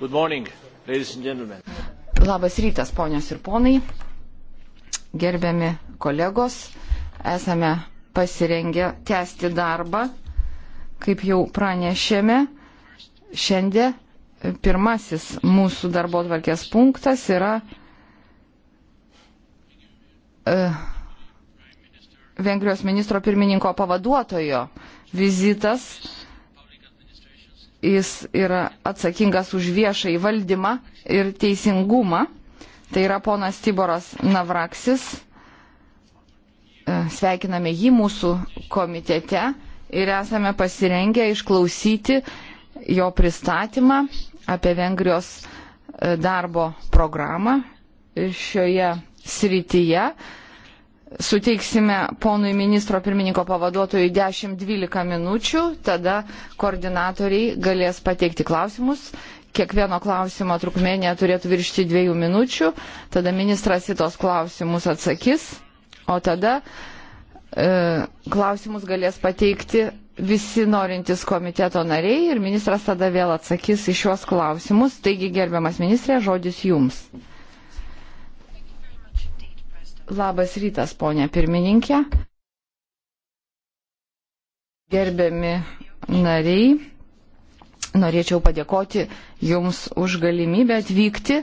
Good morning, ladies and gentlemen. Labas rytas, ponios ir ponai. Gerbiami kolegos, esame pasirengę tęsti darbą. Kaip jau pranešėme, šiandien pirmasis mūsų darbo tvarkės punktas yra uh, Vengrijos ministro pirmininko pavaduotojo vizitas Jis yra atsakingas už viešą įvaldymą ir teisingumą. Tai yra ponas Tiboras Navraksis. E, Sveikiname jį mūsų komitete ir esame pasirengę išklausyti jo pristatymą apie Vengrijos e, darbo programą šioje srityje suteiksime ponui ministro pirmininko pavaduotojui 10-12 minučių, tada koordinatoriai galės pateikti klausimus. Kiekvieno klausimo trukmė neturėtų viršti dviejų minučių, tada ministras į tos klausimus atsakys, o tada e, klausimus galės pateikti visi norintys komiteto nariai ir ministras tada vėl atsakys į šiuos klausimus. Taigi, gerbiamas ministrė, žodis jums. Labas rytas, ponė pirmininkė. Gerbiami nariai, norėčiau padėkoti Jums už galimybę atvykti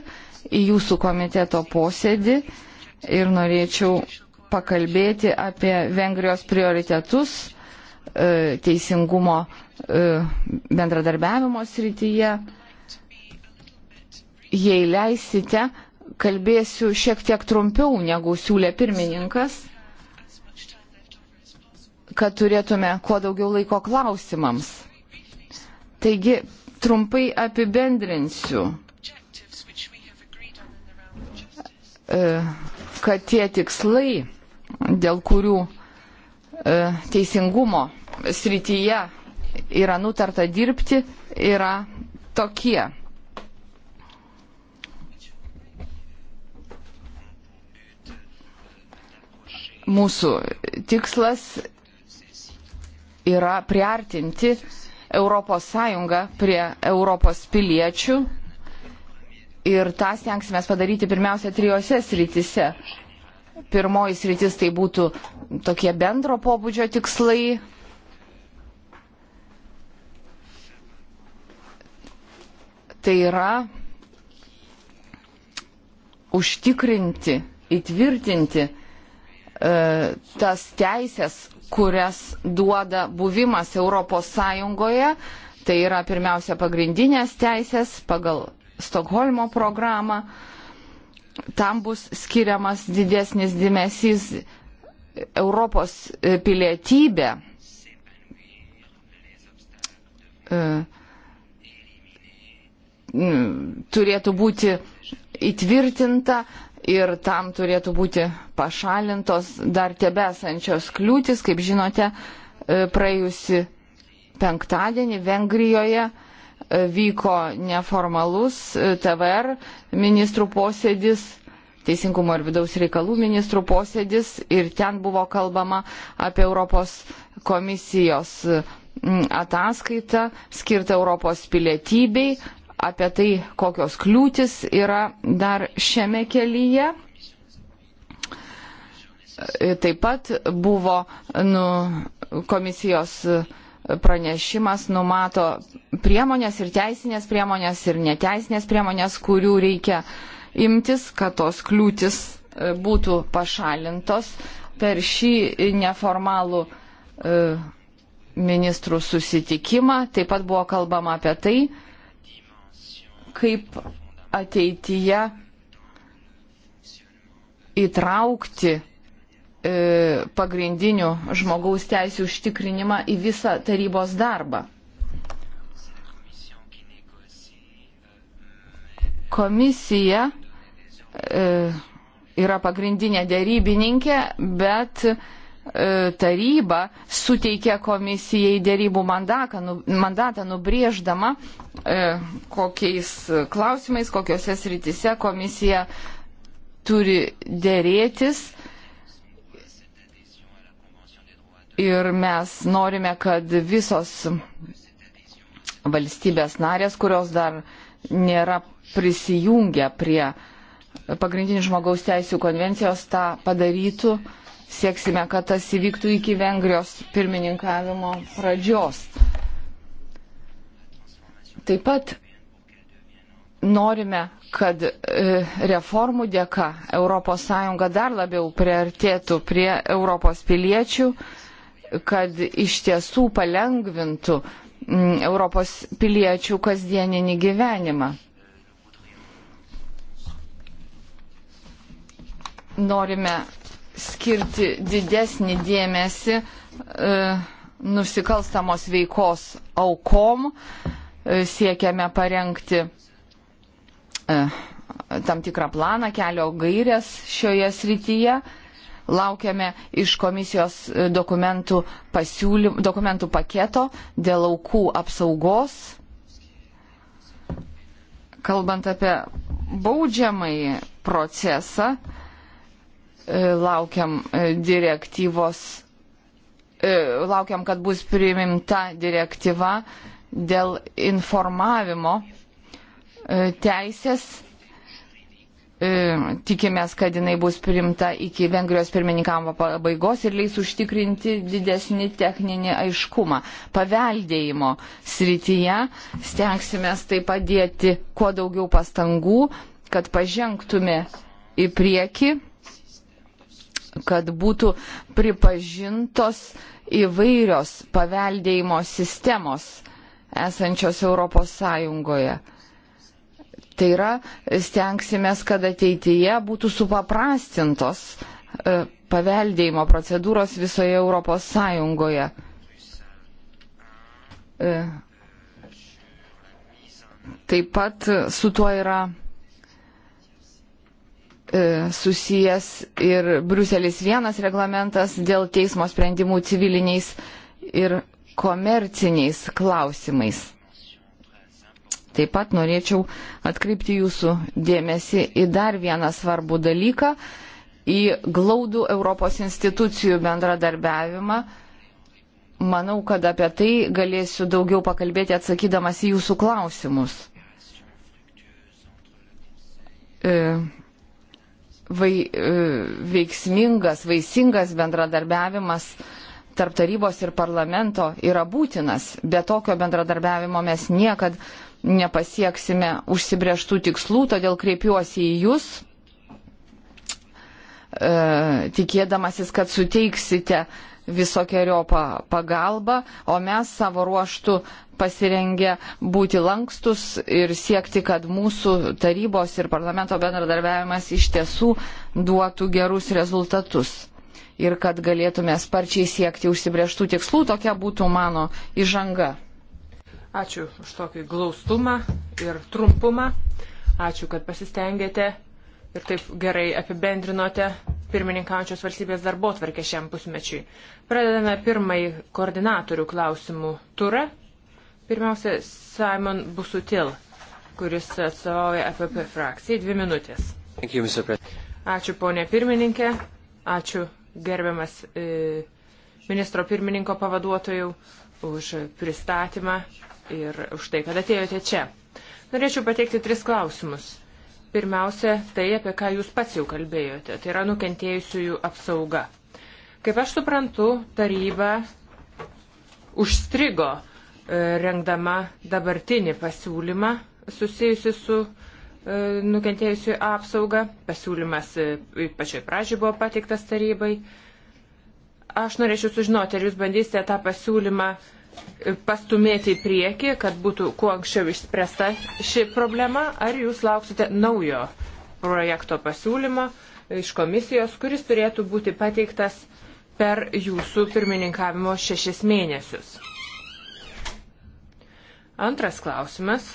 į Jūsų komiteto posėdį ir norėčiau pakalbėti apie Vengrijos prioritetus e, teisingumo e, bendradarbiavimo srityje. Jei leisite, kalbėsiu šiek tiek trumpiau, negu siūlė pirmininkas, kad turėtume kuo daugiau laiko klausimams. Taigi, trumpai apibendrinsiu, e, kad tie tikslai, dėl kurių e, teisingumo srityje yra nutarta dirbti, yra tokie. Mūsų tikslas yra priartinti ES prie Europos piliečių ir tą stengsime padaryti pirmiausia trijose srityse. Pirmoji sritis tai būtų tokie bendro pobūdžio tikslai. Tai yra užtikrinti, įtvirtinti E, tas teisės, kurias duoda buvimas Europos Sąjungoje. Tai yra pirmiausia pagrindinės teisės pagal Stokholmo programą. Tam bus skiriamas didesnis dėmesys Europos pilietybė. E, turėtų būti įtvirtinta ir tam turėtų būti pašalintos dar tebesančios kliūtis. Kaip žinote, e, praėjusi penktadienį Vengrijoje e, vyko neformalus e, TVR ministrų posėdis. Teisingumo ir vidaus reikalų ministrų posėdis ir ten buvo kalbama apie Europos komisijos ataskaitą skirtą Europos pilietybei, apie tai, kokios kliūtis yra dar šiame kelyje. Taip pat buvo nu, komisijos pranešimas numato priemonės ir teisinės priemonės ir neteisinės priemonės, kurių reikia imtis, kad tos kliūtis e, būtų pašalintos per šį neformalų e, ministrų susitikimą. Taip pat buvo kalbama apie tai, kaip ateityje įtraukti e, pagrindinių žmogaus teisų užtikrinimą į visą tarybos darbą. Komisija e, yra pagrindinė dėrybininkė, bet e, E, taryba suteikė komisijai dėrybų mandatą, nu, mandatą nubrėždama, e, kokiais klausimais, kokiuose srityse komisija turi dėrėtis. Ir mes norime, kad visos valstybės narės, kurios dar nėra prisijungę prie pagrindinių žmogaus teisų konvencijos, tą padarytų. Uh, sieksime, kad tas įvyktų iki Vengrijos pirmininkavimo pradžios. Taip pat norime, kad e, reformų dėka ES dar labiau priartėtų prie Europos piliečių, kad iš tiesų palengvintų Europos piliečių kasdieninį gyvenimą. Norime skirti didesnį dėmesį e, nusikalstamos veikos aukom, e, siekiame parengti e, tam tikrą planą, kelio gairias šioje srityje. Laukiame iš komisijos e, dokumentų, pasiūlym, dokumentų paketo dėl aukų apsaugos. Kalbant apie baudžiamąjį procesą, e, E, laukiam e, direktyvos, e, laukiam, kad bus priimta direktyva dėl informavimo teisės. Tikimės, kad jinai bus priimta iki Vengrijos pirmininkamo pabaigos ir leis užtikrinti didesnį techninį aiškumą. Paveldėjimo srityje stengsime taip padėti kuo daugiau pastangų, kad pažengtume į priekį kad būtų pripažintos įvairios paveldėjimo sistemos esančios Europos Sąjungoje. Tai yra, stengsime, kad ateityje būtų supaprastintos e, paveldėjimo procedūros visoje Europos Sąjungoje. E, taip pat su tuo yra E, susijęs ir Bruselis vienas reglamentas dėl teismo sprendimų civiliniais ir komerciniais klausimais. Taip pat norėčiau atkreipti jūsų dėmesį į dar vieną svarbų dalyką - į glaudų Europos institucijų bendradarbiavimą. Manau, kad apie tai galėsiu daugiau pakalbėti atsakydamas į jūsų klausimus. E vai, e, veiksmingas, vaisingas bendradarbiavimas tarp tarybos ir parlamento yra būtinas. Be tokio bendradarbiavimo mes niekad nepasieksime užsibrieštų tikslų, todėl kreipiuosi į Jūs, e, tikėdamasis, kad suteiksite visokiojopą pagalbą, o mes savo ruoštų pasirengę būti lankstus ir siekti, kad mūsų tarybos ir parlamento bendradarbiavimas iš tiesų duotų gerus rezultatus ir kad galėtume sparčiai siekti užsibrieštų tikslų. Tokia būtų mano įžanga. Ačiū už tokį glaustumą ir trumpumą. Ačiū, kad pasistengėte ir taip gerai apibendrinote pirmininkaujančios valstybės darbo tvarkę šiam pusmečiui. Pradedame pirmąjį koordinatorių klausimų turą. Pirmiausia, Simon Busutil, kuris atstovauja APP frakcijai. Dvi minutės. Ačiū, ponė pirmininkė. Ačiū, gerbiamas e, ministro pirmininko pavaduotojų, už pristatymą ir už tai, kad atėjote čia. Norėčiau pateikti tris klausimus pirmiausia tai, apie ką jūs pats jau kalbėjote, tai yra nukentėjusiųjų apsauga. Kaip aš suprantu, taryba užstrigo e, rengdama dabartinį pasiūlymą susijusi su e, nukentėjusių apsauga. Pasiūlymas e, pačioj pradžioj buvo pateiktas tarybai. Aš norėčiau sužinoti, ar jūs bandysite tą pasiūlymą uh, pastumėti į priekį, kad būtų kuo anksčiau išspręsta ši problema, ar jūs lauksite naujo projekto pasiūlymo iš komisijos, kuris turėtų būti pateiktas per jūsų pirmininkavimo šešis mėnesius. Antras klausimas.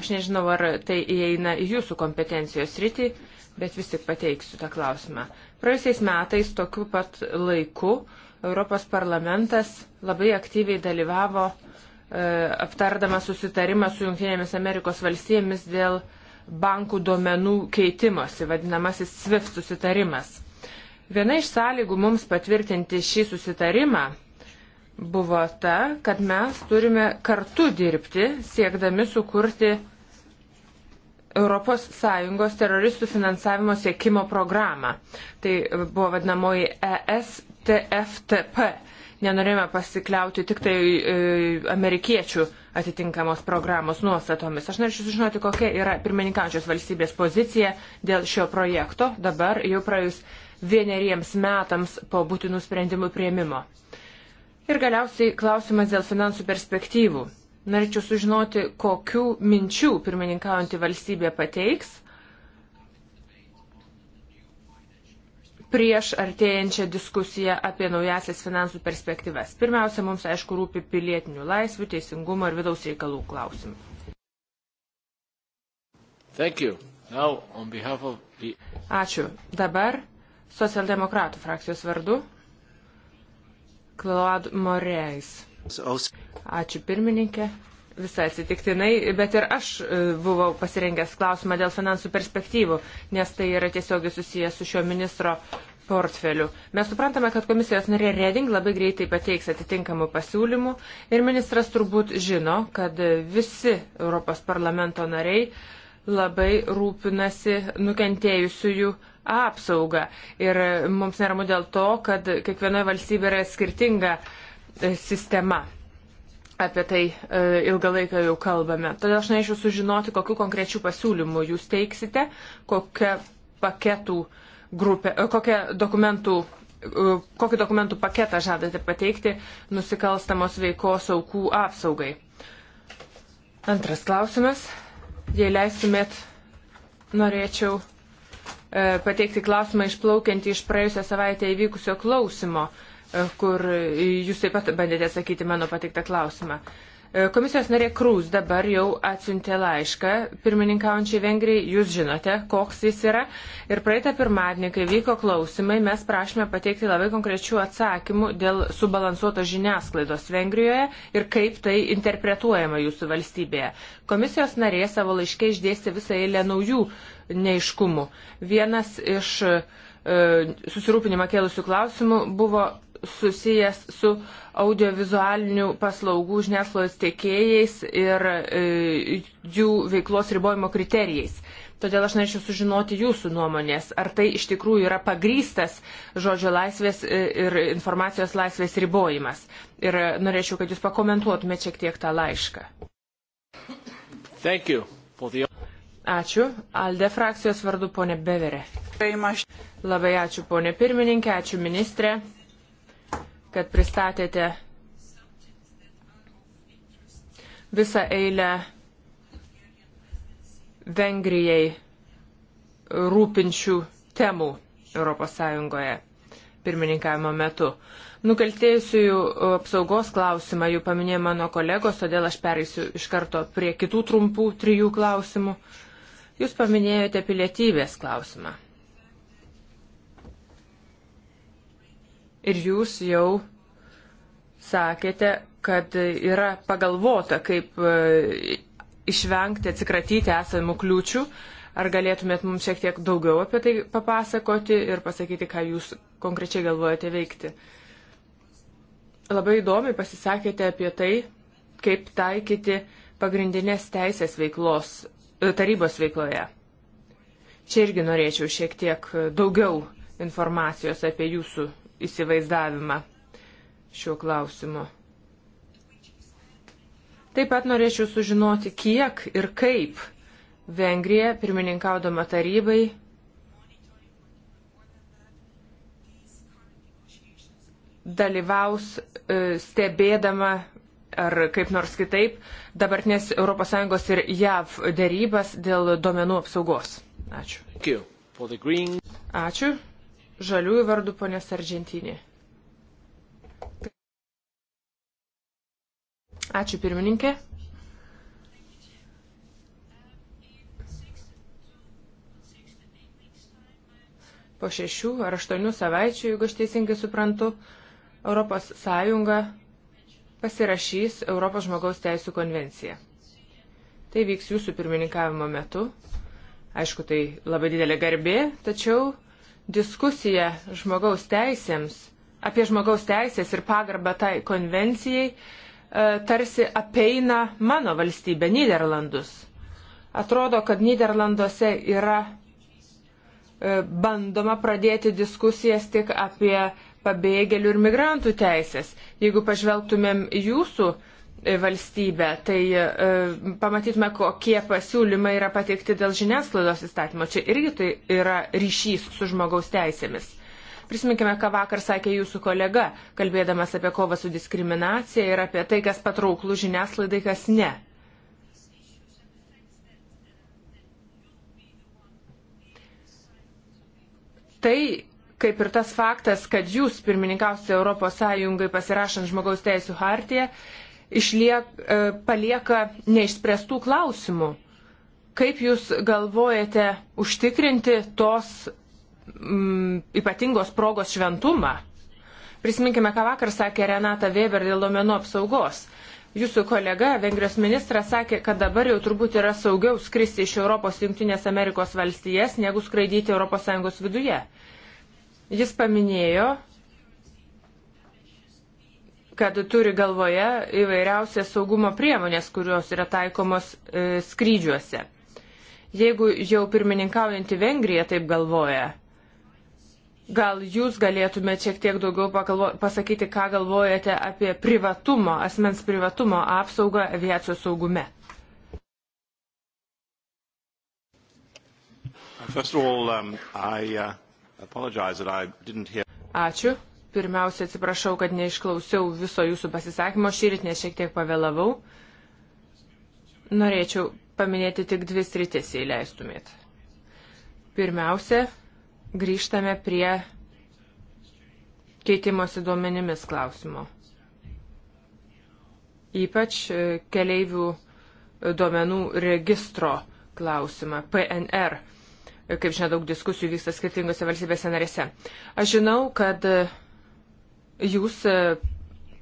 Aš nežinau, ar tai įeina į jūsų kompetencijos rytį, bet vis tik pateiksiu tą klausimą. Praėjusiais metais tokiu pat laiku uh, Europos parlamentas labai aktyviai dalyvavo e, aptardamas susitarimą su Junktinėmis Amerikos valstybėmis dėl bankų duomenų keitimosi, vadinamasis SWIFT susitarimas. Viena iš sąlygų mums patvirtinti šį susitarimą buvo ta, kad mes turime kartu dirbti, siekdami sukurti ES teroristų finansavimo siekimo programą. Tai buvo vadinamoji ES TFTP. Nenorėjome pasikliauti tik tai e, amerikiečių atitinkamos programos nuostatomis. Aš norėčiau sužinoti, kokia yra pirmininkaujančios valstybės pozicija dėl šio projekto dabar jau praėjus vieneriems metams po būtinų sprendimų prieimimo. Ir galiausiai klausimas dėl finansų perspektyvų. Norėčiau sužinoti, kokių minčių pirmininkaujantį valstybę pateiks prieš artėjančią diskusiją apie naujasias finansų perspektyvas. Pirmiausia, mums aišku rūpi pilietinių laisvių, teisingumo ir vidaus reikalų klausimų. Of... Ačiū. Dabar socialdemokratų frakcijos vardu Claude Moreis. Ačiū pirmininkė visai atsitiktinai, bet ir aš e, buvau pasirengęs klausimą dėl finansų perspektyvų, nes tai yra tiesiogiai susijęs su šio ministro portfeliu. Mes suprantame, kad komisijos narė Reding labai greitai pateiks atitinkamų pasiūlymų ir ministras turbūt žino, kad visi Europos parlamento nariai labai rūpinasi nukentėjusiųjų apsaugą. Ir mums neramu dėl to, kad kiekvienoje valstybėje yra skirtinga e, sistema apie tai e, ilgą laiką jau kalbame. Todėl aš norėčiau sužinoti, kokiu konkrečiu pasiūlymu jūs teiksite, kokią paketų grupę, e, kokią dokumentų e, kokį dokumentų paketą žadate pateikti nusikalstamos veikos aukų apsaugai. Antras klausimas. Jei leistumėt, norėčiau e, pateikti klausimą išplaukiantį iš praėjusią savaitę įvykusio klausimo. E, E, kur jūs taip pat bandėte atsakyti mano pateiktą klausimą. E, komisijos narė Krūs dabar jau atsiuntė laišką pirmininkaujančiai Vengrijai, jūs žinote, koks jis yra. Ir praeitą pirmadienį, kai vyko klausimai, mes prašome pateikti labai konkrečių atsakymų dėl subalansuotos žiniasklaidos Vengrijoje ir kaip tai interpretuojama jūsų valstybėje. Komisijos narė savo laiškė išdėstė visą eilę naujų neiškumų. Vienas iš e, susirūpinimą kėlusių klausimų buvo susijęs su audiovizualinių paslaugų žiniasklaidos tiekėjais ir e, jų veiklos ribojimo kriterijais. Todėl aš norėčiau sužinoti jūsų nuomonės, ar tai iš tikrųjų yra pagrystas žodžio laisvės e, ir informacijos laisvės ribojimas. Ir norėčiau, kad jūs pakomentuotumėte šiek tiek tą laišką. The... Ačiū. Alde frakcijos vardu ponė Beverė. Labai ačiū ponė pirmininkė, ačiū ministrė kad pristatėte visą eilę Vengrijai rūpinčių temų ES pirmininkavimo metu. Nukaltėjusiųjų apsaugos klausimą jau paminėjo mano kolegos, todėl aš pereisiu iš karto prie kitų trumpų trijų klausimų. Jūs paminėjote pilietybės klausimą. ir jūs jau sakėte, kad yra pagalvota, kaip e, išvengti, atsikratyti esamų kliūčių. Ar galėtumėt mums šiek tiek daugiau apie tai papasakoti ir pasakyti, ką jūs konkrečiai galvojate veikti? Labai įdomiai pasisakėte apie tai, kaip taikyti pagrindinės teisės veiklos e, tarybos veikloje. Čia irgi norėčiau šiek tiek daugiau informacijos apie jūsų įsivaizdavimą šiuo klausimu. Taip pat norėčiau sužinoti, kiek ir kaip Vengrija, pirmininkaudama tarybai, dalyvaus e, stebėdama ar kaip nors kitaip dabartinės ES ir JAV dėrybas dėl duomenų apsaugos. Ačiū. Ačiū. Žaliųjų vardu ponės Argentinė. Ačiū pirmininkė. Po šešių ar aštuonių savaičių, jeigu aš teisingai suprantu, Europos Sąjunga pasirašys Europos žmogaus teisų konvenciją. Tai vyks jūsų pirmininkavimo metu. Aišku, tai labai didelė garbė, tačiau Diskusija žmogaus teisėms, apie žmogaus teisės ir pagarbą tai konvencijai e, tarsi apeina mano valstybę, Niderlandus. Atrodo, kad Niderlanduose yra e, bandoma pradėti diskusijas tik apie pabėgėlių ir migrantų teisės. Jeigu pažvelgtumėm jūsų valstybę, tai e, pamatytume, kokie pasiūlymai yra pateikti dėl žiniasklaidos įstatymo. Čia irgi tai yra ryšys su žmogaus teisėmis. Prisiminkime, ką vakar sakė jūsų kolega, kalbėdamas apie kovą su diskriminacija ir apie tai, kas patrauklų žiniasklaidai, kas ne. Tai kaip ir tas faktas, kad jūs pirmininkausite Europos Sąjungai pasirašant žmogaus teisų hartiją, išliek, e, palieka neišspręstų klausimų. Kaip Jūs galvojate užtikrinti tos mm, ypatingos progos šventumą? Prisiminkime, ką vakar sakė Renata Weber dėl domenų apsaugos. Jūsų kolega, Vengrijos ministras, sakė, kad dabar jau turbūt yra saugiau skristi iš Europos Junktinės Amerikos valstijas, negu skraidyti ES viduje. Jis paminėjo, kad turi galvoje įvairiausias saugumo priemonės, kurios yra taikomos e, skrydžiuose. Jeigu jau pirmininkaujantį Vengriją taip galvoja, gal jūs galėtumėte šiek tiek daugiau pakalvo, pasakyti, ką galvojate apie privatumo, asmens privatumo apsaugą aviacijos saugume. All, um, I, uh, hear... Ačiū. Pirmiausia, atsiprašau, kad neišklausiau viso jūsų pasisakymo šyrit, nes šiek tiek pavėlavau. Norėčiau paminėti tik dvi sritis, jei leistumėt. Pirmiausia, grįžtame prie keitimosi duomenimis klausimo. Ypač e, keleivių e, duomenų registro klausimą, PNR. E, kaip žinia, daug diskusijų vyksta skirtingose valstybėse narėse. Aš žinau, kad Jūs e,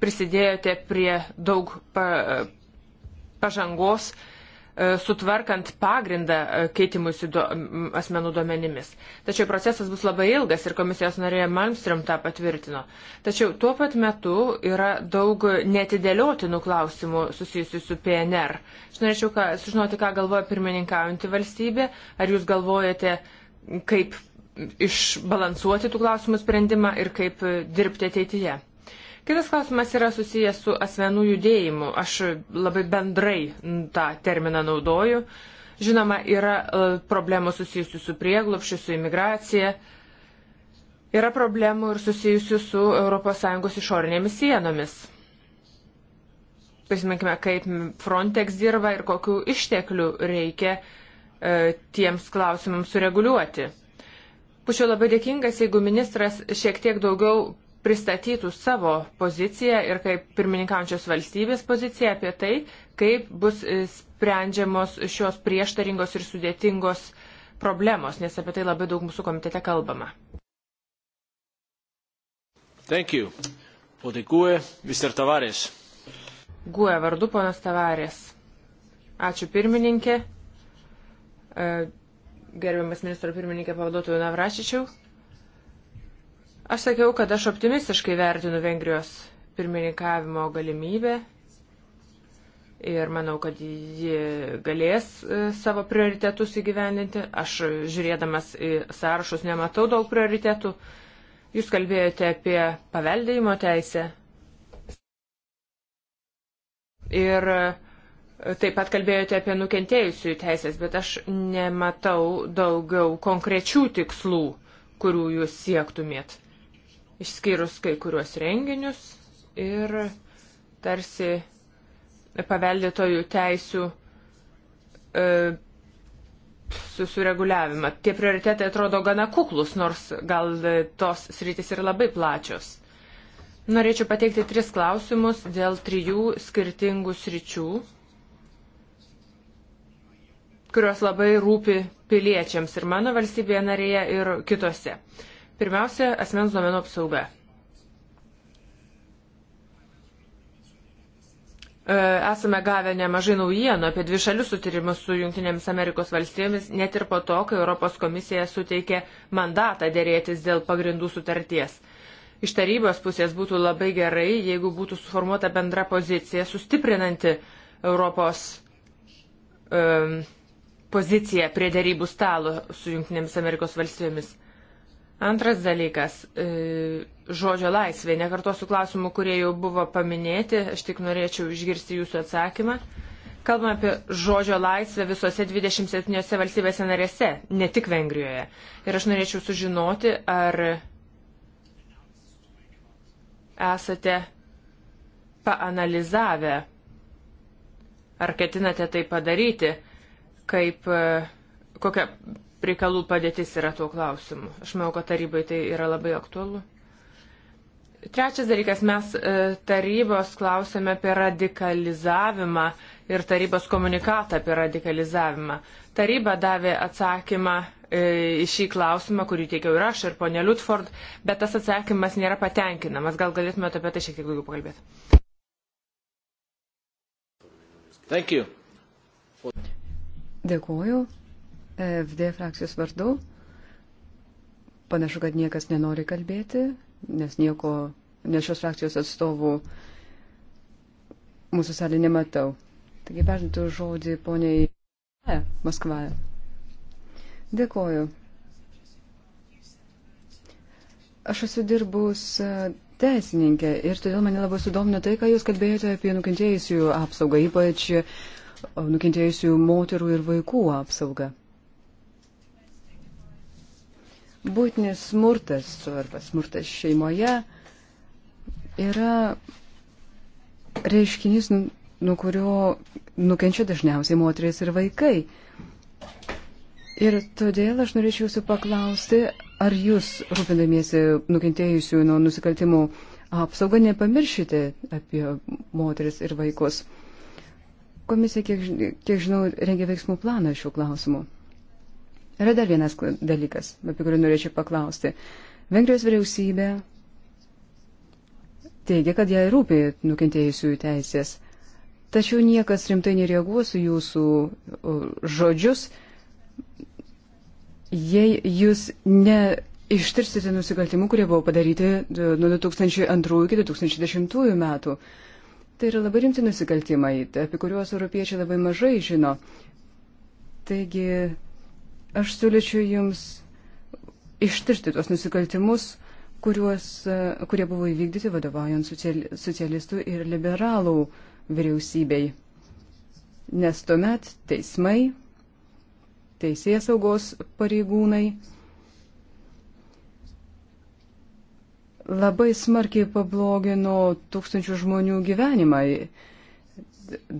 prisidėjote prie daug pa, e, pažangos e, sutvarkant pagrindą keitimusi do, asmenų duomenimis. Tačiau procesas bus labai ilgas ir komisijos narė Malmström tą patvirtino. Tačiau tuo pat metu yra daug netidėliotinų klausimų susijusių su PNR. Aš norėčiau ką, sužinoti, ką galvoja pirmininkaujanti valstybė. Ar jūs galvojate, kaip išbalansuoti tų klausimų sprendimą ir kaip dirbti ateityje. Kitas klausimas yra susijęs su asmenų judėjimu. Aš labai bendrai tą terminą naudoju. Žinoma, yra e, problemų susijusių su prieglopšiu, su imigracija. Yra problemų ir susijusių su ES išorinėmis sienomis. Prisiminkime, kaip Frontex dirba ir kokiu išteklių reikia e, tiems klausimams sureguliuoti. Būčiau labai dėkingas, jeigu ministras šiek tiek daugiau pristatytų savo poziciją ir kaip pirmininkaujančios valstybės poziciją apie tai, kaip bus e, sprendžiamos šios prieštaringos ir sudėtingos problemos, nes apie tai labai daug mūsų komitete kalbama. Thank you. O tai GUE, Mr. Tavarės. GUE vardu, ponas Tavarės. Ačiū pirmininkė. E, gerbiamas ministro pirmininkė pavaduotojų Navrašičiau. Aš sakiau, kad aš optimistiškai vertinu Vengrijos pirmininkavimo galimybę ir manau, kad ji galės e, savo prioritetus įgyvendinti. Aš e, žiūrėdamas į sąrašus nematau daug prioritetų. Jūs kalbėjote apie paveldėjimo teisę. Ir uh, Taip pat kalbėjote apie nukentėjusiųjų teisės, bet aš nematau daugiau konkrečių tikslų, kurių jūs siektumėt, išskyrus kai kuriuos renginius ir tarsi paveldėtojų teisių e, susireguliavimą. Tie prioritetai atrodo gana kuklus, nors gal tos sritis ir labai plačios. Norėčiau pateikti tris klausimus dėl trijų skirtingų sričių kurios labai rūpi piliečiams ir mano valstybėje narėje ir kitose. Pirmiausia, asmens duomenų apsauga. E, esame gavę nemažai naujienų apie dvi šalius sutirimus su Junktinėmis Amerikos valstybėmis, net ir po to, kai Europos komisija suteikė mandatą dėrėtis dėl pagrindų sutarties. Iš tarybos pusės būtų labai gerai, jeigu būtų suformuota bendra pozicija sustiprinanti Europos um, poziciją prie dėrybų stalo su Junktinėmis Amerikos valstybėmis. Antras dalykas e, - žodžio laisvė. Nekartosiu klausimų, kurie jau buvo paminėti, aš tik norėčiau išgirsti jūsų atsakymą. Kalbame apie žodžio laisvę visose 27 valstybėse narėse, ne tik Vengrijoje. Ir aš norėčiau sužinoti, ar esate paanalizavę, ar ketinate tai padaryti kaip e, kokia reikalų padėtis yra tuo klausimu. Aš manau, kad tarybai tai yra labai aktualu. Trečias dalykas, mes e, tarybos klausėme apie radikalizavimą ir tarybos komunikatą apie radikalizavimą. Taryba davė atsakymą e, į šį klausimą, kurį teikiau ir aš, ir ponė Liutford, bet tas atsakymas nėra patenkinamas. Gal galėtumėte apie tai šiek tiek daugiau pakalbėti? Thank you. Dėkuoju FD frakcijos vardu. Panašu, kad niekas nenori kalbėti, nes nieko, nes šios frakcijos atstovų mūsų salį nematau. Taigi perdintų žodį poniai Maskvoje. Dėkoju. Aš esu dirbus teisininkė ir todėl mane labai sudomino tai, ką jūs kalbėjote apie nukentėjusių apsaugą, ypač nukentėjusių moterų ir vaikų apsaugą. Būtinis smurtas arba smurtas šeimoje yra reiškinys, nuo kurio nukenčia dažniausiai moteris ir vaikai. Ir todėl aš norėčiau jūsų paklausti, ar jūs, rūpindamiesi nukentėjusių nuo nusikaltimų apsaugą, nepamiršite apie moteris ir vaikus. Komisija, kiek, kiek žinau, rengia veiksmų planą šių klausimų. Yra dar vienas dalykas, apie kurį norėčiau paklausti. Vengrijos vyriausybė teigia, kad jai rūpi nukentėjusiųjų teisės. Tačiau niekas rimtai nereaguos jūsų žodžius, jei jūs neištirsite nusikaltimų, kurie buvo padaryti e, nuo 2002 iki 2010 metų. Tai yra labai rimti nusikaltimai, apie kuriuos europiečiai labai mažai žino. Taigi aš siūlyčiau jums ištirti tuos nusikaltimus, kuriuos, e, kurie buvo įvykdyti vadovaujant socialistų ir liberalų vyriausybei. Nes tuomet teismai, teisės saugos pareigūnai labai smarkiai pablogino tūkstančių žmonių gyvenimą.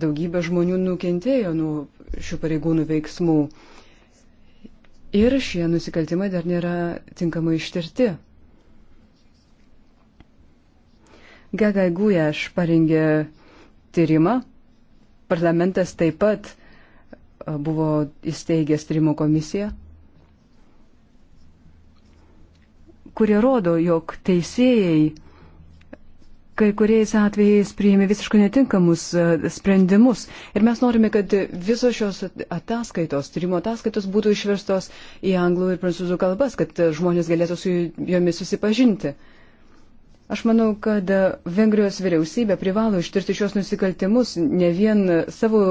Daugybė žmonių nukentėjo nuo šių pareigūnų veiksmų. Ir šie nusikaltimai dar nėra tinkamai ištirti. Gagai Gujaš parengė tyrimą, parlamentas taip pat buvo įsteigęs tyrimo komisiją. kurie rodo, jog teisėjai kai kuriais atvejais priėmė visiškai netinkamus e, sprendimus. Ir mes norime, kad visos šios ataskaitos, tyrimo ataskaitos būtų išverstos į anglų ir prancūzų kalbas, kad žmonės galėtų su jomis susipažinti. Aš manau, kad Vengrijos vyriausybė privalo ištirti šios nusikaltimus ne vien savo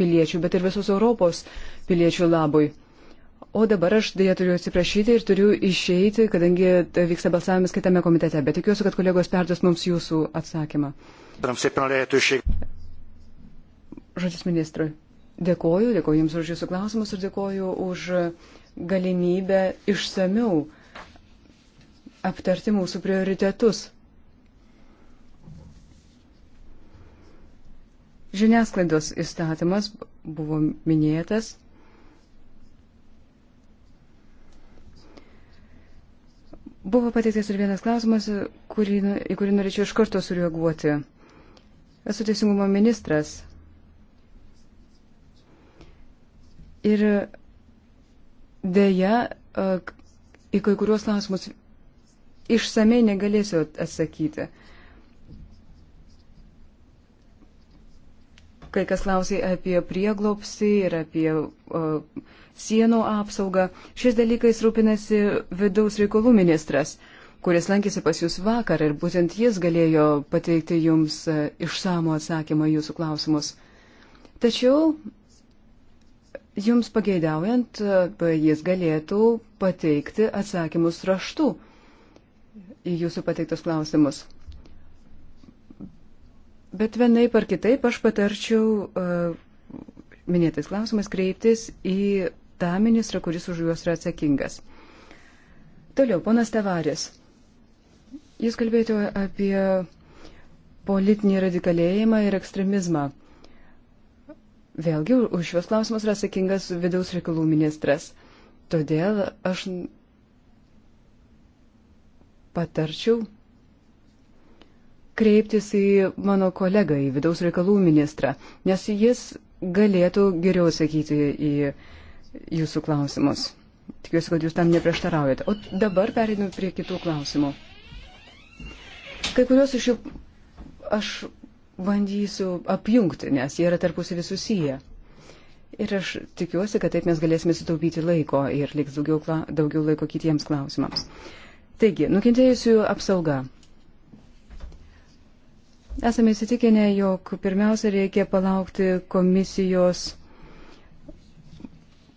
piliečių, bet ir visos Europos piliečių labui. O dabar aš dėja turiu atsiprašyti ir turiu išeiti, kadangi vyksta balsavimas kitame komitete, bet tikiuosi, kad kolegos perduos mums jūsų atsakymą. Žodis ministrui. Dėkoju, dėkoju Jums už Jūsų klausimus ir dėkoju už galimybę išsamiau aptarti mūsų prioritetus. Žiniasklaidos įstatymas buvo minėtas Buvo pateiktas ir vienas klausimas, kurį, nu, į kurį norėčiau iš karto sureaguoti. Esu teisingumo ministras. Ir dėja, e, į kai kuriuos klausimus išsamei negalėsiu atsakyti. kai kas klausė apie prieglopsį ir apie uh, sienų apsaugą. Šiais dalykais rūpinasi vidaus reikalų ministras, kuris lankėsi pas jūs vakar ir būtent jis galėjo pateikti jums uh, išsamų atsakymą jūsų klausimus. Tačiau jums pageidaujant, uh, jis galėtų pateikti atsakymus raštu į jūsų pateiktus klausimus. Bet vienaip ar kitaip aš patarčiau e, minėtais klausimas kreiptis į tą ministrą, kuris už juos yra atsakingas. Toliau, ponas Tavarės. Jūs kalbėjote apie politinį radikalėjimą ir ekstremizmą. Vėlgi, už šios klausimus yra atsakingas vidaus reikalų ministras. Todėl aš patarčiau kreiptis į mano kolegą, į vidaus reikalų ministrą, nes jis galėtų geriau atsakyti į jūsų klausimus. Tikiuosi, kad jūs tam neprieštaraujate. O dabar perėdame prie kitų klausimų. Kai kuriuos iš jų aš bandysiu apjungti, nes jie yra tarpusavį susiję. Ir aš tikiuosi, kad taip mes galėsime sutaupyti laiko ir liks daugiau, daugiau laiko kitiems klausimams. Taigi, nukentėjusių apsauga. Esame įsitikinę, jog pirmiausia reikia palaukti komisijos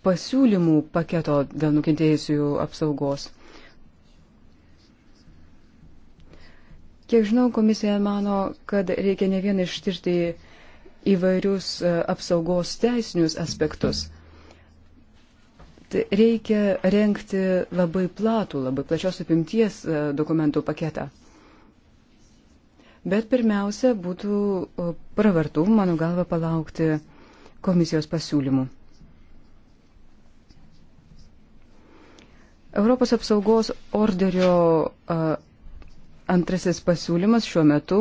pasiūlymų paketo dėl nukentėjusių apsaugos. Kiek žinau, komisija mano, kad reikia ne vien ištirti įvairius e, apsaugos teisinius aspektus. Reikia renkti labai platų, labai plačios apimties e, dokumentų paketą. Bet pirmiausia, būtų pravartu, mano galva, palaukti komisijos pasiūlymų. Europos apsaugos orderio uh, antrasis pasiūlymas šiuo metu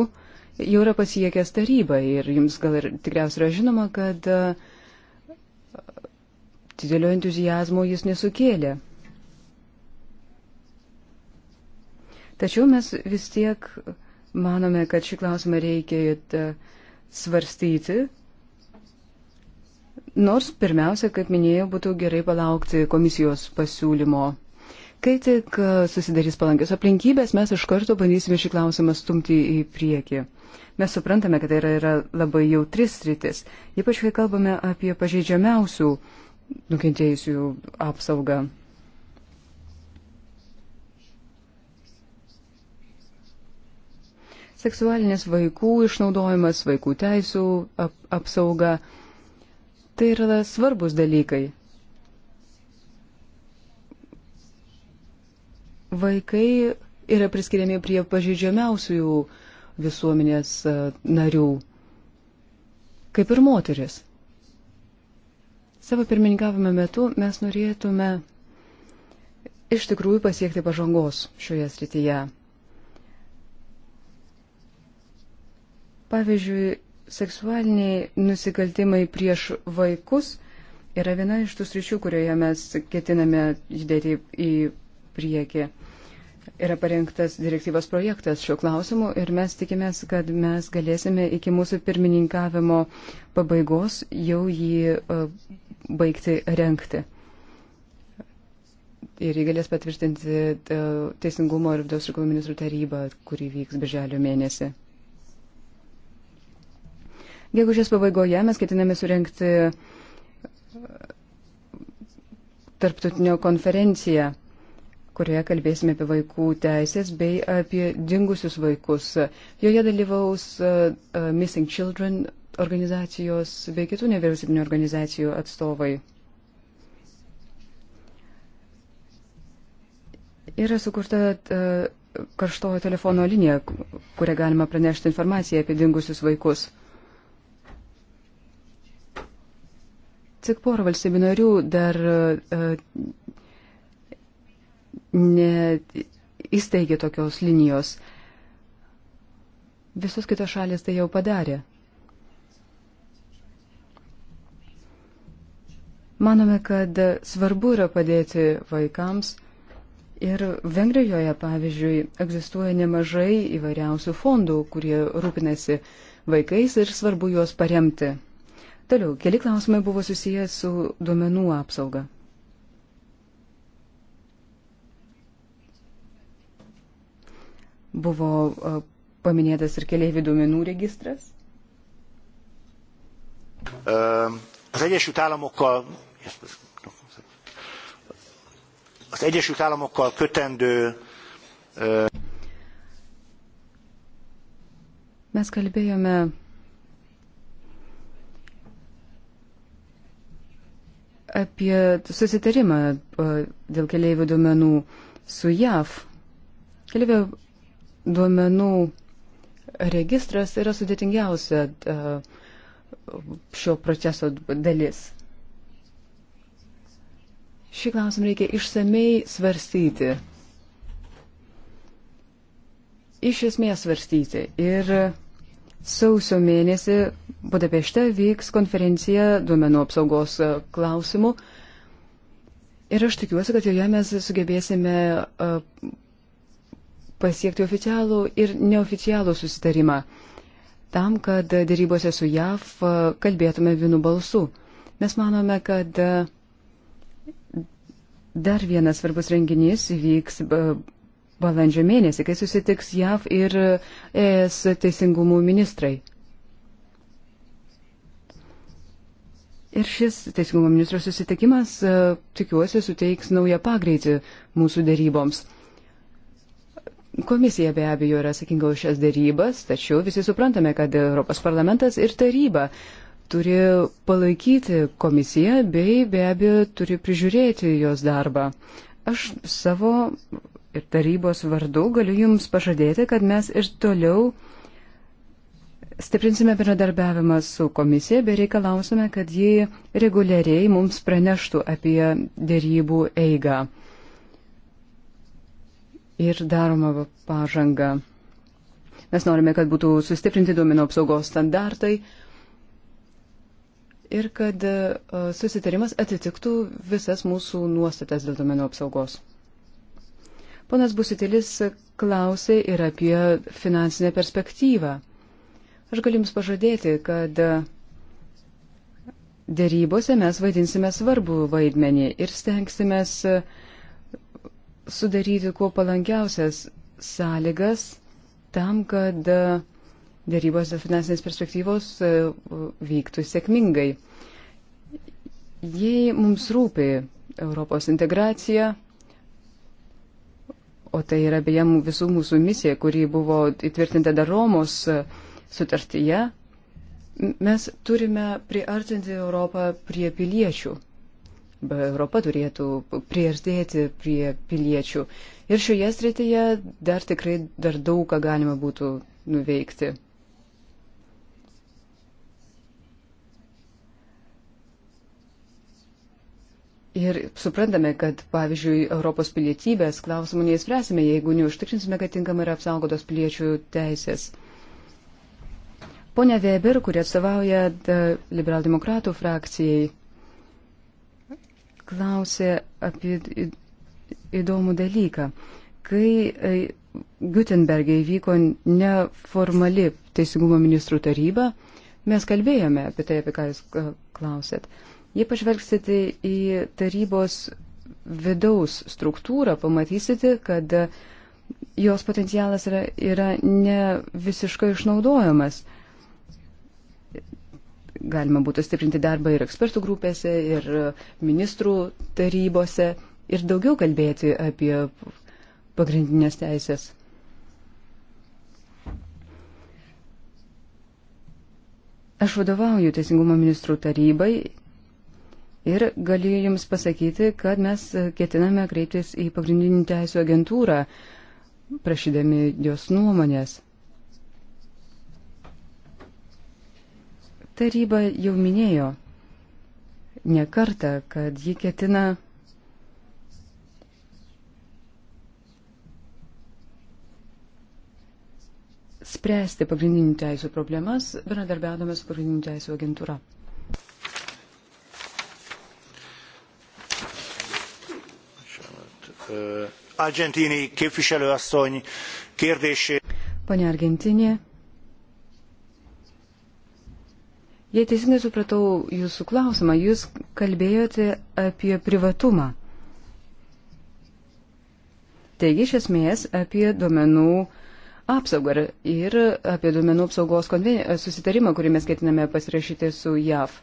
jau yra pasiekęs tarybą ir jums gal ir tikriausiai yra žinoma, kad uh, didelio entuzijazmo jis nesukėlė. Tačiau mes vis tiek uh, manome, kad šį klausimą reikia e, svarstyti. Nors pirmiausia, kaip minėjau, būtų gerai palaukti komisijos pasiūlymo. Kai tik e, susidarys palankios aplinkybės, mes iš karto bandysime šį klausimą stumti į priekį. Mes suprantame, kad tai yra, yra labai jautris rytis, ypač kai kalbame apie pažeidžiamiausių nukentėjusių apsaugą. seksualinis vaikų išnaudojimas, vaikų teisų ap apsauga. Tai yra svarbus dalykai. Vaikai yra priskiriami prie pažydžiamiausių visuomenės narių, kaip ir moteris. Savo pirmininkavimo metu mes norėtume iš tikrųjų pasiekti pažangos šioje srityje. Pavyzdžiui, seksualiniai nusikaltimai prieš vaikus yra viena iš tų sričių, kurioje mes ketiname judėti į priekį. Yra parengtas direktyvos projektas šiuo klausimu ir mes tikimės, kad mes galėsime iki mūsų pirmininkavimo pabaigos jau jį e, baigti renkti. Ir jį galės patvirtinti e, Teisingumo ir Vidaus reikalų ministrų taryba, kuri vyks birželio mėnesį. Gegužės pabaigoje mes ketiname surenkti e, tarptautinio konferenciją, kurioje kalbėsime apie vaikų teisės bei apie dingusius vaikus. Joje dalyvaus uh, Missing Children organizacijos bei kitų nevyriausybinio organizacijų atstovai. Yra sukurta karštojo telefono linija, kurią galima pranešti informaciją apie dingusius vaikus. Tik porą valstybių narių dar e, neįsteigė tokios linijos. Visos kitos šalės tai jau padarė. Manome, kad svarbu yra padėti vaikams ir Vengrijoje, pavyzdžiui, egzistuoja nemažai įvairiausių fondų, kurie rūpinasi vaikais ir svarbu juos paremti. Toliau, keli klausimai buvo susiję su duomenų apsauga. Buvo paminėtas ir keliaivių duomenų registras. Az Egyesült Államokkal az Egyesült Államokkal kötendő Mes kalbėjome apie susitarimą e, dėl keliaivių duomenų su JAV. Keliaivių duomenų registras yra sudėtingiausia e, šio proceso dalis. Šį klausimą reikia išsamei svarstyti. Iš esmės svarstyti. Ir Sausio mėnesį Budapešte vyks konferencija duomenų apsaugos e, klausimų ir aš tikiuosi, kad joje mes sugebėsime e, pasiekti oficialų ir neoficialų susitarimą tam, kad dėrybose su JAV e, kalbėtume vienu balsu. Mes manome, kad dar vienas svarbus renginys įvyks balandžio mėnesį, kai susitiks JAV ir ES teisingumų ministrai. Ir šis teisingumo ministro susitikimas, e, tikiuosi, suteiks naują pagreitį mūsų daryboms. Komisija be abejo yra atsakinga už šias darybas, tačiau visi suprantame, kad Europos parlamentas ir taryba turi palaikyti komisiją bei be abejo turi prižiūrėti jos darbą. Aš savo ir tarybos vardu galiu Jums pažadėti, kad mes ir toliau stiprinsime bendradarbiavimą su komisija, bei reikalausime, kad ji reguliariai mums praneštų apie dėrybų eigą ir daromą pažangą. Mes norime, kad būtų sustiprinti duomenų apsaugos standartai ir kad e, susitarimas atitiktų visas mūsų nuostatas dėl duomenų apsaugos. Ponas Busitilis klausė ir apie finansinę perspektyvą. Aš galiu Jums pažadėti, kad dėrybose mes vaidinsime svarbų vaidmenį ir stengsime sudaryti kuo palankiausias sąlygas tam, kad dėrybos dėl finansinės perspektyvos vyktų sėkmingai. Jei mums rūpi Europos integracija, O tai yra beje visų mūsų misija, kuri buvo įtvirtinta dar Romos e, sutartyje. Mes turime priartinti Europą prie piliečių. Europa turėtų priartėti prie piliečių. Ir šioje srityje dar tikrai dar daug ką galima būtų nuveikti. Ir suprantame, kad, pavyzdžiui, Europos pilietybės klausimų neįspręsime, jeigu neužtikrinsime, kad tinkamai yra apsaugotos piliečių teisės. Pone Weber, kurie atstovauja e, liberaldemokratų frakcijai, klausė apie įdomų dalyką. Kai e, Gutenbergai vyko neformali Teisingumo ministrų taryba, mes kalbėjome apie tai, apie ką jūs e, klausėt. Uh, Jei pažvelgsite į tarybos vidaus struktūrą, pamatysite, kad jos potencialas yra, yra ne visiškai išnaudojamas. Galima būtų stiprinti darbą ir ekspertų grupėse, ir ministrų tarybose, ir daugiau kalbėti apie pagrindinės teisės. Aš vadovauju Teisingumo ministrų tarybai Ir galiu Jums pasakyti, kad mes ketiname kreiptis į pagrindinį teisų agentūrą, prašydami jos nuomonės. Taryba jau minėjo ne kartą, kad ji ketina spręsti pagrindinių teisų problemas, bendradarbiaudama su pagrindinių teisų agentūra. Argentini képviselőasszony kérdését. Pane Argentinė, jei teisingai supratau jūsų klausimą, jūs kalbėjote apie privatumą. Taigi, iš esmės, apie duomenų apsaugą ir apie duomenų apsaugos susitarimą, kurį mes ketiname pasirašyti su JAV.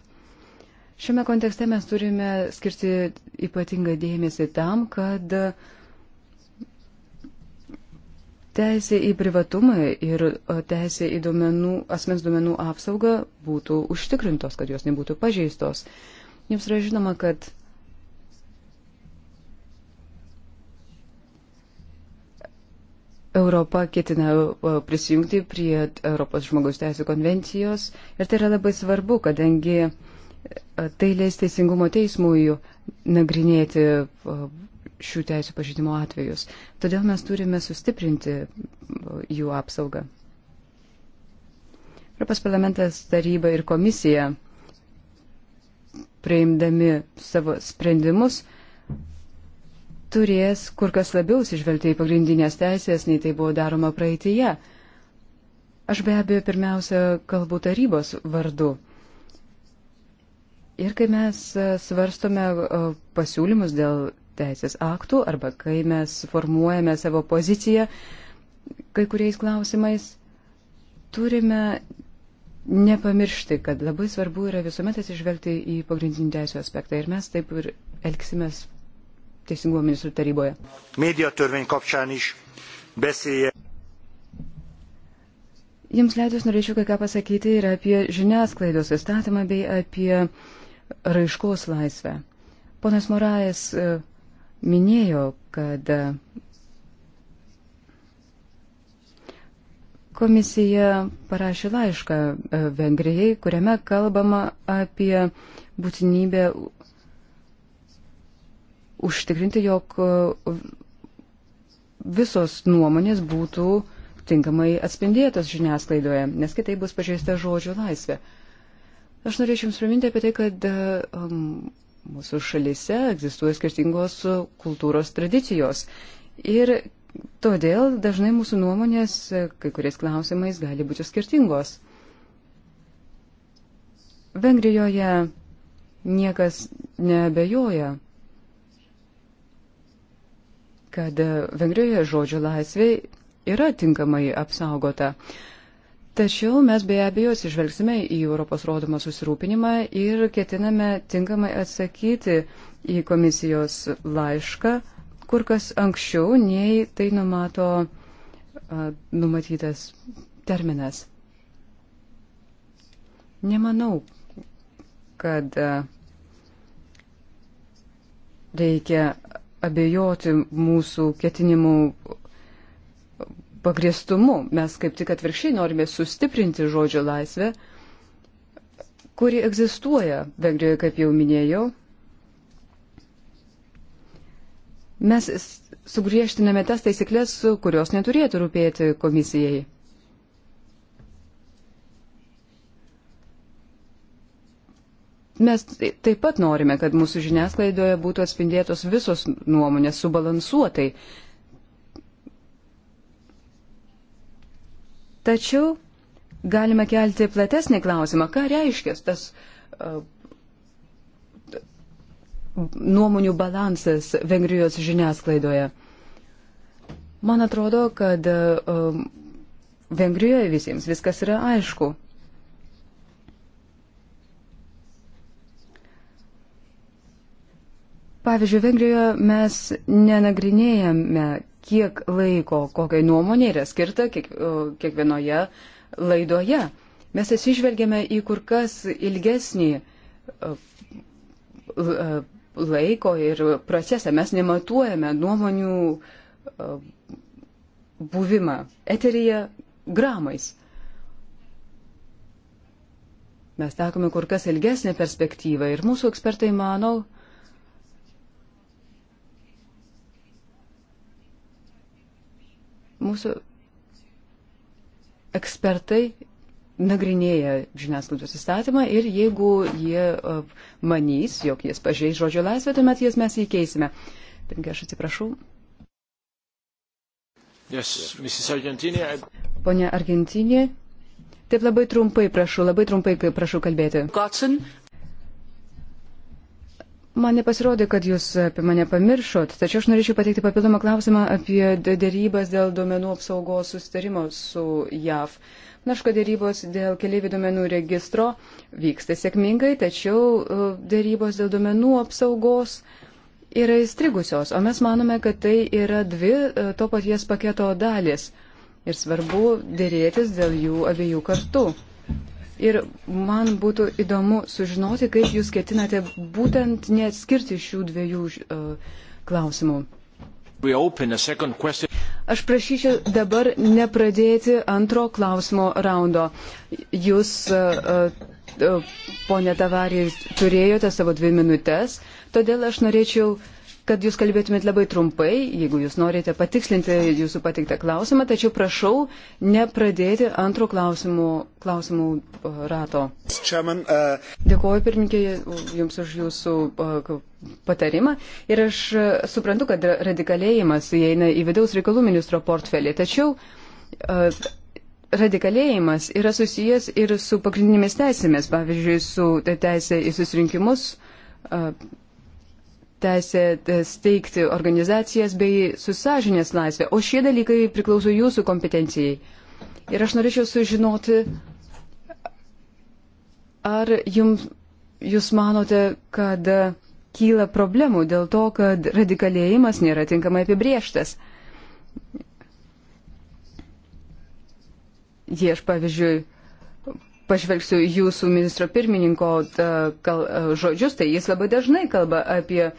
Šiame kontekste mes turime skirti ypatingą dėmesį tam, kad teisė į privatumą ir teisė į duomenų, asmens duomenų apsaugą būtų užtikrintos, kad jos nebūtų pažeistos. Jums yra žinoma, kad Europa ketina prisijungti prie Europos žmogaus teisų konvencijos ir tai yra labai svarbu, kadangi uh, Tai leis teisingumo teismui nagrinėti e, šių teisų pažydimo atvejus. Todėl mes turime sustiprinti e, jų apsaugą. Europos parlamentas, taryba ir komisija, priimdami savo sprendimus, turės kur kas labiau sižvelgti į pagrindinės teisės, nei tai buvo daroma praeitėje. Aš be abejo pirmiausia kalbu tarybos vardu. Ir kai mes e, svarstome e, pasiūlymus dėl teisės aktų arba kai mes formuojame savo poziciją kai kuriais klausimais, turime nepamiršti, kad labai svarbu yra visuomet atsižvelgti į pagrindinį teisų aspektą ir mes taip ir elgsimės Teisingumo ministrų taryboje. Mediatörvény kapcsán is beszélje. Jums leidus norėčiau kai ką pasakyti ir apie žiniasklaidos įstatymą bei apie uh, raiškos laisvę. Ponas Morajas e, minėjo, kad e, komisija parašė laišką e, Vengrijai, kuriame kalbama apie būtinybę užtikrinti, jog visos nuomonės būtų tinkamai atspindėtos žiniasklaidoje, nes kitai bus pažeista žodžio laisvė. Aš norėčiau Jums priminti apie tai, kad um, mūsų šalise egzistuoja skirtingos kultūros tradicijos. Ir todėl dažnai mūsų nuomonės kai kuriais klausimais gali būti skirtingos. Vengrijoje niekas nebejoja, kad Vengrijoje žodžio laisvė yra tinkamai apsaugota. Tačiau mes be abejo atsižvelgsime į Europos rodomą susirūpinimą ir ketiname tinkamai atsakyti į komisijos laišką kur kas anksčiau, nei tai numato numatytas terminas. Nemanau, kad reikia abejoti mūsų ketinimų pagriestumu. Mes kaip tik atvirkščiai norime sustiprinti žodžio laisvę, kuri egzistuoja Vengrijoje, kaip jau minėjau. Mes sugriežtiname tas taisyklės, kurios neturėtų rūpėti komisijai. Mes taip pat norime, kad mūsų žiniasklaidoje būtų atspindėtos visos nuomonės subalansuotai, Tačiau galime kelti platesnį klausimą, ką reiškia tas uh, nuomonių balansas Vengrijos žiniasklaidoje. Man atrodo, kad uh, Vengrijoje visiems viskas yra aišku. Pavyzdžiui, Vengrijoje mes nenagrinėjame kiek laiko, kokiai nuomonė yra skirta kiek, kiekvienoje laidoje. Mes atsižvelgėme į kur kas ilgesnį e, laiko ir procesą. Mes nematuojame nuomonių buvimą eteryje gramais. Mes takome kur kas ilgesnę perspektyvą ir mūsų ekspertai mano, mūsų ekspertai nagrinėja žiniasklaidos įstatymą ir jeigu jie e, manys, jog jis pažeis žodžio laisvę, tuomet jas mes jį keisime. Pirmkia, aš atsiprašau. Yes, Argentinė. Pone Argentinė, taip labai trumpai prašau, labai trumpai prašau kalbėti. Godson, Man nepasirodė, kad jūs apie mane pamiršot, tačiau aš norėčiau pateikti papildomą klausimą apie dėrybas dėl duomenų apsaugos sustarimo su JAV. Naško dėrybos dėl keliaivių duomenų registro vyksta sėkmingai, tačiau e, dėrybos dėl duomenų apsaugos yra įstrigusios, o mes manome, kad tai yra dvi e, to paties paketo dalis ir svarbu dėrėtis dėl jų abiejų kartų. Ir man būtų įdomu sužinoti, kaip jūs ketinate būtent neatskirti šių dviejų uh, klausimų. Aš prašyčiau dabar nepradėti antro klausimo raundo. Jūs, uh, uh, ponė Tavarijas, turėjote savo dvi minutės, todėl aš norėčiau uh, kad jūs kalbėtumėt labai trumpai, jeigu jūs norite patikslinti jūsų pateiktą klausimą, tačiau prašau nepradėti antro klausimų, klausimų rato. Uh, Dėkuoju pirmininkė Jums už Jūsų patarimą ir aš e, suprantu, kad radikalėjimas įeina į vidaus reikalų ministro portfelį, tačiau e, radikalėjimas yra susijęs ir su pagrindinėmis teisėmis, pavyzdžiui, su teisė į susirinkimus e, teisę e, steigti organizacijas bei su sąžinės laisvė. O šie dalykai priklauso jūsų kompetencijai. Ir aš norėčiau sužinoti, ar jums, jūs manote, kad kyla problemų dėl to, kad radikalėjimas nėra tinkamai apibrieštas. Jie, aš pavyzdžiui, pažvelgsiu jūsų ministro pirmininko e, žodžius, tai jis labai dažnai kalba apie e,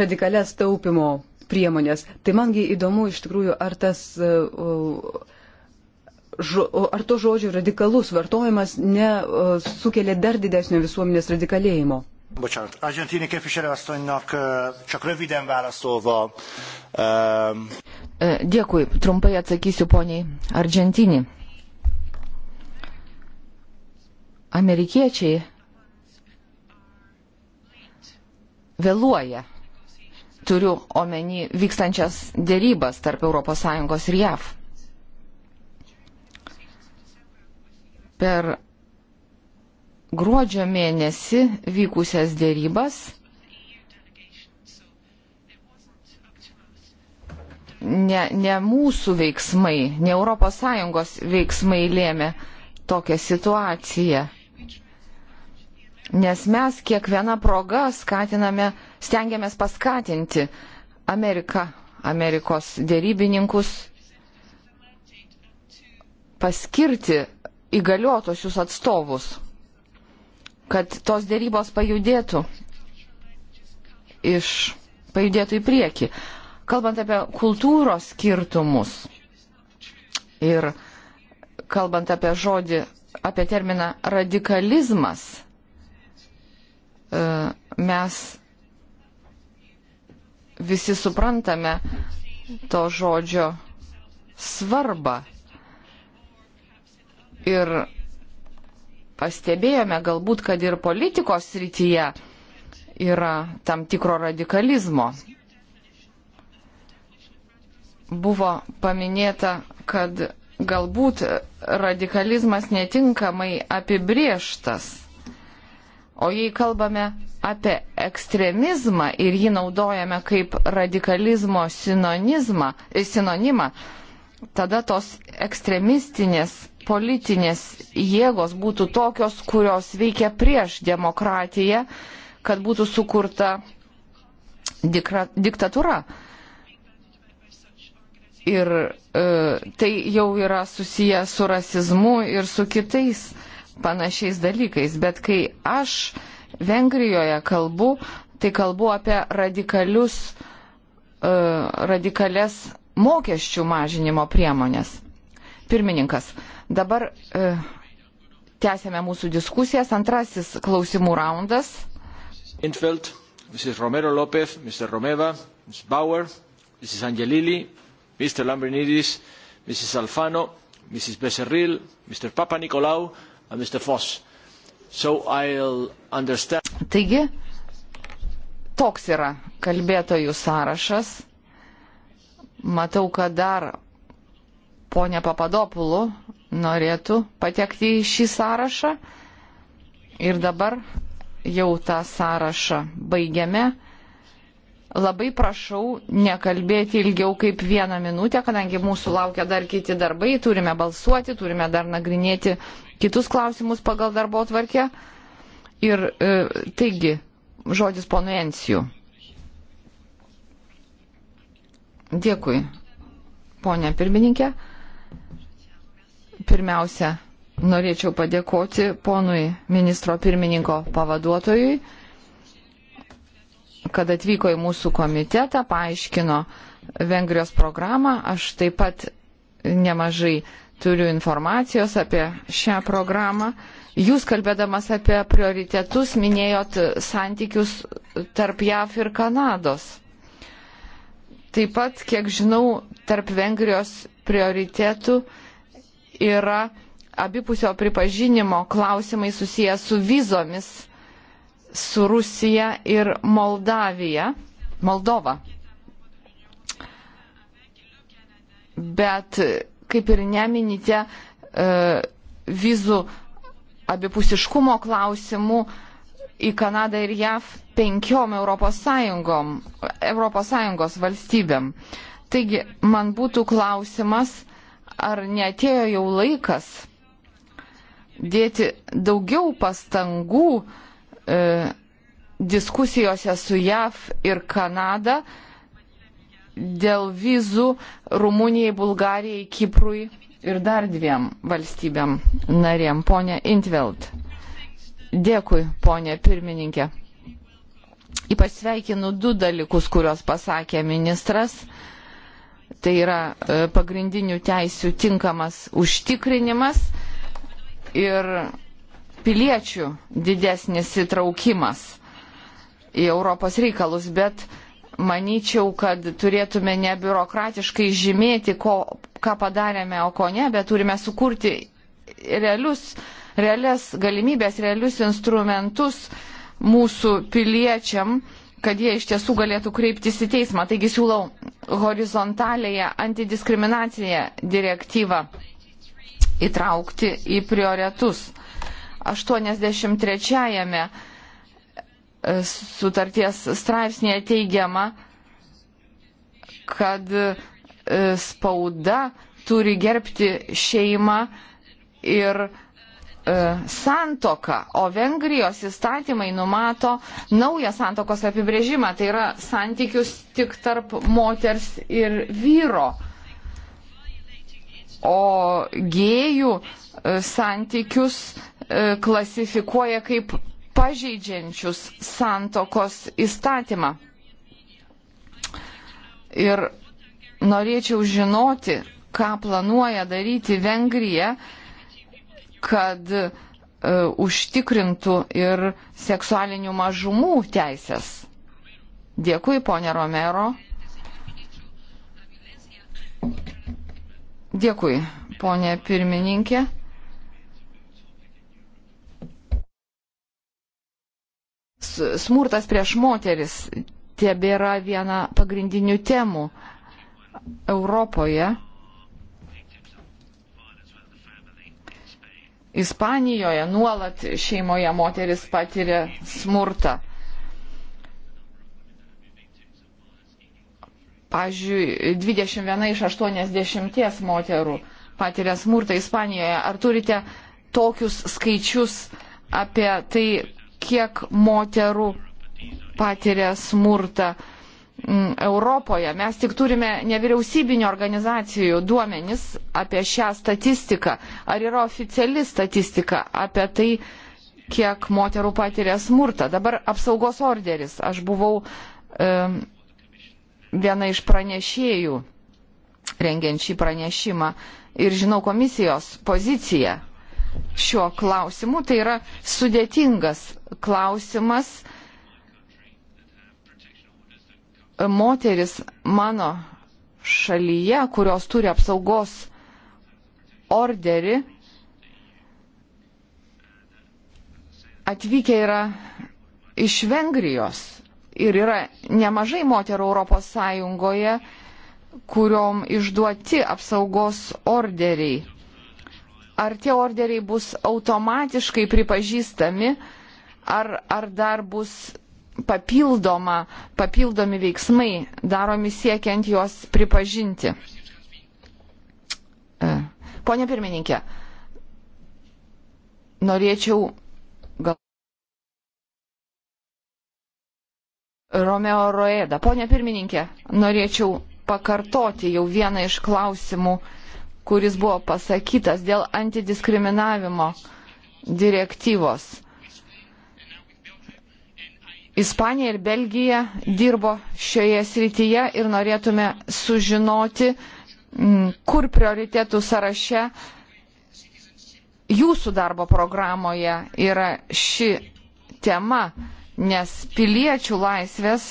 radikalias taupimo priemonės. Tai mangi įdomu iš tikrųjų, ar tas. E, ar to žodžio radikalus vartojimas nesukelia dar didesnio visuomenės radikalėjimo? Bocsánat, Argentini képviselőasszonynak csak röviden válaszolva. Um... Dėkui, trumpai atsakysiu poniai Argentini. amerikiečiai vėluoja. Turiu omeny vykstančias dėrybas tarp ES ir JAV. Per gruodžio mėnesį vykusias dėrybas ne, ne mūsų veiksmai, ne ES veiksmai lėmė tokią situaciją. Nes mes kiekvieną progą skatiname, stengiamės paskatinti Ameriką, Amerikos dėrybininkus paskirti įgaliotosius atstovus, kad tos dėrybos pajudėtų, iš, pajudėtų į priekį. Kalbant apie kultūros skirtumus ir kalbant apie žodį, apie terminą radikalizmas, E, mes visi suprantame to žodžio svarbą. Ir pastebėjome galbūt, kad ir politikos srityje yra tam tikro radikalizmo. Buvo paminėta, kad galbūt radikalizmas netinkamai apibrieštas. O jei kalbame apie ekstremizmą ir jį naudojame kaip radikalizmo e, sinonimą, tada tos ekstremistinės politinės jėgos būtų tokios, kurios veikia prieš demokratiją, kad būtų sukurta dikra, diktatūra. Ir e, tai jau yra susiję su rasizmu ir su kitais e, panašiais dalykais, bet kai aš Vengrijoje kalbu, tai kalbu apie radikalius, e, radikales mokesčių mažinimo priemonės. Pirmininkas, dabar e, tęsėme mūsų diskusijas. Antrasis klausimų raundas. Infeld, Mrs. Romero Lopez, Mr. Romeva, Mrs. Bauer, Mrs. Angelili, Mr. Lambrinidis, Mrs. Alfano, Mrs. Becerril, Mr. Papa Nicolau, Uh, Mr. Foss. So I'll understand. Taigi, toks yra kalbėtojų sąrašas. Matau, kad dar ponė Papadopulų norėtų patekti į šį sąrašą. Ir dabar jau tą sąrašą baigiame. Labai prašau nekalbėti ilgiau kaip vieną minutę, kadangi mūsų laukia dar kiti darbai, turime balsuoti, turime dar nagrinėti kitus klausimus pagal darbo tvarkę. Ir e, taigi, žodis ponui Ensijų. Dėkui, ponė pirmininkė. Pirmiausia, norėčiau padėkoti ponui ministro pirmininko pavaduotojui kad atvyko į mūsų komitetą, paaiškino Vengrijos programą. Aš taip pat nemažai turiu informacijos apie šią programą. Jūs kalbėdamas apie prioritetus minėjot santykius tarp JAF ir Kanados. Taip pat, kiek žinau, tarp Vengrijos prioritetų yra abipusio pripažinimo klausimai susijęs su vizomis su Rusija ir Moldavija, Moldova. Bet, kaip ir neminite, e, vizų abipusiškumo klausimų į Kanadą ir JAV penkiom Europos, Sąjungom, Europos Sąjungos valstybėm. Taigi, man būtų klausimas, ar netėjo jau laikas dėti daugiau pastangų, uh, E, diskusijose su JAV ir Kanada dėl vizų Rumunijai, Bulgarijai, Kiprui ir dar dviem valstybėm narėm. Pone Intveld. Dėkui, ponė pirmininkė. Ypač sveikinu du dalykus, kuriuos pasakė ministras. Tai yra e, pagrindinių teisių tinkamas užtikrinimas ir piliečių didesnis įtraukimas į Europos reikalus, bet manyčiau, kad turėtume ne biurokratiškai žymėti, ko, ką padarėme, o ko ne, bet turime sukurti realius, realias galimybės, realius instrumentus mūsų piliečiam, kad jie iš tiesų galėtų kreiptis į teismą. Taigi siūlau horizontalėje antidiskriminaciją direktyvą įtraukti į prioritetus. 83 e, sutarties straipsnėje teigiama, kad e, spauda turi gerbti šeimą ir e, santoka, o Vengrijos įstatymai numato naują santokos apibrėžimą, tai yra santykius tik tarp moters ir vyro. O gėjų santykius E, klasifikuoja kaip pažeidžiančius santokos įstatymą. Ir norėčiau žinoti, ką planuoja daryti Vengrija, kad uh, užtikrintų ir seksualinių mažumų teisės. Dėkui, ponė Romero. Dėkui, ponė pirmininkė. smurtas prieš moteris tebėra viena pagrindinių temų Europoje. Ispanijoje nuolat šeimoje moteris patiria smurtą. Pavyzdžiui, 21 iš 80 moterų patiria smurtą Ispanijoje. Ar turite tokius skaičius apie tai, kiek moterų patiria smurtą. Mm, Europoje mes tik turime nevyriausybinio organizacijų duomenis apie šią statistiką. Ar yra oficiali statistika apie tai, kiek moterų patiria smurtą? Dabar apsaugos orderis. Aš buvau e, viena iš pranešėjų rengiant šį pranešimą ir žinau komisijos poziciją šiuo klausimu. Tai yra sudėtingas klausimas. Moteris mano šalyje, kurios turi apsaugos orderį, atvykę yra iš Vengrijos ir yra nemažai moterų Europos Sąjungoje, kuriom išduoti apsaugos orderiai. Ar tie orderiai bus automatiškai pripažįstami, ar, ar dar bus papildoma, papildomi veiksmai daromi siekiant juos pripažinti? E, Pone pirmininkė, norėčiau gal. Romeo Roeda. Pone pirmininkė, norėčiau pakartoti jau vieną iš klausimų kuris buvo pasakytas dėl antidiskriminavimo direktyvos. Ispanija ir Belgija dirbo šioje srityje ir norėtume sužinoti, kur prioritėtų sąraše jūsų darbo programoje yra ši tema, nes piliečių laisvės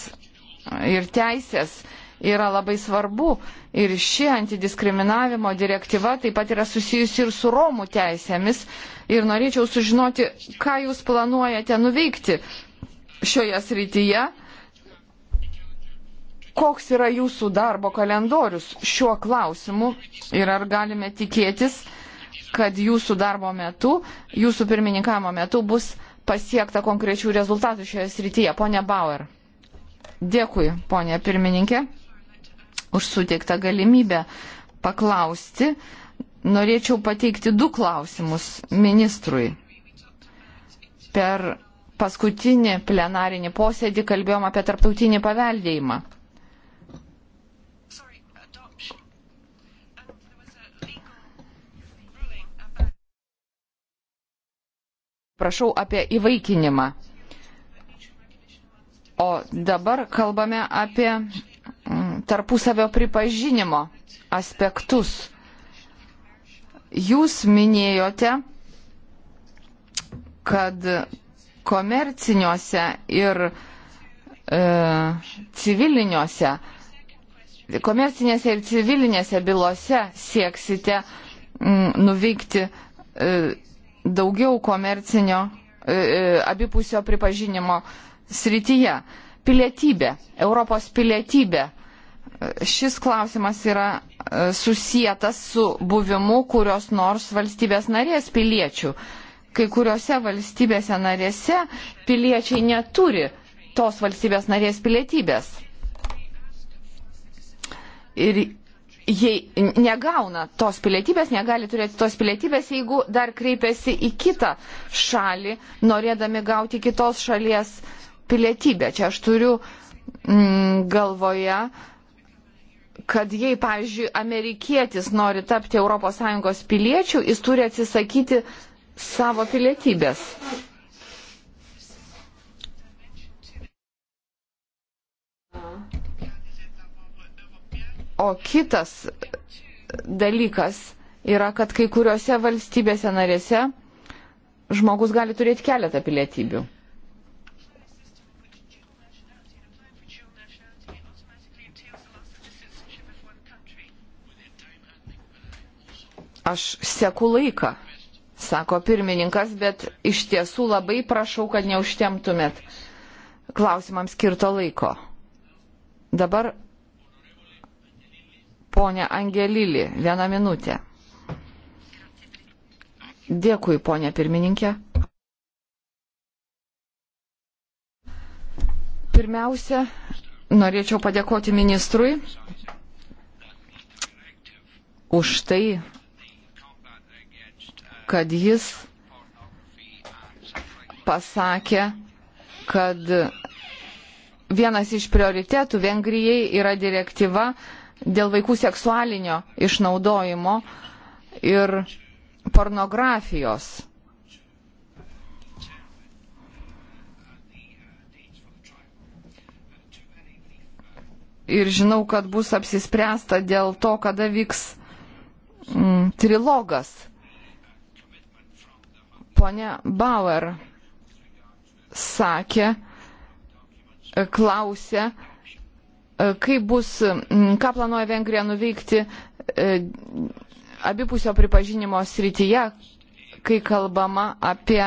ir teisės yra labai svarbu. Ir ši antidiskriminavimo direktyva taip pat yra susijusi ir su Romų teisėmis. Ir norėčiau sužinoti, ką jūs planuojate nuveikti šioje srityje. Koks yra jūsų darbo kalendorius šiuo klausimu ir ar galime tikėtis, kad jūsų darbo metu, jūsų pirmininkavimo metu bus pasiekta konkrečių rezultatų šioje srityje. Pone Bauer. Dėkui, ponė pirmininkė už suteiktą galimybę paklausti. Norėčiau pateikti du klausimus ministrui. Per paskutinį plenarinį posėdį kalbėjom apie tarptautinį paveldėjimą. Prašau apie įvaikinimą. O dabar kalbame apie tarpusavio pripažinimo aspektus. Jūs minėjote, kad komerciniuose ir e, civiliniuose, komercinėse ir civilinėse bylose sieksite m, nuveikti e, daugiau komercinio e, e, abipusio pripažinimo srityje. Pilietybė, Europos pilietybė šis klausimas yra e, susijęs su buvimu kurios nors valstybės narės piliečių. Kai kuriuose valstybėse narėse piliečiai neturi tos valstybės narės pilietybės. Ir jei negauna tos pilietybės, negali turėti tos pilietybės, jeigu dar kreipiasi į kitą šalį, norėdami gauti kitos šalies pilietybę. Čia aš turiu mm, galvoje uh, kad jei, pavyzdžiui, amerikietis nori tapti ES piliečių, jis turi atsisakyti savo pilietybės. O kitas dalykas yra, kad kai kuriuose valstybėse narėse žmogus gali turėti keletą pilietybių. Aš seku laiką, sako pirmininkas, bet iš tiesų labai prašau, kad neužtemtumėt klausimams skirto laiko. Dabar ponia Angelili, vieną minutę. Dėkui, ponia pirmininkė. Pirmiausia, norėčiau padėkoti ministrui už tai, kad jis pasakė, kad vienas iš prioritėtų Vengrijai yra direktyva dėl vaikų seksualinio išnaudojimo ir pornografijos. Ir žinau, kad bus apsispręsta dėl to, kada vyks mm, trilogas Pone Bauer sakė, klausė, kaip bus, ką planuoja Vengrija nuveikti e, abipusio pripažinimo srityje, kai kalbama apie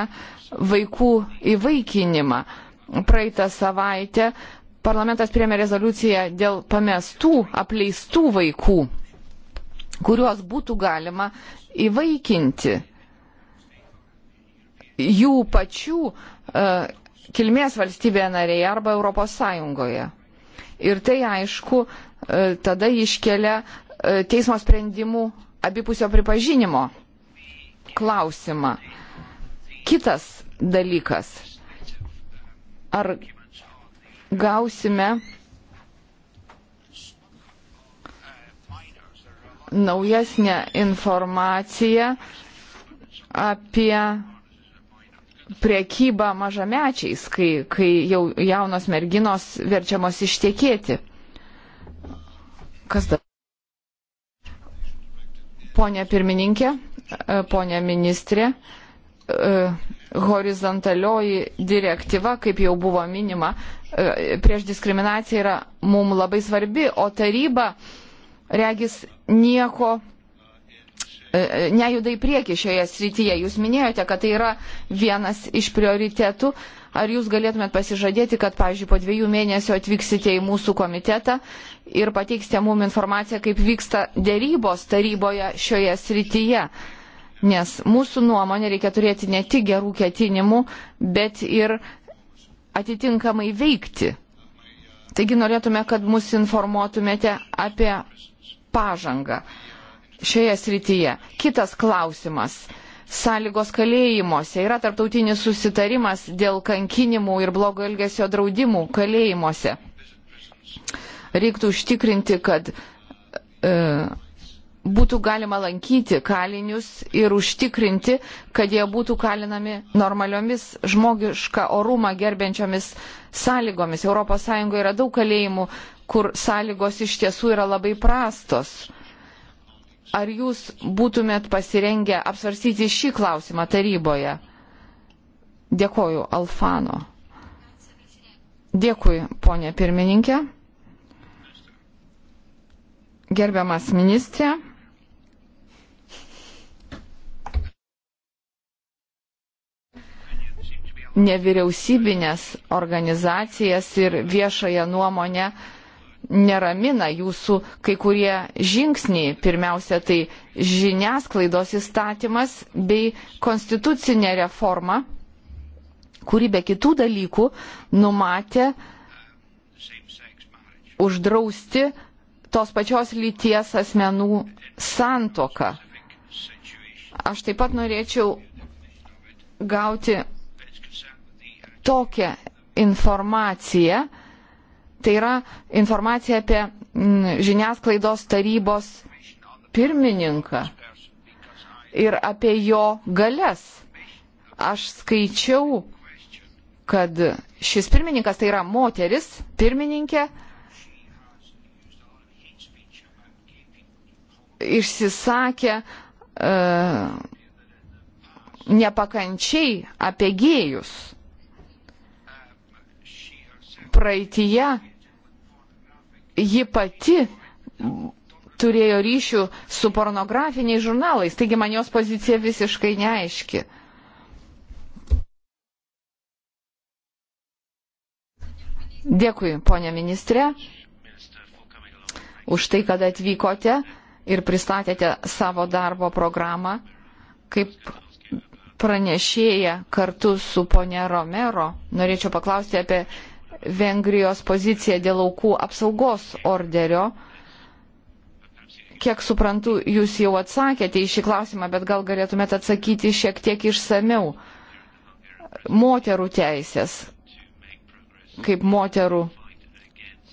vaikų įvaikinimą. Praeitą savaitę parlamentas priemė rezoliuciją dėl pamestų, apleistų vaikų, kuriuos būtų galima įvaikinti jų pačių uh, kilmės valstybėje narėje arba Europos Sąjungoje. Ir tai aišku, uh, tada iškelia uh, teismo sprendimų abipusio pripažinimo klausimą. Kitas dalykas. Ar gausime naujesnę informaciją apie priekyba mažamečiais, kai, kai jau jaunos merginos verčiamos ištiekėti. Kas dar? Pone pirmininkė, e, pone ministrė, e, horizontalioji direktyva, kaip jau buvo minima, e, prieš diskriminaciją yra mums labai svarbi, o taryba, regis, nieko E, e, nejuda į priekį šioje srityje. Jūs minėjote, kad tai yra vienas iš prioritetų. Ar jūs galėtumėt pasižadėti, kad, pavyzdžiui, po dviejų mėnesių atvyksite į mūsų komitetą ir pateiksite mums informaciją, kaip vyksta dėrybos taryboje šioje srityje? Nes mūsų nuomonė reikia turėti ne tik gerų ketinimų, bet ir atitinkamai veikti. Taigi norėtume, kad mus informuotumėte apie pažangą šioje srityje. Kitas klausimas. Sąlygos kalėjimuose yra tarptautinis susitarimas dėl kankinimų ir blogo elgesio draudimų kalėjimuose. Reiktų užtikrinti, kad e, būtų galima lankyti kalinius ir užtikrinti, kad jie būtų kalinami normaliomis žmogišką orumą gerbiančiomis sąlygomis. ES yra daug kalėjimų, kur sąlygos iš tiesų yra labai prastos ar jūs būtumėt pasirengę apsvarstyti šį klausimą taryboje? Dėkoju, Alfano. Dėkui, ponė pirmininkė. Gerbiamas ministrė. Nevyriausybinės organizacijas ir viešąją nuomonę uh, neramina jūsų kai kurie žingsniai. Pirmiausia, tai žiniasklaidos įstatymas bei konstitucinė reforma, kuri be kitų dalykų numatė uždrausti tos pačios lyties asmenų santoką. Aš taip pat norėčiau gauti tokią informaciją, Tai yra informacija apie mm, žiniasklaidos tarybos pirmininką ir apie jo galės. Aš skaičiau, kad šis pirmininkas tai yra moteris, pirmininkė, išsisakė uh, nepakančiai apie gėjus praeitie ji pati turėjo ryšių su pornografiniais žurnalais, taigi man jos pozicija visiškai neaiški. Dėkui, ponė ministrė, už tai, kad atvykote ir pristatėte savo darbo programą kaip pranešėja kartu su ponė Romero. Norėčiau paklausti apie Vengrijos poziciją dėl aukų apsaugos orderio. Kiek suprantu, jūs jau atsakėte į šį klausimą, bet gal galėtumėte atsakyti šiek tiek išsameu. Moterų teisės, kaip moterų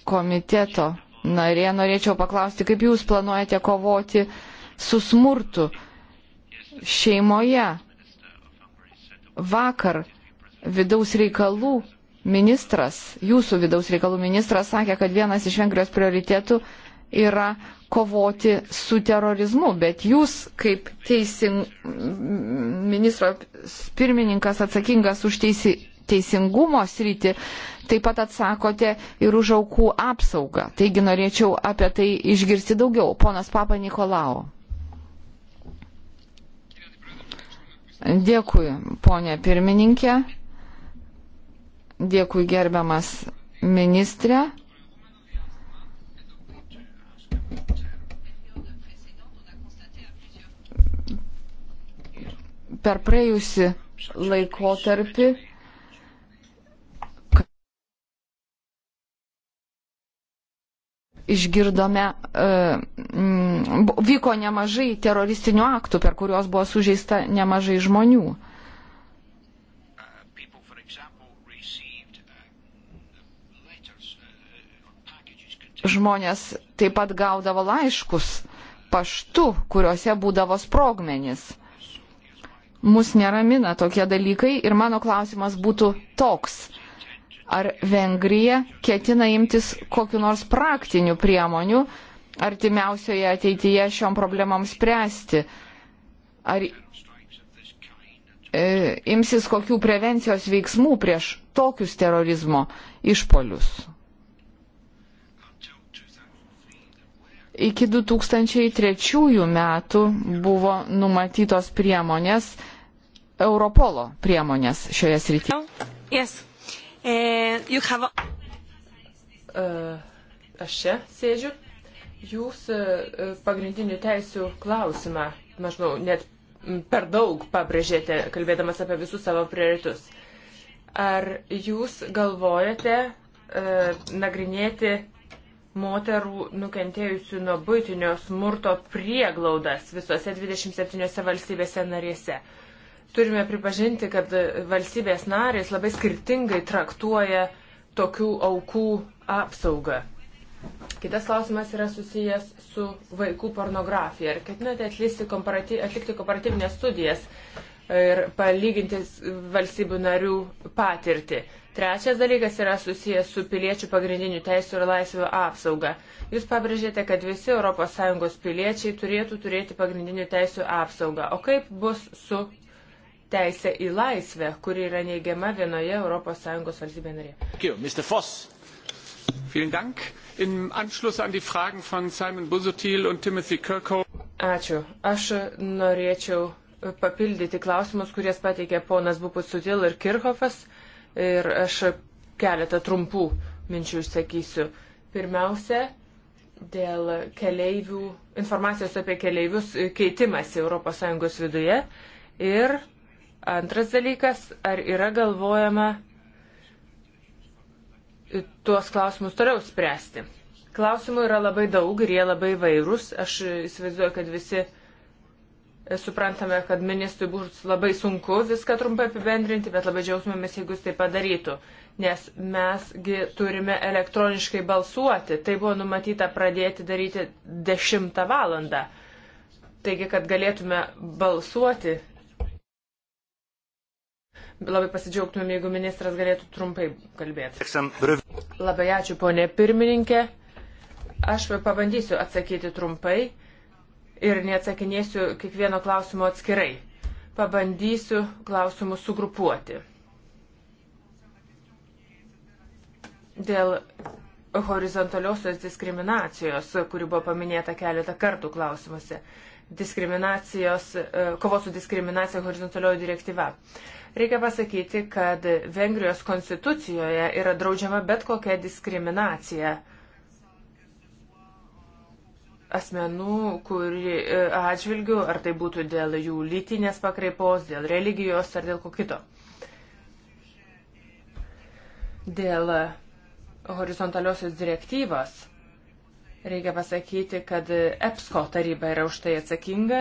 komiteto narė, norėčiau paklausti, kaip jūs planuojate kovoti su smurtu šeimoje. Vakar vidaus reikalų ministras, jūsų vidaus reikalų ministras sakė, kad vienas iš Vengrijos prioritėtų yra kovoti su terorizmu, bet jūs kaip teisin, ministro pirmininkas atsakingas už teisi, teisingumo sritį, taip pat atsakote ir už aukų apsaugą. Taigi norėčiau apie tai išgirsti daugiau. Ponas Papa Nikolao. Dėkui, ponė pirmininkė. Dėkui gerbiamas ministrė. Per praėjusi laikotarpį išgirdome, e, vyko nemažai teroristinių aktų, per kuriuos buvo sužeista nemažai žmonių. žmonės taip pat gaudavo laiškus paštu, kuriuose būdavo sprogmenis. Mus neramina tokie dalykai ir mano klausimas būtų toks. Ar Vengrija ketina imtis kokiu nors praktiniu priemoniu artimiausioje ateityje šiom problemam spręsti? Ar e, imsis kokių prevencijos veiksmų prieš tokius terorizmo išpolius. iki 2003 metų buvo numatytos priemonės, Europolo priemonės šioje srityje. Yes. Uh, have... uh, aš čia sėdžiu. Jūs uh, pagrindinių teisių klausimą, maždaug, net per daug pabrėžėte, kalbėdamas apie visus savo prioritus. Ar jūs galvojate uh, nagrinėti moterų nukentėjusių nuo būtinio smurto prieglaudas visose 27 valstybėse narėse. Turime pripažinti, kad valstybės narės labai skirtingai traktuoja tokių aukų apsaugą. Kitas klausimas yra susijęs su vaikų pornografija. Ar ketinate atlikti komparatyvinės studijas? ir palyginti valstybių narių patirtį. Trečias dalykas yra susijęs su piliečių pagrindinių teisų ir laisvių apsauga. Jūs pabrėžėte, kad visi ES piliečiai turėtų turėti pagrindinių teisų apsaugą. O kaip bus su teisė į laisvę, kuri yra neigiama vienoje ES valstybė narėje? Ačiū. Aš norėčiau papildyti klausimus, kuries pateikė ponas Bupus Sutil ir Kirchhoffas. Ir aš keletą trumpų minčių išsakysiu. Pirmiausia, dėl keleivių, informacijos apie keleivius keitimąsi ES viduje. Ir antras dalykas, ar yra galvojama tuos klausimus toliau spręsti. Klausimų yra labai daug ir jie labai vairūs. Aš įsivaizduoju, kad visi uh, E, suprantame, kad ministrui bus labai sunku viską trumpai apibendrinti, bet labai džiausmėmės, jeigu jis tai padarytų, nes mesgi turime elektroniškai balsuoti. Tai buvo numatyta pradėti daryti 10 valandą. Taigi, kad galėtume balsuoti, labai pasidžiaugtumėm, jeigu ministras galėtų trumpai kalbėti. Labai ačiū, ponė pirmininkė. Aš pabandysiu atsakyti trumpai ir neatsakinėsiu kiekvieno klausimo atskirai. Pabandysiu klausimus sugrupuoti. Dėl horizontaliosios diskriminacijos, kuri buvo paminėta keletą kartų klausimuose. Diskriminacijos, e, kovos su diskriminacija horizontalioji direktyva. Reikia pasakyti, kad Vengrijos konstitucijoje yra draudžiama bet kokia diskriminacija asmenų, kuri e, atžvilgių, ar tai būtų dėl jų lytinės pakraipos, dėl religijos ar dėl ko kito. Dėl horizontaliosios direktyvos reikia pasakyti, kad EPSCO taryba yra už tai atsakinga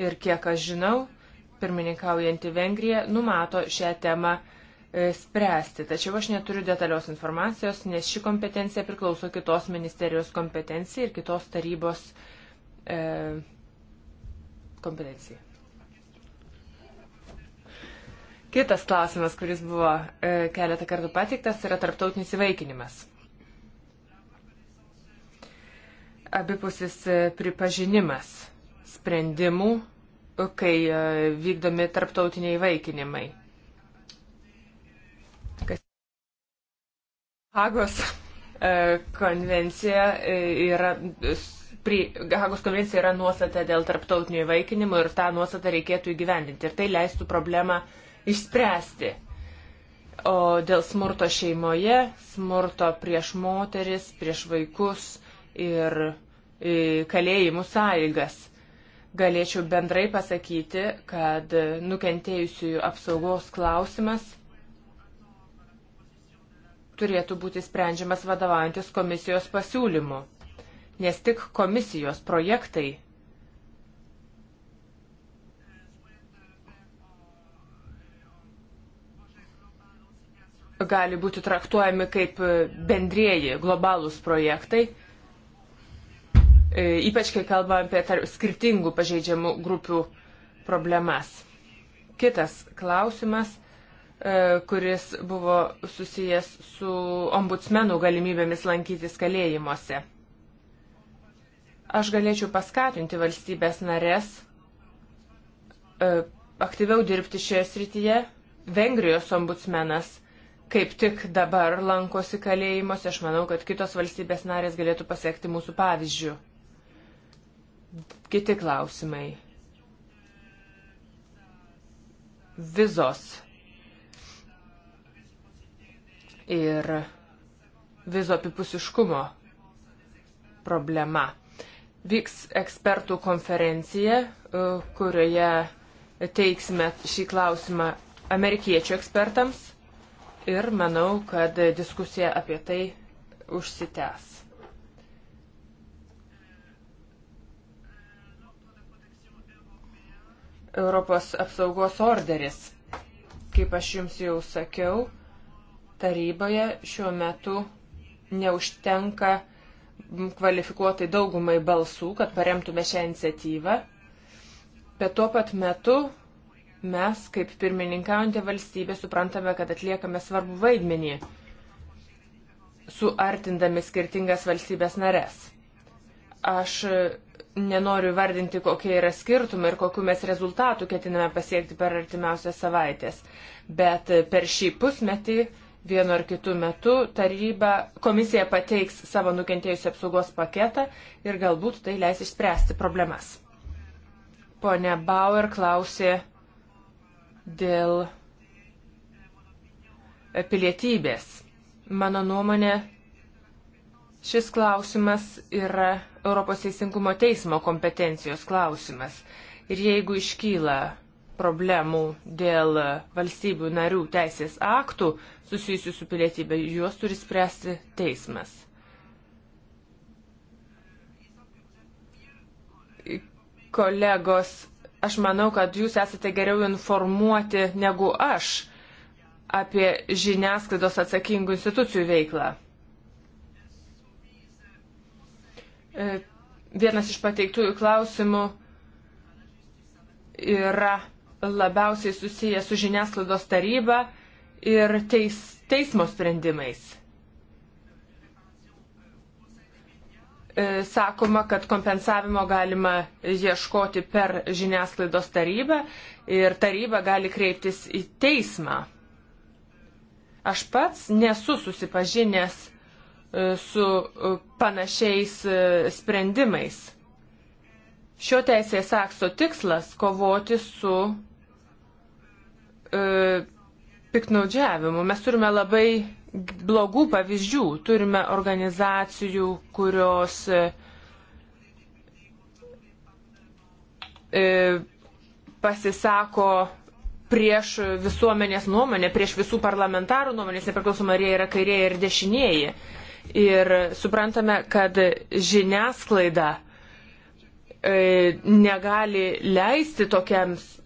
ir kiek aš žinau, pirmininkaujanti Vengrija numato šią temą E, spręsti. Tačiau aš neturiu detalios informacijos, nes ši kompetencija priklauso kitos ministerijos kompetencijai ir kitos tarybos e, kompetencijai. Kitas klausimas, kuris buvo e, keletą kartų pateiktas, yra tarptautinis įvaikinimas. Abipusis e, pripažinimas sprendimų, kai e, vykdomi tarptautiniai įvaikinimai Hagos e, konvencija e, yra. Pri, Hagos konvencija yra nuostata dėl tarptautinio įvaikinimo ir tą nuostatą reikėtų įgyvendinti. Ir tai leistų problemą išspręsti. O dėl smurto šeimoje, smurto prieš moteris, prieš vaikus ir e, kalėjimų sąlygas. Galėčiau bendrai pasakyti, kad nukentėjusiųjų apsaugos klausimas turėtų būti sprendžiamas vadovaujantis komisijos pasiūlymu, nes tik komisijos projektai gali būti traktuojami kaip bendrieji globalūs projektai, e, ypač kai kalbame apie tarp, skirtingų pažeidžiamų grupių problemas. Kitas klausimas E, kuris buvo susijęs su ombudsmenų galimybėmis lankytis kalėjimuose. Aš galėčiau paskatinti valstybės narės e, aktyviau dirbti šioje srityje. Vengrijos ombudsmenas kaip tik dabar lankosi kalėjimuose. Aš manau, kad kitos valstybės narės galėtų pasiekti mūsų pavyzdžių. Kiti klausimai. Vizos ir vizo apipusiškumo problema. Vyks ekspertų konferencija, e, kurioje teiksime šį klausimą amerikiečių ekspertams ir manau, kad diskusija apie tai užsitęs. Europos apsaugos orderis. Kaip aš jums jau sakiau, taryboje šiuo metu neužtenka kvalifikuotai daugumai balsų, kad paremtume šią iniciatyvą, bet tuo pat metu mes, kaip pirmininkaujantė valstybė, suprantame, kad atliekame svarbų vaidmenį, suartindami skirtingas valstybės nares. Aš nenoriu vardinti, kokie yra skirtumai ir kokiu mes rezultatų ketiname pasiekti per artimiausias savaitės, bet per šį pusmetį uh, vienu ar kitu metu taryba, komisija pateiks savo nukentėjusių apsaugos paketą ir galbūt tai leis išspręsti problemas. Pone Bauer klausė dėl pilietybės. Mano nuomonė, šis klausimas yra Europos Teisingumo teismo kompetencijos klausimas. Ir jeigu iškyla problemų dėl valstybių narių teisės aktų susijusių su pilietybė, juos turi spręsti teismas. Kolegos, aš manau, kad jūs esate geriau informuoti negu aš apie žiniasklaidos atsakingų institucijų veiklą. E, vienas iš pateiktųjų klausimų yra labiausiai susiję su žiniasklaidos taryba ir teis, teismo sprendimais. E, sakoma, kad kompensavimo galima ieškoti per žiniasklaidos tarybą ir taryba gali kreiptis į teismą. Aš pats nesu susipažinęs e, su e, panašiais sprendimais. Šio teisės akso tikslas - kovoti su e, piknaudžiavimu. Mes turime labai blogų pavyzdžių. Turime organizacijų, kurios e, pasisako prieš visuomenės nuomonę, prieš visų parlamentarų nuomonės, nepriklausomai ar jie yra kairieji ir dešinieji. Ir suprantame, kad žiniasklaida e, negali leisti tokiams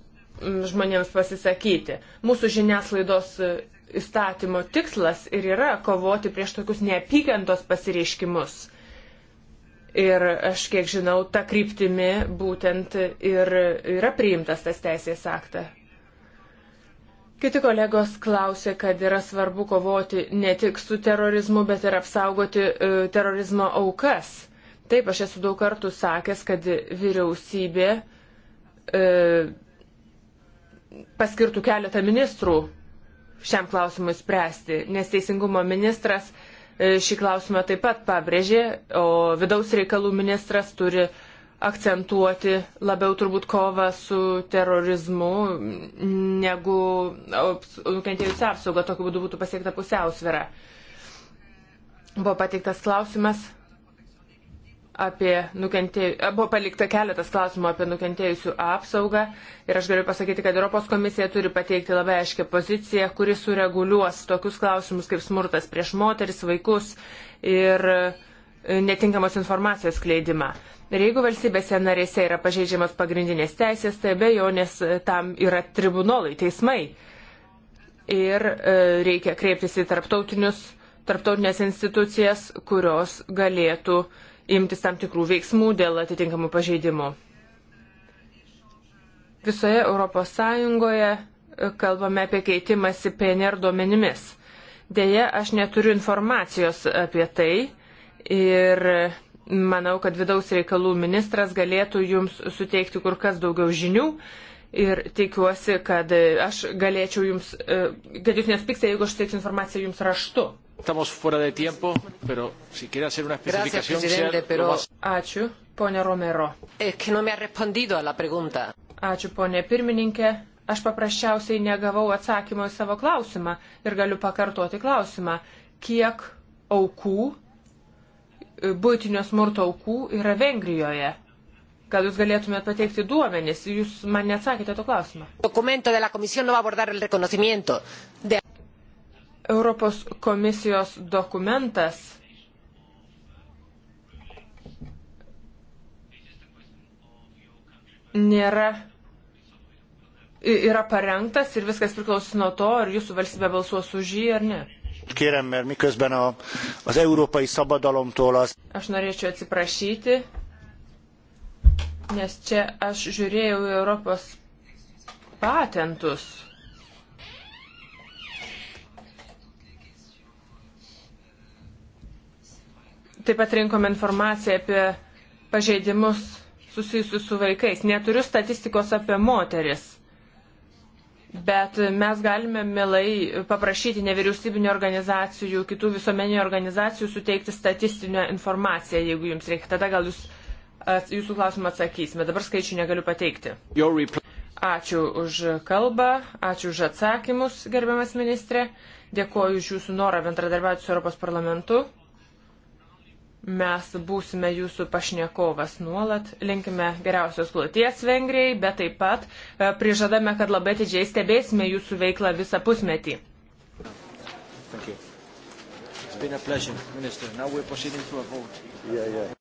žmonėms pasisakyti. Mūsų žiniasklaidos e, įstatymo tikslas ir yra kovoti prieš tokius neapykantos pasireiškimus. Ir aš kiek žinau, ta kryptimi būtent ir yra priimtas tas teisės aktas. Kiti kolegos klausė, kad yra svarbu kovoti ne tik su terorizmu, bet ir apsaugoti e, terorizmo aukas. Taip, aš esu daug kartų sakęs, kad vyriausybė e, paskirtų keletą ministrų šiam klausimui spręsti, nes teisingumo ministras e, šį klausimą taip pat pabrėžė, o vidaus reikalų ministras turi akcentuoti labiau turbūt kovą su terorizmu negu nukentėjusi apsauga, tokiu būdu būtų pasiekta pusiausvėra. Buvo pateiktas klausimas apie nukentėjusių, buvo palikta keletas klausimų apie nukentėjusių apsaugą ir aš galiu pasakyti, kad Europos komisija turi pateikti labai aiškę poziciją, kuri sureguliuos tokius klausimus kaip smurtas prieš moteris, vaikus ir e, netinkamos informacijos kleidimą. Ir jeigu valstybėse narėse yra pažeidžiamas pagrindinės teisės, tai be jo, nes e, tam yra tribunolai, teismai. Ir e, reikia kreiptis į tarptautinius, tarptautinės institucijas, kurios galėtų e, imtis tam tikrų veiksmų dėl atitinkamų pažeidimų. Visoje ES e, kalbame apie keitimąsi PNR duomenimis. Deja, aš neturiu informacijos apie tai ir manau, kad vidaus reikalų ministras galėtų jums suteikti kur kas daugiau žinių ir tikiuosi, kad aš galėčiau jums, e, kad jūs nespiksite, jeigu aš teiksiu informaciją jums raštu. Tiempo, pero, si Gracias, pero... Ačiū, ponė Romero. Ačiū, ponė pirmininkė. Aš paprasčiausiai negavau atsakymo į savo klausimą ir galiu pakartoti klausimą, kiek aukų, e, būtinio smurto aukų yra Vengrijoje kad jūs galėtumėt pateikti duomenis. Jūs man neatsakėte to klausimą. No de... Europos komisijos dokumentas nėra yra parengtas ir viskas priklausys nuo to, ar jūsų valstybė balsuos už jį ar ne. Kérem, mert miközben a, az európai szabadalomtól az... Aš norėčiau atsiprašyti, Nes čia aš žiūrėjau į Europos patentus. Taip pat rinkom informaciją apie pažeidimus susijusius su vaikais. Neturiu statistikos apie moteris, bet mes galime milai paprašyti nevyriausybinio organizacijų, kitų visuomeninių organizacijų suteikti statistinę informaciją, jeigu jums reikia. Tada gal jūs jūsų klausimą atsakysime. Dabar skaičių negaliu pateikti. Ačiū už kalbą, ačiū už atsakymus, gerbiamas ministrė. Dėkuoju už jūsų norą bendradarbiauti su Europos parlamentu. Mes būsime jūsų pašnekovas nuolat. Linkime geriausios kloties Vengrijai, bet taip pat e, prižadame, kad labai atidžiai stebėsime jūsų veiklą visą pusmetį. Thank you. It's been a pleasure, Minister. Now we're proceeding to a vote. Yeah, yeah.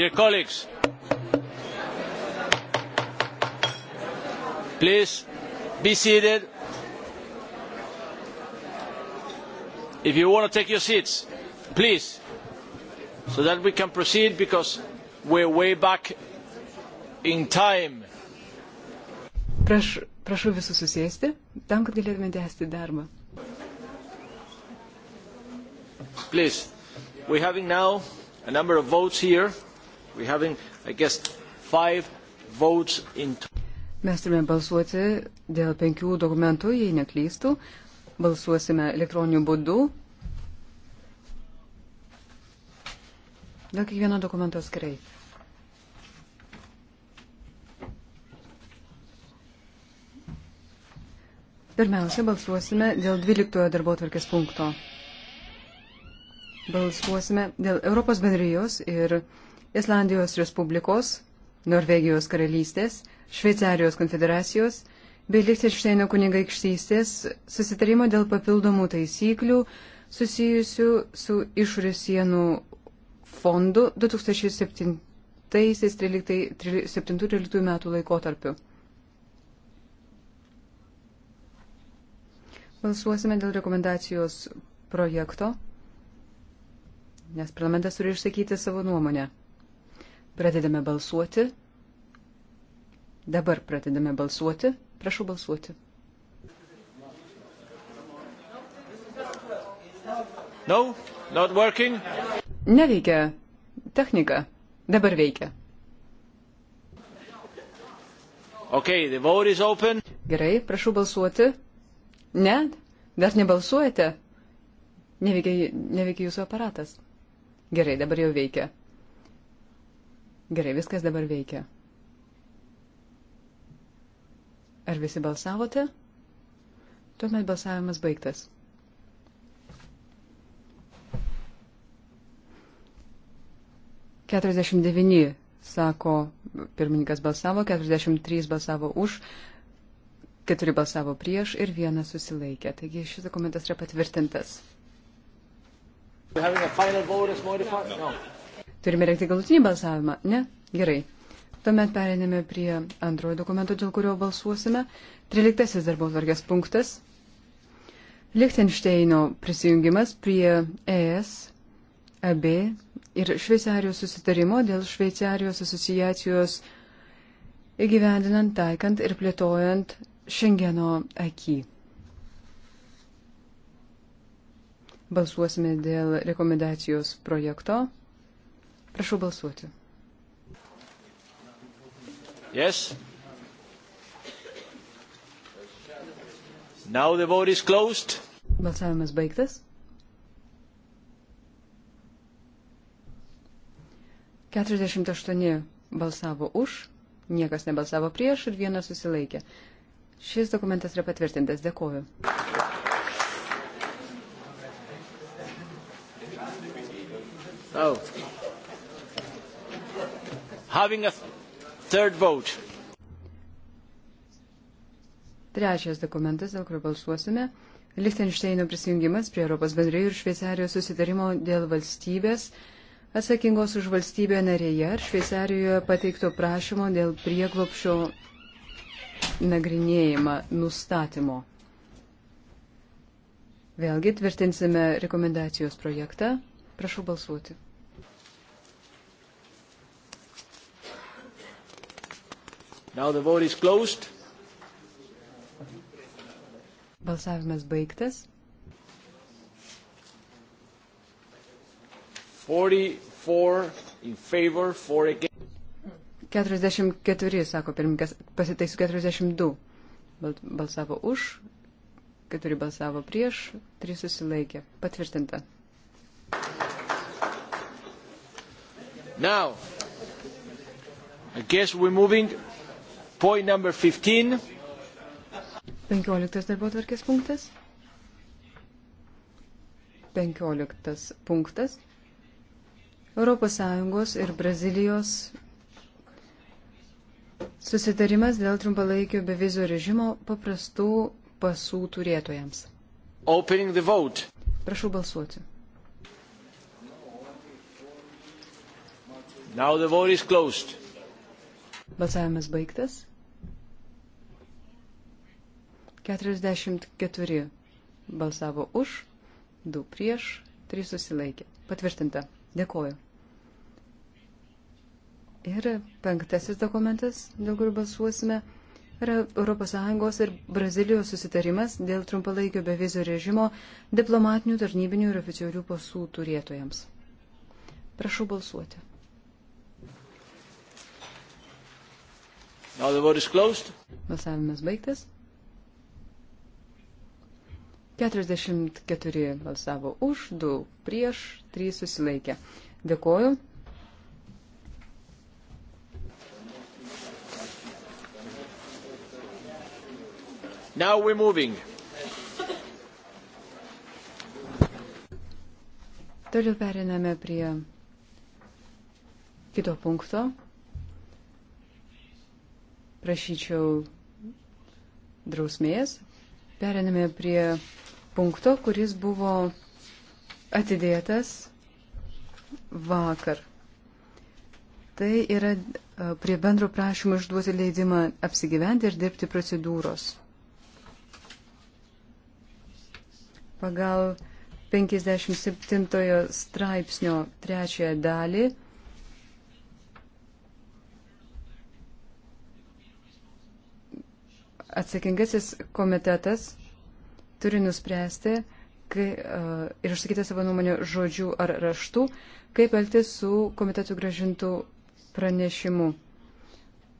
Dear colleagues, please be seated. If you want to take your seats, please, so that we can proceed because we're way back in time. Praš, prašau visus susėsti, tam, kad galėtume tęsti darbą. Please, we're having now a number of votes here. We're having, I guess, five votes in. Mes turime balsuoti dėl penkių dokumentų, jei neklystų. Balsuosime elektroniniu būdu. Dėl kiekvieno dokumento skrai. Pirmiausia, balsuosime dėl 12 darbo tvarkės punkto. Balsuosime dėl Europos bendrijos ir Islandijos Respublikos, Norvegijos karalystės, Šveicarijos konfederacijos bei Lichtenšteino kunigaikštystės susitarimo dėl papildomų taisyklių susijusių su išorės sienų fondu 2007-2013 metų laikotarpiu. Balsuosime dėl rekomendacijos projekto, nes parlamentas turi išsakyti savo nuomonę. Pradedame balsuoti. Dabar pradedame balsuoti. Prašau balsuoti. No, not working. Neveikia technika. Dabar veikia. Okay, the vote is open. Gerai, prašau balsuoti. Ne, dar nebalsuojate. Neveikia, neveikia jūsų aparatas. Gerai, dabar jau veikia. Gerai, viskas dabar veikia. Ar visi balsavote? Tuomet balsavimas baigtas. Keturiasdešimt devyni, sako pirmininkas balsavo, keturiasdešimt trys balsavo už, keturi balsavo prieš ir vienas susilaikė. Taigi šis dokumentas yra patvirtintas. No. Turime reikti galutinį balsavimą? Ne? Gerai. Tuomet pereiname prie antrojo dokumento, dėl kurio balsuosime. Triliktasis darbo tvarkės punktas. Lichtensteino prisijungimas prie ES, AB ir Šveicarijos susitarimo dėl Šveicarijos asociacijos įgyvendinant, taikant ir plėtojant Šengeno akį. Balsuosime dėl rekomendacijos projekto. Prašau balsuoti. Yes. Now the vote is closed. Balsavimas baigtas. 48 balsavo už, niekas nebalsavo prieš ir vienas susilaikė. Šis dokumentas yra patvirtintas. Dėkoju. Oh having a third vote. Trečias dokumentas, dėl kurio balsuosime. Lichtenšteino prisijungimas prie Europos bendrėjų ir Šveicarijos susitarimo dėl valstybės atsakingos už valstybę narėje ir Šveicarijoje pateikto prašymo dėl prieglopšio nagrinėjimą nustatymo. Vėlgi tvirtinsime rekomendacijos projektą. Prašau balsuoti. Now the vote is closed. Balsavimas baigtas. 44 in favor, 4 against. 44, sako pirmininkas, pasitaisiu 42. Balsavo už, 4 balsavo prieš, 3 susilaikė. Patvirtinta. Now, I guess we're moving Point number 15. 15 darbo tvarkės punktas. 15 punktas. Europos Sąjungos ir Brazilijos susitarimas dėl trumpalaikio bevizio režimo paprastų pasų turėtojams. Opening the vote. Prašau balsuoti. Now the vote is closed. Balsavimas baigtas. 44 balsavo už, 2 prieš, 3 susilaikė. Patvirtinta. Dėkoju. Ir penktasis dokumentas, dėl kurio balsuosime, yra ES ir Brazilijos susitarimas dėl trumpalaikio bevizio režimo diplomatinių, tarnybinių ir oficialių pasų turėtojams. Prašau balsuoti. Balsavimas baigtas. 44 balsavo už, 2 prieš, 3 susilaikė. Dėkoju. Now we're moving. Toliau periname prie kito punkto. Prašyčiau drausmės. Periname prie punkto, kuris buvo atidėtas vakar. Tai yra e, prie bendro prašymo išduoti leidimą apsigyventi ir dirbti procedūros. Pagal 57 straipsnio trečiąją dalį atsakingasis komitetas turi nuspręsti kai, uh, ir išsakyti savo nuomonę žodžių ar raštų, kaip elgtis su komitetų gražintų pranešimu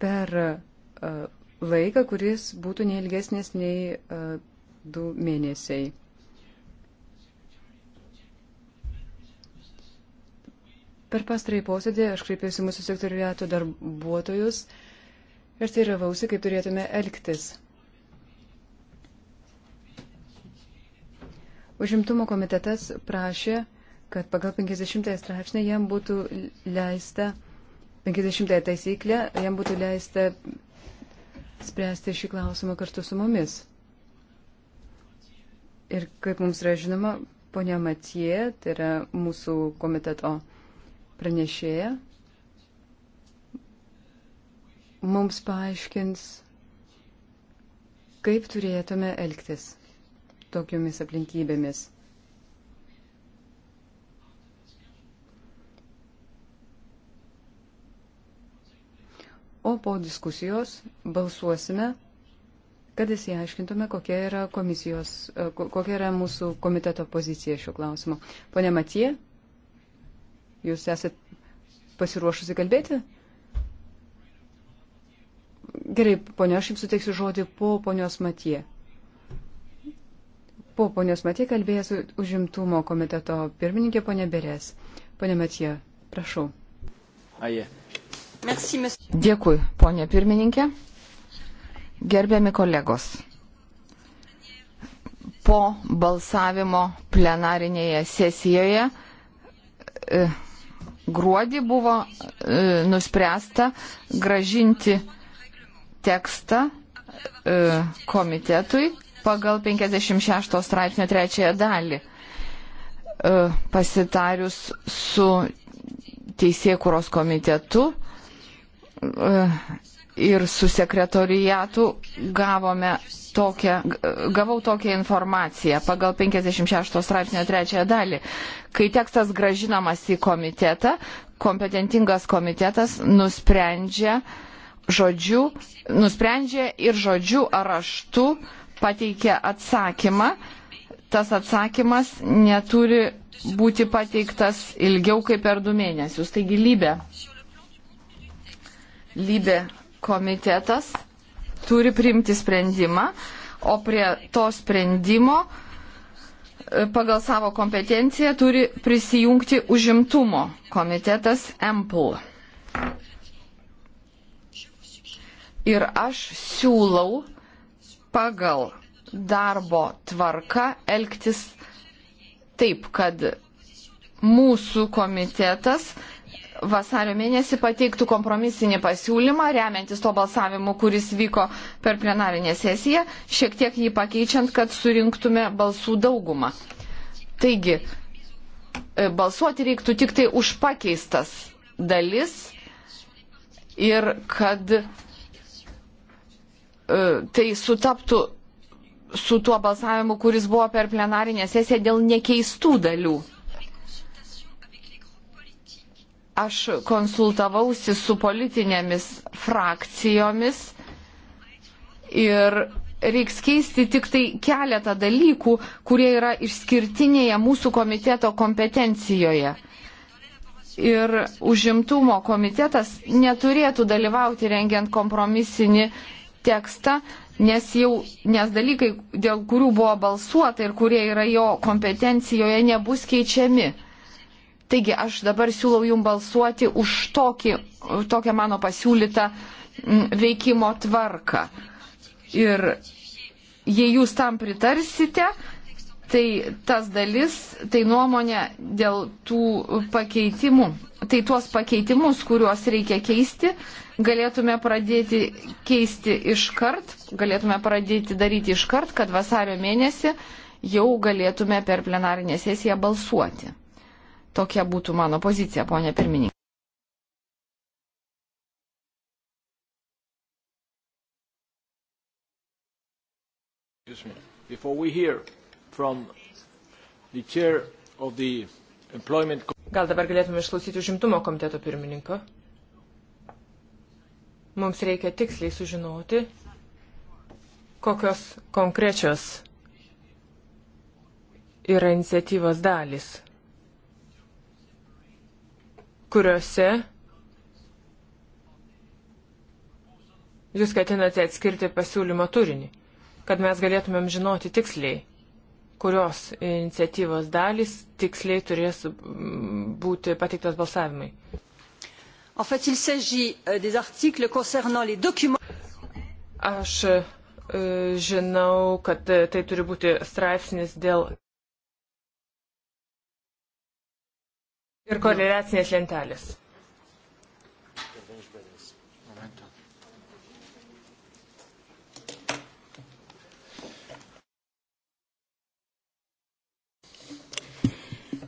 per uh, laiką, kuris būtų neilgesnis nei uh, du mėnesiai. Per pastarąjį posėdį aš kreipiausi mūsų sektoriato darbuotojus ir teiravausi, kaip turėtume elgtis. Užimtumo komitetas prašė, kad pagal 50 straipsnį jam būtų leista, 50 taisyklę jam būtų leista spręsti šį klausimą kartu su mumis. Ir kaip mums yra žinoma, ponia Matie, tai yra mūsų komiteto pranešėja, mums paaiškins, kaip turėtume elgtis tokiomis aplinkybėmis. O po diskusijos balsuosime, kad įsiaiškintume, kokia yra, komisijos, e, kokia yra mūsų komiteto pozicija šiuo klausimu. Pone Matie, jūs esate pasiruošusi kalbėti? Gerai, ponia, aš jums suteiksiu žodį po ponios Matie. Po ponios Matė kalbėjęs užimtumo komiteto pirmininkė ponė Berės. Pone Matė, prašau. Aje. Dėkui, ponė pirmininkė. Gerbiami kolegos po balsavimo plenarinėje sesijoje e, gruodį buvo e, nuspręsta gražinti tekstą e, komitetui pagal 56 straipsnio trečiąją dalį. E, pasitarius su teisėkuros komitetu e, ir su sekretorijatu gavome tokią, gavau tokią informaciją pagal 56 straipsnio trečiąją dalį. Kai tekstas gražinamas į komitetą, kompetentingas komitetas nusprendžia žodžiu, nusprendžia ir žodžiu ar raštu uh, pateikia atsakymą, tas atsakymas neturi būti pateiktas ilgiau kaip per du mėnesius. Taigi lybė. Lybė komitetas turi priimti sprendimą, o prie to sprendimo e, pagal savo kompetenciją turi prisijungti užimtumo komitetas EMPL. Ir aš siūlau pagal darbo tvarką elgtis taip, kad mūsų komitetas vasario mėnesį pateiktų kompromisinį pasiūlymą, remiantis to balsavimu, kuris vyko per plenarinę sesiją, šiek tiek jį pakeičiant, kad surinktume balsų daugumą. Taigi, e, balsuoti reiktų tik tai už pakeistas dalis ir kad E, tai sutaptų su tuo balsavimu, kuris buvo per plenarinę sesiją dėl nekeistų dalių. Aš konsultavausi su politinėmis frakcijomis ir reiks keisti tik tai keletą dalykų, kurie yra išskirtinėje mūsų komiteto kompetencijoje. Ir užimtumo komitetas neturėtų dalyvauti rengiant kompromisinį tekstą, nes, jau, nes dalykai, dėl kurių buvo balsuota ir kurie yra jo kompetencijoje, nebus keičiami. Taigi aš dabar siūlau jum balsuoti už tokį, tokią mano pasiūlytą veikimo tvarką. Ir jei jūs tam pritarsite, tai tas dalis, tai nuomonė dėl tų pakeitimų tai tuos pakeitimus, kuriuos reikia keisti, galėtume pradėti keisti iškart, galėtume pradėti daryti iškart, kad vasario mėnesį jau galėtume per plenarinę sesiją balsuoti. Tokia būtų mano pozicija, ponė pirmininkė. Before we hear from the chair of the employment Gal dabar galėtume išklausyti užimtumo komiteto pirmininko? Mums reikia tiksliai sužinoti, kokios konkrečios yra iniciatyvos dalis, kuriuose jūs ketinate atskirti pasiūlymo turinį, kad mes galėtumėm žinoti tiksliai, kurios iniciatyvos dalys tiksliai turės mm, būti pateiktos balsavimai. En fait, il s'agit euh, des articles concernant les documents. Aš euh, žinau, kad euh, tai turi būti straipsnis dėl ir koreliacinės lentelės.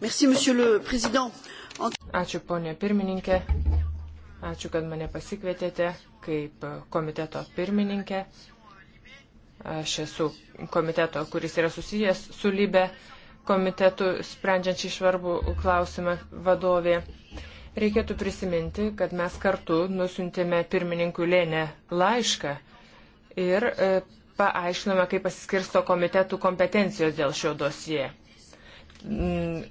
Merci, monsieur le président. Ačiū, ponė pirmininkė. Ačiū, kad mane pasikvietėte kaip komiteto pirmininkė. Aš esu komiteto, kuris yra susijęs su Libe komitetu sprendžiančiai švarbų klausimą vadovė. Reikėtų prisiminti, kad mes kartu nusintėme pirmininkų lėnę laišką ir e, paaiškinome, kaip pasiskirsto komitetų kompetencijos dėl šio dosie mm,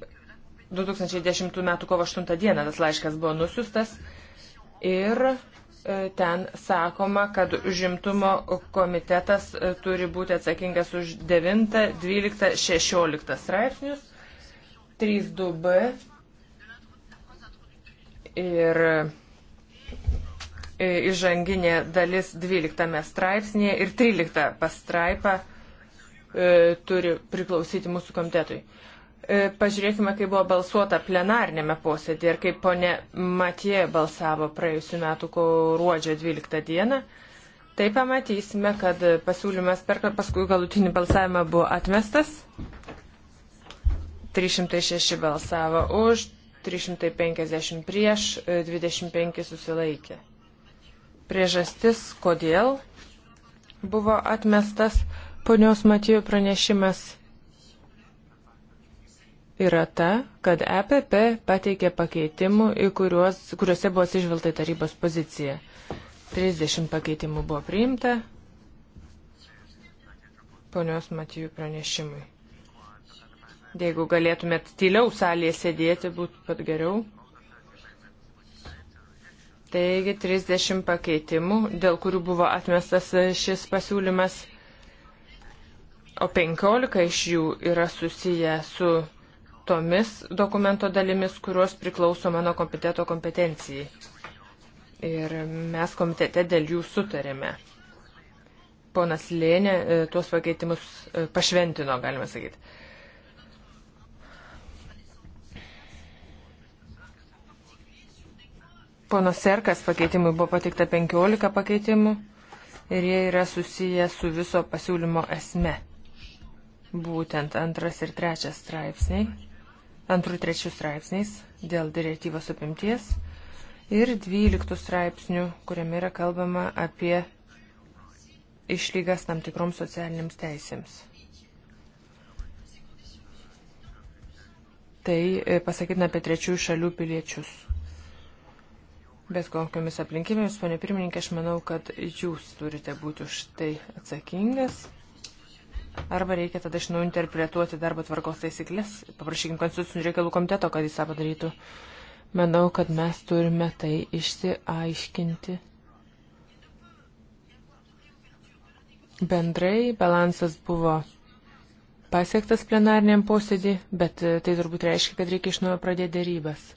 2010 m. kovo 8 d. tas laiškas buvo nusiustas ir e, ten sakoma, kad užimtumo komitetas e, turi būti atsakingas už 9, 12, 16 straipsnius, 3.2b ir e, įžanginė dalis 12 straipsnėje ir 13 pastraipa e, turi priklausyti mūsų komitetui. E, pažiūrėkime, kaip buvo balsuota plenarnėme posėdėje ir kaip ponė Matie balsavo praėjusiu metu ruodžio 12 dieną. Tai pamatysime, kad pasiūlymas per paskui galutinį balsavimą buvo atmestas. 306 balsavo už, 350 prieš, 25 e, susilaikė. Priežastis, kodėl buvo atmestas ponios Matijų pranešimas yra ta, kad EPP pateikė pakeitimų, kuriuos, kuriuose buvo atsižvelgta į tarybos poziciją. 30 pakeitimų buvo priimta ponios Matijų pranešimui. Jeigu galėtumėt tyliau salėje sėdėti, būtų pat geriau. Taigi 30 pakeitimų, dėl kurių buvo atmestas šis pasiūlymas, o 15 iš jų yra susiję su tomis dokumento dalimis, kurios priklauso mano komiteto kompetencijai. Ir mes komitete dėl jų sutarėme. Ponas Lėnė e, tuos pakeitimus e, pašventino, galima sakyti. Pono Serkas pakeitimui buvo patikta 15 pakeitimų ir jie yra susiję su viso pasiūlymo esme. Būtent antras ir trečias straipsniai antrų ir trečių straipsniais dėl direktyvos apimties ir dvyliktų straipsnių, kuriame yra kalbama apie išlygas tam tikroms socialiniams teisėms. Tai e, pasakytina apie trečiųjų šalių piliečius. Bet kokiamis aplinkybėmis, ponė pirmininkė, aš manau, kad jūs turite būti už tai atsakingas. Arba reikia tada iš naujo interpretuoti darbo tvarkos taisyklės. Paprašykim konstitucinių reikalų komiteto, kad jis tą padarytų. Manau, kad mes turime tai išsiaiškinti. Bendrai balansas buvo pasiektas plenariniam posėdį, bet e, tai turbūt reiškia, kad reikia iš naujo pradėti dėrybas.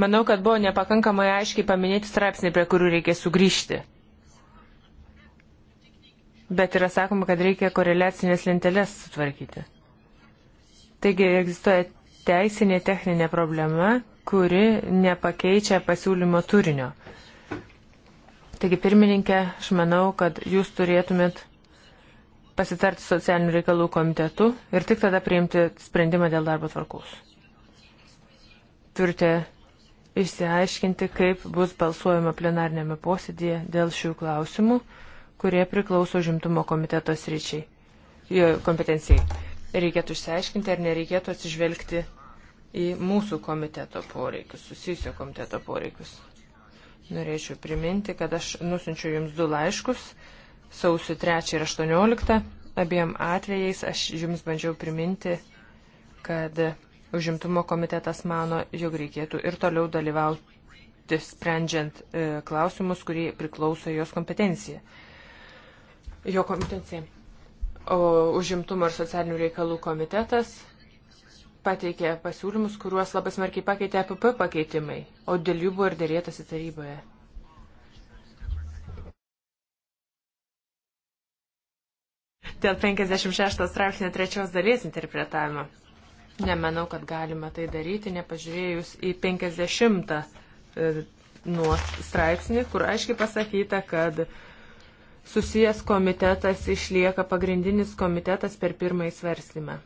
Manau, kad buvo nepakankamai aiškiai paminėti straipsniai, prie kurių reikia sugrįžti. Bet yra sakoma, kad reikia koreliacinės lentelės sutvarkyti. Taigi egzistuoja teisinė techninė problema, kuri nepakeičia pasiūlymo turinio. Taigi, pirmininkė, aš manau, kad jūs turėtumėt pasitarti socialinių reikalų komitetu ir tik tada priimti sprendimą dėl darbo tvarkos. Turite išsiaiškinti, kaip bus balsuojama plenarnėme posėdėje dėl šių klausimų, kurie priklauso žimtumo komiteto sričiai, jo kompetencijai. Reikėtų išsiaiškinti, ar nereikėtų atsižvelgti į mūsų komiteto poreikius, susijusio komiteto poreikius. Norėčiau priminti, kad aš nusinčiu jums du laiškus, sausio 3 ir 18. Abiem atvejais aš jums bandžiau priminti, kad Užimtumo komitetas mano, jog reikėtų ir toliau dalyvauti sprendžiant e, klausimus, kurie priklauso jos kompetencija. Jo kompetencija. O užimtumo ir socialinių reikalų komitetas pateikė pasiūlymus, kuriuos labai smarkiai pakeitė APP pakeitimai, o dėl jų buvo ir dėrėtasi taryboje. Dėl 56 straipsnio trečios dalies interpretavimo. Nemanau, kad galima tai daryti, nepažiūrėjus į 50 e, nuo straipsnį, kur aiškiai pasakyta, kad susijęs komitetas išlieka pagrindinis komitetas per pirmąjį svarstymą.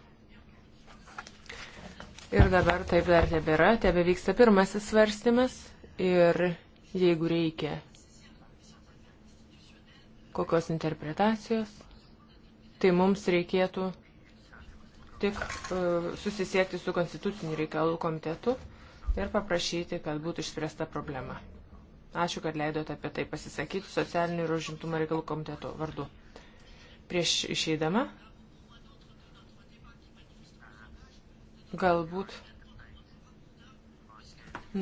Ir dabar taip dar tebėra, tebe vyksta pirmasis svarstymas ir jeigu reikia kokios interpretacijos, tai mums reikėtų tik e, susisiekti su Konstituciniu reikalų komitetu ir paprašyti, kad būtų išspręsta problema. Ačiū, kad leidote apie tai pasisakyti socialinių ir užimtumo reikalų komiteto vardu. Prieš išeidama, galbūt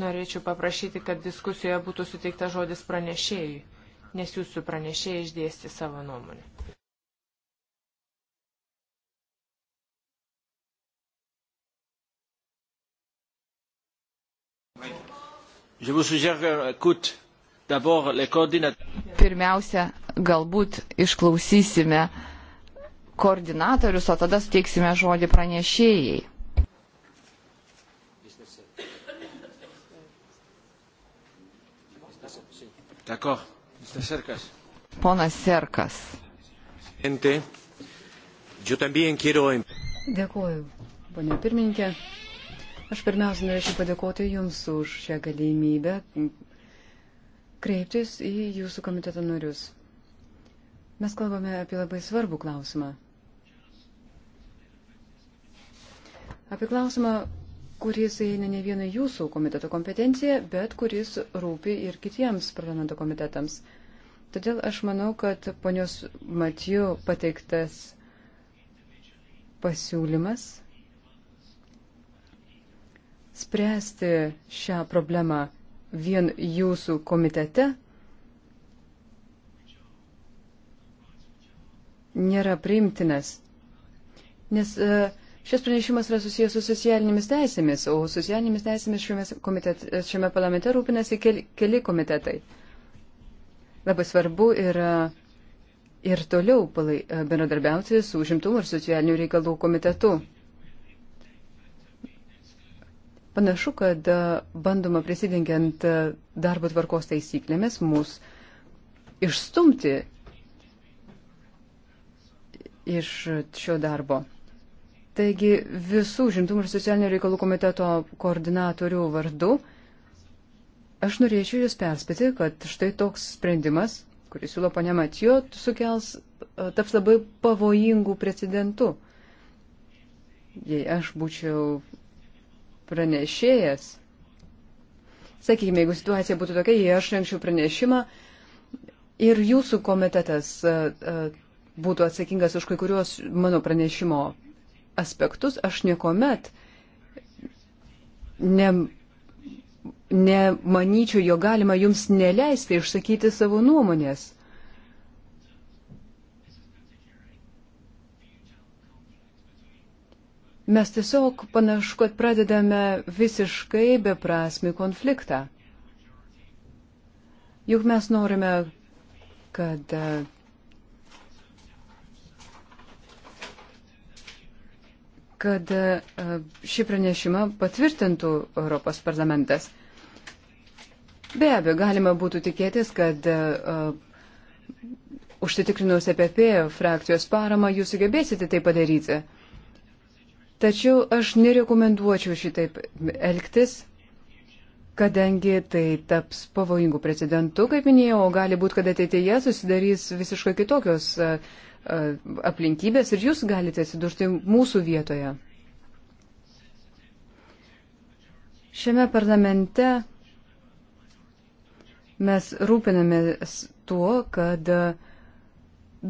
norėčiau paprašyti, kad diskusijoje būtų suteikta žodis pranešėjui, nes jūsų pranešėjai išdėsti savo nuomonę. Pirmiausia, galbūt išklausysime koordinatorius, o tada suteiksime žodį pranešėjai. Ponas Serkas. Dėkuoju, ponia pirmininkė. Aš pirmiausia norėčiau padėkoti Jums už šią galimybę kreiptis į Jūsų komiteto narius. Mes kalbame apie labai svarbų klausimą. Apie klausimą, kuris eina ne vieną Jūsų komiteto kompetenciją, bet kuris rūpi ir kitiems parlamento komitetams. Todėl aš manau, kad ponios Matijų pateiktas pasiūlymas spręsti šią problemą vien jūsų komitete nėra priimtinas, nes e, šis pranešimas yra susijęs su socialinėmis teisėmis, o socialinėmis teisėmis šiame, komitet, šiame parlamente rūpinasi keli, keli komitetai. Labai svarbu yra ir toliau e, bendradarbiauti su užimtumu ir socialinių reikalų komitetu. Panašu, kad e, bandoma prisidengiant e, darbo tvarkos taisyklėmis mus išstumti iš šio darbo. Taigi visų žimtumų ir socialinių reikalų komiteto koordinatorių vardu aš norėčiau Jūs perspėti, kad štai toks sprendimas, kuris siūlo ponia Matijo, sukels, e, taps labai pavojingų precedentų. Jei aš būčiau pranešėjas, sakykime, jeigu situacija būtų tokia, jei aš renkčiau pranešimą ir jūsų komitetas būtų atsakingas už kai kuriuos mano pranešimo aspektus, aš niekuomet ne, nemanyčiau, jo galima jums neleisti išsakyti savo nuomonės. Mes tiesiog panašu, kad pradedame visiškai beprasmi konfliktą. Juk mes norime, kad kad e, šį pranešimą patvirtintų Europos parlamentas. Be abejo, galima būtų tikėtis, kad uh, e, e, užsitikrinus EPP frakcijos paramą jūs sugebėsite tai padaryti. Uh, Tačiau aš nerekomenduočiau šitaip elgtis, kadangi tai taps pavojingų precedentų, kaip minėjau, o gali būti, kad ateityje susidarys visiškai kitokios aplinkybės ir jūs galite atsidurti mūsų vietoje. Šiame parlamente mes rūpinamės tuo, kad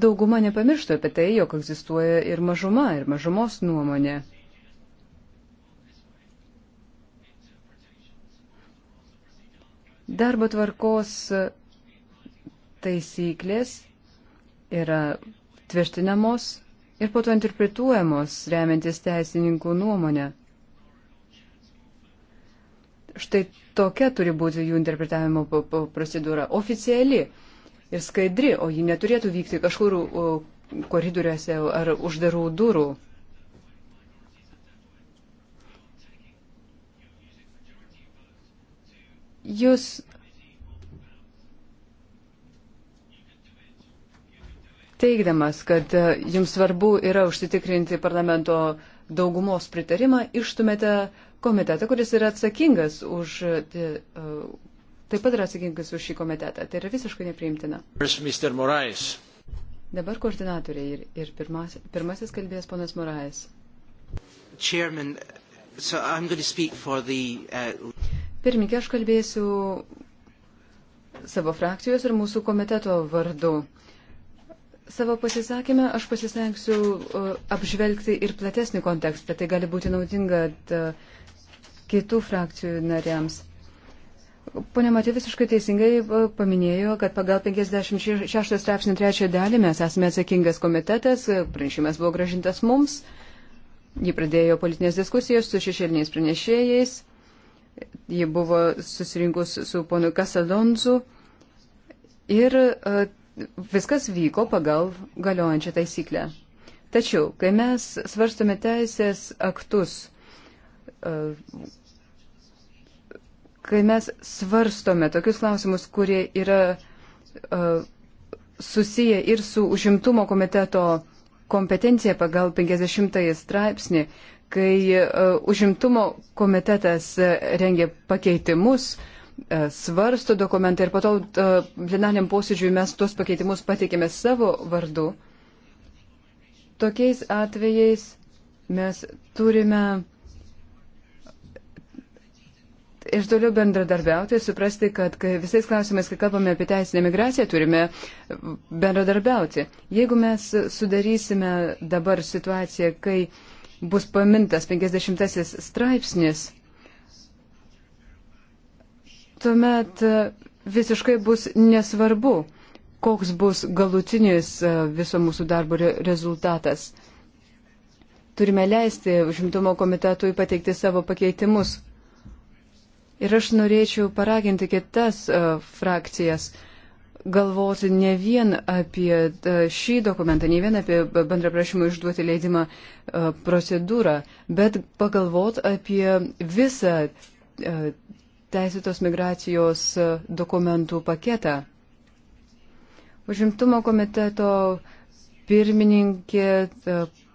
dauguma nepamiršta apie tai, jog egzistuoja ir mažuma, ir mažumos nuomonė. Darbo tvarkos taisyklės yra tvirtinamos ir po to interpretuojamos remiantis teisininkų nuomonę. Štai tokia turi būti jų interpretavimo procedūra - oficiali ir skaidri, o ji neturėtų vykti kažkur koridoriuose ar uždarų durų. Jūs teikdamas, kad e, jums svarbu yra užsitikrinti parlamento daugumos pritarimą, ištumėte komitetą, kuris yra atsakingas už, e, e, taip pat yra atsakingas už šį komitetą. Tai yra visiškai nepriimtina. Dabar koordinatoriai ir, ir pirmas, pirmasis kalbės ponas Morais. Chairman, so I'm going to speak for the uh, Pirmininkė, aš kalbėsiu savo frakcijos ir mūsų komiteto vardu. Savo pasisakymę aš pasisengsiu e, apžvelgti ir platesnį kontekstą. Tai gali būti naudinga e, kitų frakcijų nariams. Pone Matė visiškai teisingai e, paminėjo, kad pagal 56 straipsnių trečią dalį mes esame atsakingas komitetas, pranešimas buvo gražintas mums, jį pradėjo politinės diskusijos su šešėliniais pranešėjais Ji buvo susirinkus su ponu Kasadonzu ir e, viskas vyko pagal galiojančią taisyklę. Tačiau, kai mes svarstome teisės aktus, e, kai mes svarstome tokius klausimus, kurie yra e, susiję ir su užimtumo komiteto kompetencija pagal 50 straipsnį, kai e, užimtumo komitetas e, rengė pakeitimus, e, svarsto dokumentą ir po to plenariniam posėdžiui mes tuos pakeitimus pateikėme savo vardu. Tokiais atvejais mes turime ir toliau bendradarbiauti ir suprasti, kad visais klausimais, kai kalbame apie teisinę migraciją, turime bendradarbiauti. Jeigu mes sudarysime dabar situaciją, kai uh, bus pamintas 50 straipsnis, tuomet e, visiškai bus nesvarbu, koks bus galutinis e, viso mūsų darbo rezultatas. Turime leisti užimtumo komitetui pateikti savo pakeitimus. Ir aš norėčiau paraginti kitas uh, frakcijas uh, galvoti ne vien apie e, šį dokumentą, ne vien apie bendrą prašymą išduoti leidimą e, procedūrą, bet pagalvot apie visą e, teisėtos migracijos dokumentų paketą. Užimtumo komiteto pirmininkė,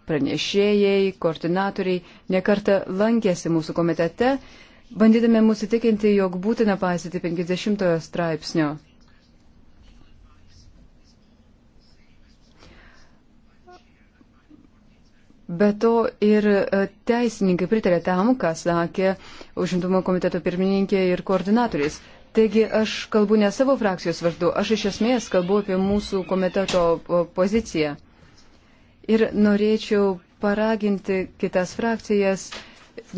pranešėjai, koordinatoriai nekarta lankėsi mūsų komitete, bandydami mūsų tikinti, jog būtina pasiti 50 straipsnio. Be to ir e, teisininkai pritarė tam, ką sakė užimtumo komiteto pirmininkė ir koordinatoriais. Taigi aš kalbu ne savo frakcijos vardu, aš iš esmės kalbu apie mūsų komiteto e, poziciją. Ir norėčiau paraginti kitas frakcijas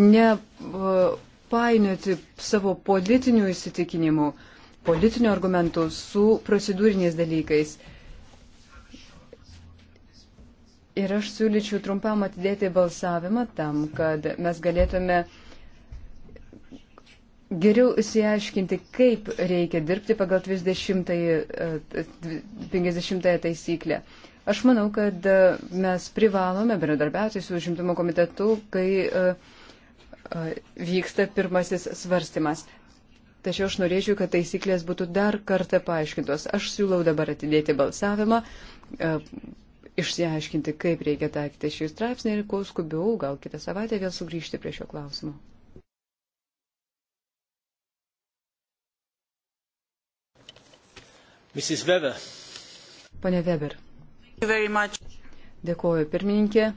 nepainioti e, savo politinių įsitikinimų, politinių argumentų su procedūriniais dalykais. Ir aš siūlyčiau trumpam atidėti balsavimą tam, kad mes galėtume geriau įsiaiškinti, kaip reikia dirbti pagal 20, 50 e, taisyklę. Aš manau, kad e, mes privalome bendradarbiauti su užimtumo komitetu, kai e, vyksta pirmasis svarstymas. Tačiau aš norėčiau, kad taisyklės būtų dar kartą paaiškintos. Aš siūlau dabar atidėti balsavimą, išsiaiškinti, kaip reikia taikyti šį straipsnį ir kuo skubiau, gal kitą savaitę vėl sugrįžti prie šio klausimo. Mrs. Weber. Pane Weber. Dėkuoju, pirmininkė.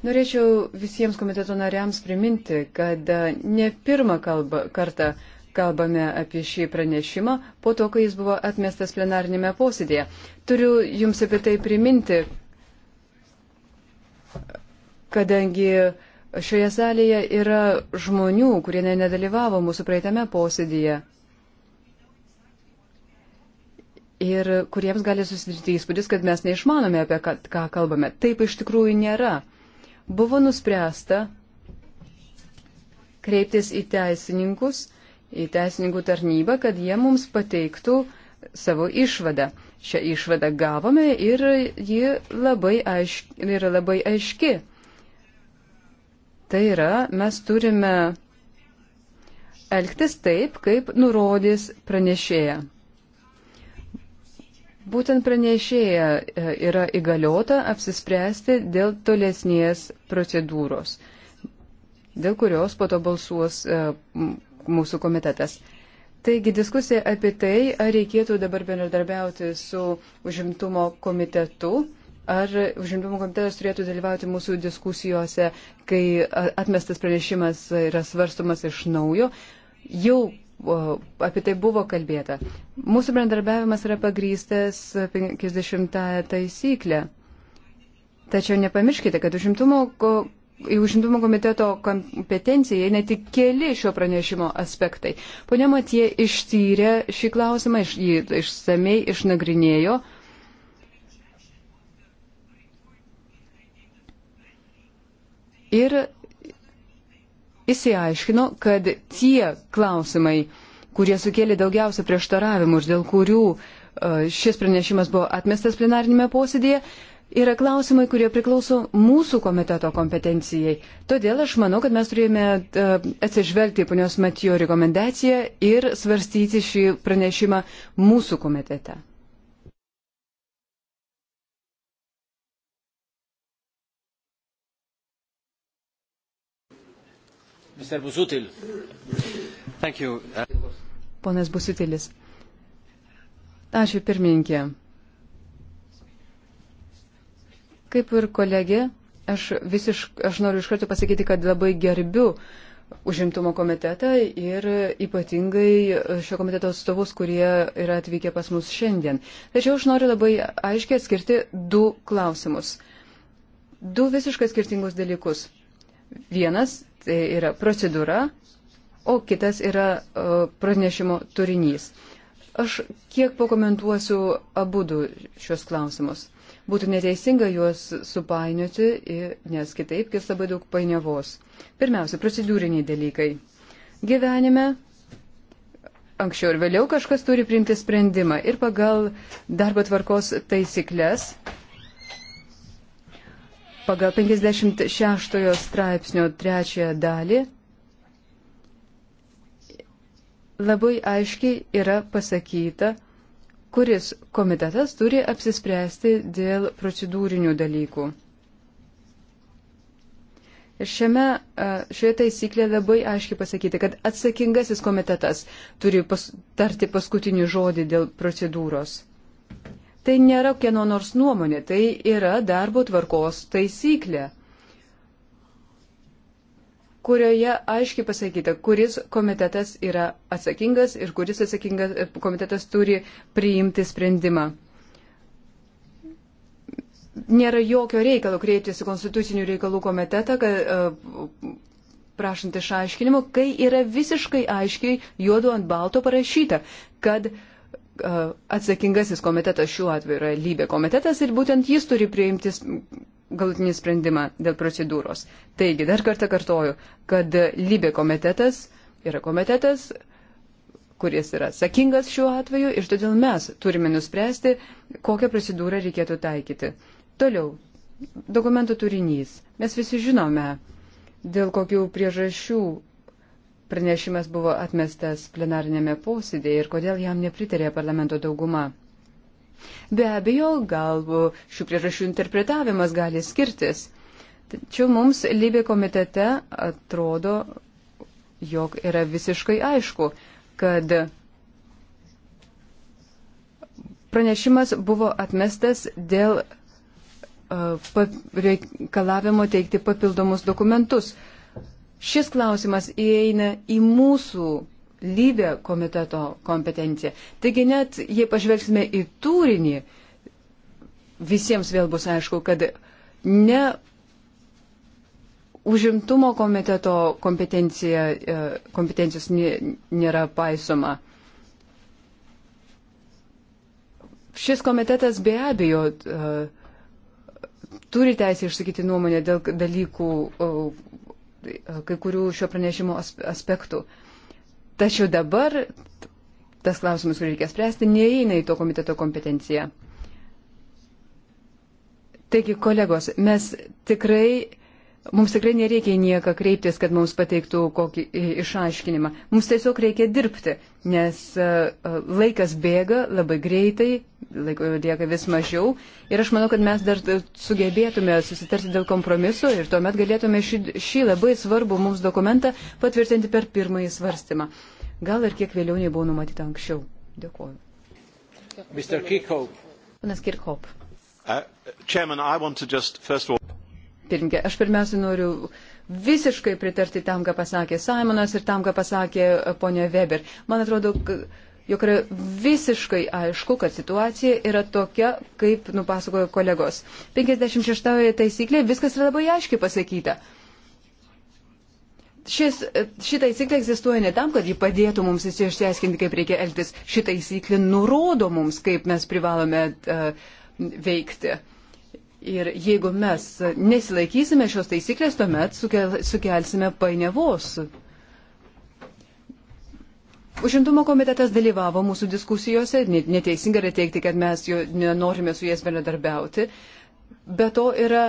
Norėčiau visiems komiteto nariams priminti, kad ne pirmą kalbą, kartą kalbame apie šį pranešimą po to, kai jis buvo atmestas plenarinėme posėdėje. Turiu Jums apie tai priminti, kadangi šioje salėje yra žmonių, kurie nedalyvavo mūsų praeitame posėdėje ir kuriems gali susidaryti įspūdis, kad mes neišmanome, apie ką, ką kalbame. Taip iš tikrųjų nėra. Buvo nuspręsta kreiptis į teisininkus į teisininkų tarnybą, kad jie mums pateiktų savo išvadą. Šią išvadą gavome ir ji labai aiški, yra labai aiški. Tai yra, mes turime elgtis taip, kaip nurodys pranešėja. Būtent pranešėja e, yra įgaliota apsispręsti dėl tolesnės procedūros, dėl kurios po to balsuos e, mūsų komitetas. Taigi diskusija apie tai, ar reikėtų dabar bendradarbiauti su užimtumo komitetu, ar užimtumo komitetas turėtų dalyvauti mūsų diskusijose, kai atmestas pranešimas yra svarstomas iš naujo. Jau apie tai buvo kalbėta. Mūsų bendradarbiavimas yra pagrystas 50 taisyklę. Tačiau nepamirškite, kad užimtumo į užimtumo komiteto kompetenciją ne tik keli šio pranešimo aspektai. Pone Matie ištyrė šį klausimą, iš, jį išsamei išnagrinėjo. Ir įsiaiškino, kad tie klausimai, kurie sukėlė daugiausia prieštaravimų ir dėl kurių e, šis pranešimas buvo atmestas plenarinėme posėdėje, uh, yra klausimai, kurie priklauso mūsų komiteto kompetencijai. Todėl aš manau, kad mes turėjome e, atsižvelgti ponios Matijo rekomendaciją ir svarstyti šį pranešimą mūsų komitete. Busutil. Ponas Busutilis. Ačiū pirmininkė. Kaip ir kolegė, aš, visiš, aš noriu iš karto pasakyti, kad labai gerbiu užimtumo komitetą ir ypatingai šio komiteto atstovus, kurie yra atvykę pas mus šiandien. Tačiau aš noriu labai aiškiai atskirti du klausimus. Du visiškai skirtingus dalykus. Vienas tai yra procedūra, o kitas yra e, pranešimo turinys. Aš kiek pakomentuosiu abu du šios klausimus. Būtų neteisinga juos supainioti, nes kitaip kis labai daug painiavos. Pirmiausia, procedūriniai dalykai. Gyvenime anksčiau ir vėliau kažkas turi priimti sprendimą ir pagal darbo tvarkos taisyklės pagal 56 straipsnio trečiąją dalį labai aiškiai yra pasakyta, kuris komitetas turi apsispręsti dėl procedūrinių dalykų. Ir šiame, šioje taisyklė labai aiškiai pasakyti, kad atsakingasis komitetas turi pas, tarti paskutinį žodį dėl procedūros. Tai nėra kieno nors nuomonė, tai yra darbo tvarkos taisyklė kurioje aiškiai pasakyta, kuris komitetas yra atsakingas ir kuris atsakingas e, komitetas turi priimti sprendimą. Nėra jokio reikalo kreiptis į Konstitucinių reikalų komitetą, kad, e, prašant išaiškinimo, kai yra visiškai aiškiai juodu ant balto parašyta, kad e, atsakingasis komitetas šiuo atveju yra lybė komitetas ir būtent jis turi priimti galutinį sprendimą dėl procedūros. Taigi, dar kartą kartoju, kad Libė komitetas yra komitetas, kuris yra sakingas šiuo atveju ir todėl mes turime nuspręsti, kokią procedūrą reikėtų taikyti. Toliau, dokumento turinys. Mes visi žinome, dėl kokių priežasčių pranešimas buvo atmestas plenarinėme posėdėje ir kodėl jam nepritarė parlamento dauguma. Be abejo, gal šių priežasčių interpretavimas gali skirtis. Tačiau mums Libė komitete atrodo, jog yra visiškai aišku, kad pranešimas buvo atmestas dėl reikalavimo teikti papildomus dokumentus. Šis klausimas įeina į mūsų lybė komiteto kompetencija. Taigi net jei pažvelgsime į turinį, visiems vėl bus aišku, kad ne užimtumo komiteto e, kompetencijos nėra paisoma. Šis komitetas be abejo e, turi teisę išsakyti nuomonę dėl dalykų, e, kai kurių šio pranešimo aspektų. Tačiau dabar tas klausimas, kurį reikia spręsti, neįeina į to komiteto kompetenciją. Taigi, kolegos, mes tikrai, mums tikrai nereikia nieką kreiptis, kad mums pateiktų kokį išaiškinimą. Mums tiesiog reikia dirbti, nes e, e, laikas bėga labai greitai laiko lieka vis mažiau. Ir aš manau, kad mes dar sugebėtume susitarti dėl kompromiso ir tuomet galėtume šį, šį labai svarbų mums dokumentą patvirtinti per pirmąjį svarstymą. Gal ir kiek vėliau nei buvo numatyta anksčiau. Dėkuoju. Mr. Kirkhope. Panas Kirkhope. Uh, chairman, just, all... Pirmke, aš pirmiausia noriu visiškai pritarti tam, ką pasakė Simonas ir tam, ką pasakė ponia Weber. Man atrodo, kad jog yra visiškai aišku, kad situacija yra tokia, kaip nupasakojo kolegos. 56 taisyklė, viskas yra labai aiškiai pasakyta. Šis, ši taisyklė egzistuoja ne tam, kad ji padėtų mums išsiaiškinti, kaip reikia elgtis. Ši taisyklė nurodo mums, kaip mes privalome uh, veikti. Ir jeigu mes nesilaikysime šios taisyklės, tuomet sukel, sukelsime painiavos. Uh, Užimtumo komitetas dalyvavo mūsų diskusijose, neteisinga yra teikti, kad mes jo nenorime su jais bendradarbiauti. Be to yra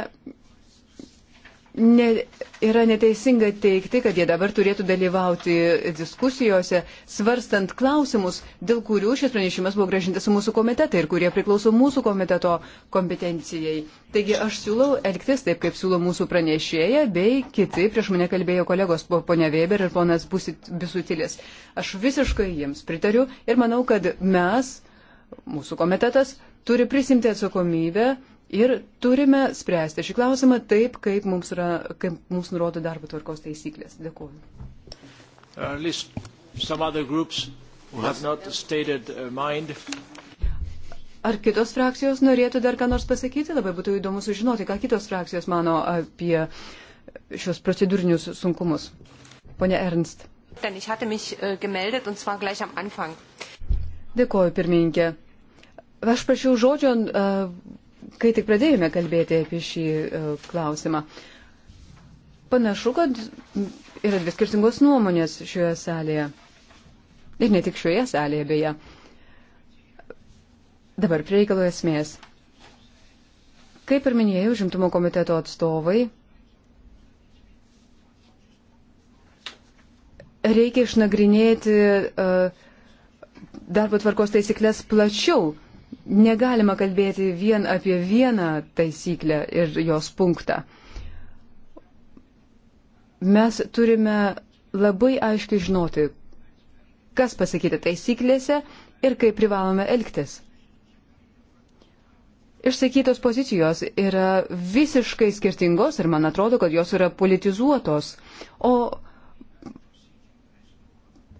ne, yra neteisinga teikti, kad jie dabar turėtų dalyvauti diskusijose, svarstant klausimus, dėl kurių šis pranešimas buvo gražintas mūsų komitetai ir kurie priklauso mūsų komiteto kompetencijai. Taigi aš siūlau elgtis taip, kaip siūlo mūsų pranešėja, bei kiti, prieš mane kalbėjo kolegos ponia Weber ir ponas Bisutilis. Aš visiškai jiems pritariu ir manau, kad mes, mūsų komitetas, turi prisimti atsakomybę Ir turime spręsti šį klausimą taip, kaip mums, yra, kaip mums nurodo darbo tvarkos taisyklės. Dėkuoju. Uh, uh, Ar kitos frakcijos norėtų dar ką nors pasakyti? Labai būtų įdomu sužinoti, ką kitos frakcijos mano apie šios procedūrinius sunkumus. Pone Ernst. Äh, Dėkuoju, pirmininkė. Aš prašiau žodžio uh, kai tik pradėjome kalbėti apie šį e, klausimą. Panašu, kad yra dvi skirtingos nuomonės šioje salėje. Ir ne tik šioje salėje, beje. Dabar prie reikalo esmės. Kaip ir minėjau, žimtumo komiteto atstovai reikia išnagrinėti uh, darbo tvarkos taisyklės plačiau negalima kalbėti vien apie vieną taisyklę ir jos punktą. Mes turime labai aiškiai žinoti, kas pasakyti taisyklėse ir kaip privalome elgtis. Išsakytos pozicijos yra visiškai skirtingos ir man atrodo, kad jos yra politizuotos. O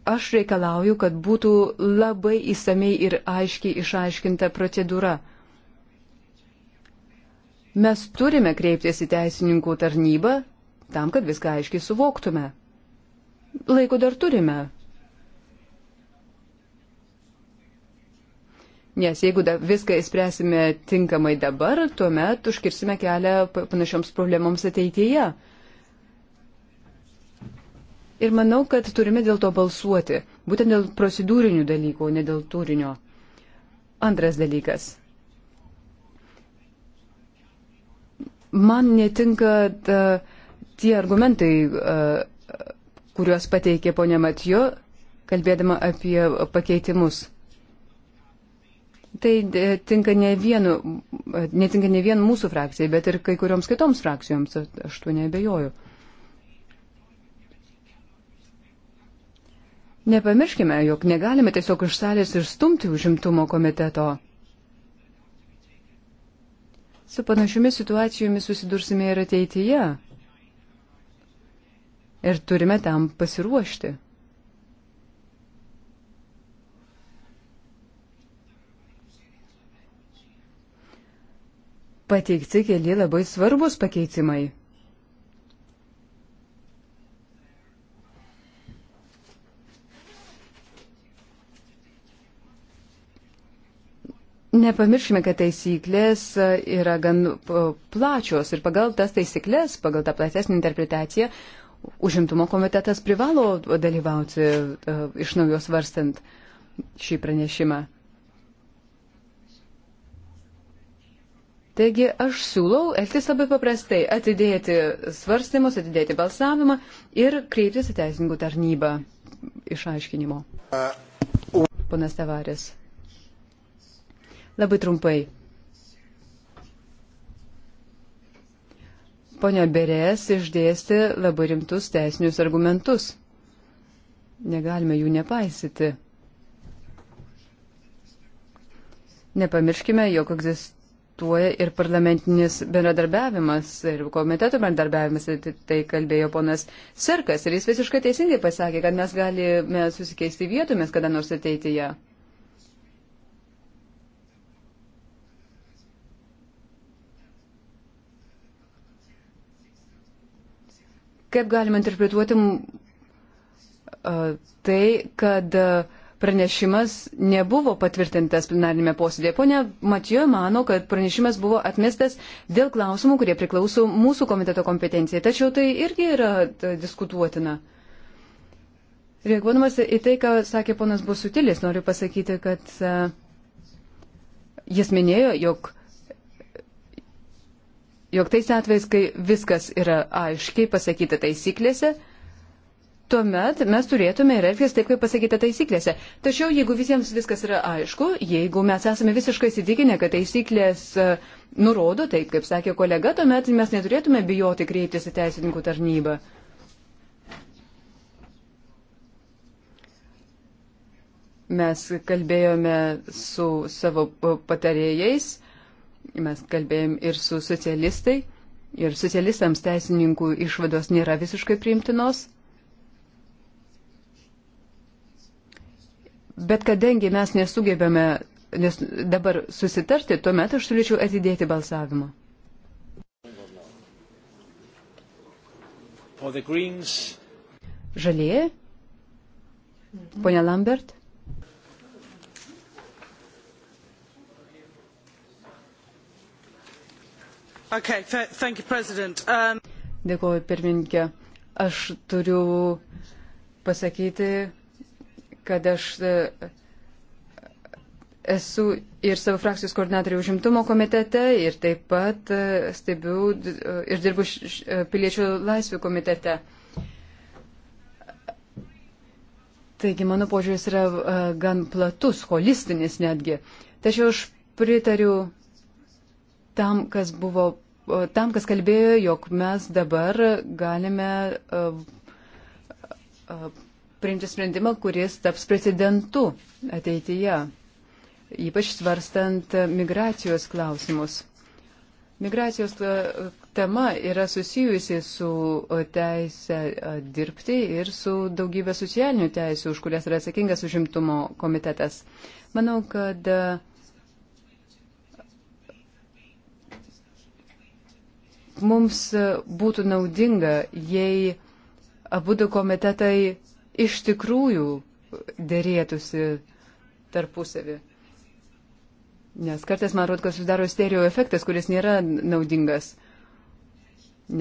aš reikalauju, kad būtų labai įsamei ir aiškiai išaiškinta procedūra. Mes turime kreiptis į teisininkų tarnybą tam, kad viską aiškiai suvoktume. Laiko dar turime. Nes jeigu da, viską įspręsime tinkamai dabar, tuomet užkirsime kelią panašioms problemoms ateityje. Ir manau, kad turime dėl to balsuoti, būtent dėl procedūrinių dalykų, ne dėl turinio. Antras dalykas. Man netinka ta, tie argumentai, kuriuos pateikė ponė Matijo, kalbėdama apie pakeitimus. Tai e, tinka ne, vienu, netinka ne vien mūsų frakcijai, bet ir kai kurioms kitoms frakcijoms, aš tuo nebejoju. Nepamirškime, jog negalime tiesiog iš salės išstumti užimtumo komiteto. Su panašiomis situacijomis susidursime ir ateityje. Ir turime tam pasiruošti. Pateikti keli labai svarbus pakeitimai. Nepamirškime, kad taisyklės e, yra gan e, plačios ir pagal tas taisyklės, pagal tą platesnį interpretaciją, užimtumo komitetas privalo dalyvauti e, iš naujo svarstant šį pranešimą. Taigi aš siūlau elgtis labai paprastai - atidėti svarstymus, atidėti balsavimą ir kreiptis į teisingų tarnybą išaiškinimo. Ponas Tavaris. Labai trumpai. Pone Berės išdėsti labai rimtus teisinius argumentus. Negalime jų nepaisyti. Nepamirškime, jog egzistuoja ir parlamentinis bendradarbiavimas, ir komitetų bendradarbiavimas, tai-, tai kalbėjo ponas Serkas, ir jis visiškai teisingai pasakė, kad mes galime susikeisti vietomis kada nors ateityje. Ja. Kaip galima interpretuoti tai, kad pranešimas nebuvo patvirtintas plenarinėme posėdėje. Pone Matijo mano, kad pranešimas buvo atmestas dėl klausimų, kurie priklauso mūsų komiteto kompetencijai. Tačiau tai irgi yra diskutuotina. Reaguodamas į tai, ką sakė ponas Busutilis, noriu pasakyti, kad jis minėjo, jog jog tais atvejais, kai viskas yra aiškiai pasakyta taisyklėse, tuomet mes turėtume ir elgtis taip, kaip pasakyta taisyklėse. Tačiau jeigu visiems viskas yra aišku, jeigu mes esame visiškai įsitikinę, kad taisyklės e, nurodo taip, kaip sakė kolega, tuomet mes neturėtume bijoti kreiptis į teisininkų tarnybą. Mes kalbėjome su savo patarėjais Mes kalbėjom ir su socialistai, ir socialistams teisininkų išvados nėra visiškai priimtinos. Bet kadangi mes nesugebėme nes dabar susitarti, tuomet aš siūlyčiau atidėti balsavimą. Žalieji? Pone Lambert? Okay, thank you, President. Um... Dėkuoju, pirmininkė. Aš turiu pasakyti, kad aš e, esu ir savo frakcijos koordinatorių užimtumo komitete ir taip pat e, stebiu e, ir dirbu piliečių laisvių komitete. Taigi mano požiūris yra gan platus, holistinis netgi. Tačiau aš pritariu tam, kas buvo, e, tam, kas kalbėjo, jog mes dabar galime e, e, priimti sprendimą, kuris taps precedentu ateityje, ypač svarstant migracijos klausimus. Migracijos tema yra susijusi su teisė dirbti ir su daugybė socialinių teisų, už kurias yra atsakingas užimtumo komitetas. Manau, kad uh, mums būtų naudinga, jei abu du komitetai iš tikrųjų dėrėtųsi tarpusavį. Nes kartais man atrodo, kad susidaro stereo efektas, kuris nėra naudingas.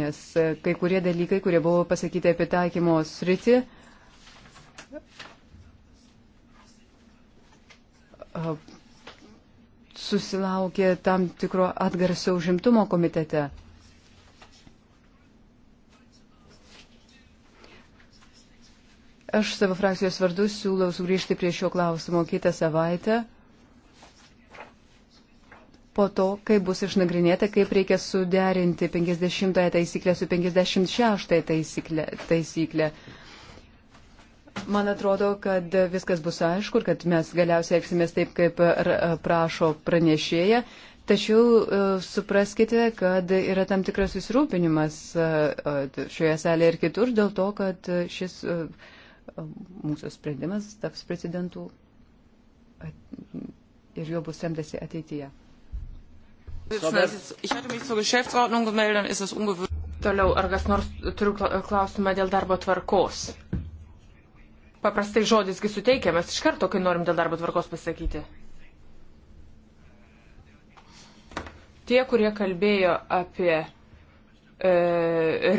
Nes e, kai kurie dalykai, kurie buvo pasakyti apie taikymo sritį, susilaukė tam tikro atgarsio užimtumo komitete. Aš savo frakcijos vardu siūlau sugrįžti prie šio klausimo kitą savaitę, po to, kai bus išnagrinėta, kaip reikia suderinti 50-ąją taisyklę su 56-ąją taisyklę, taisyklę. Man atrodo, kad viskas bus aišku ir kad mes galiausiai elgsimės taip, kaip prašo pranešėja. Tačiau e, supraskite, kad yra tam tikras susirūpinimas e, e, šioje salėje ir kitur dėl to, kad šis mūsų sprendimas taps precedentų ir jo bus semtasi ateityje. Toliau, ar kas nors turiu klausimą dėl darbo tvarkos? Paprastai žodisgi suteikiamas iš karto, kai norim dėl darbo tvarkos pasakyti. Tie, kurie kalbėjo apie e,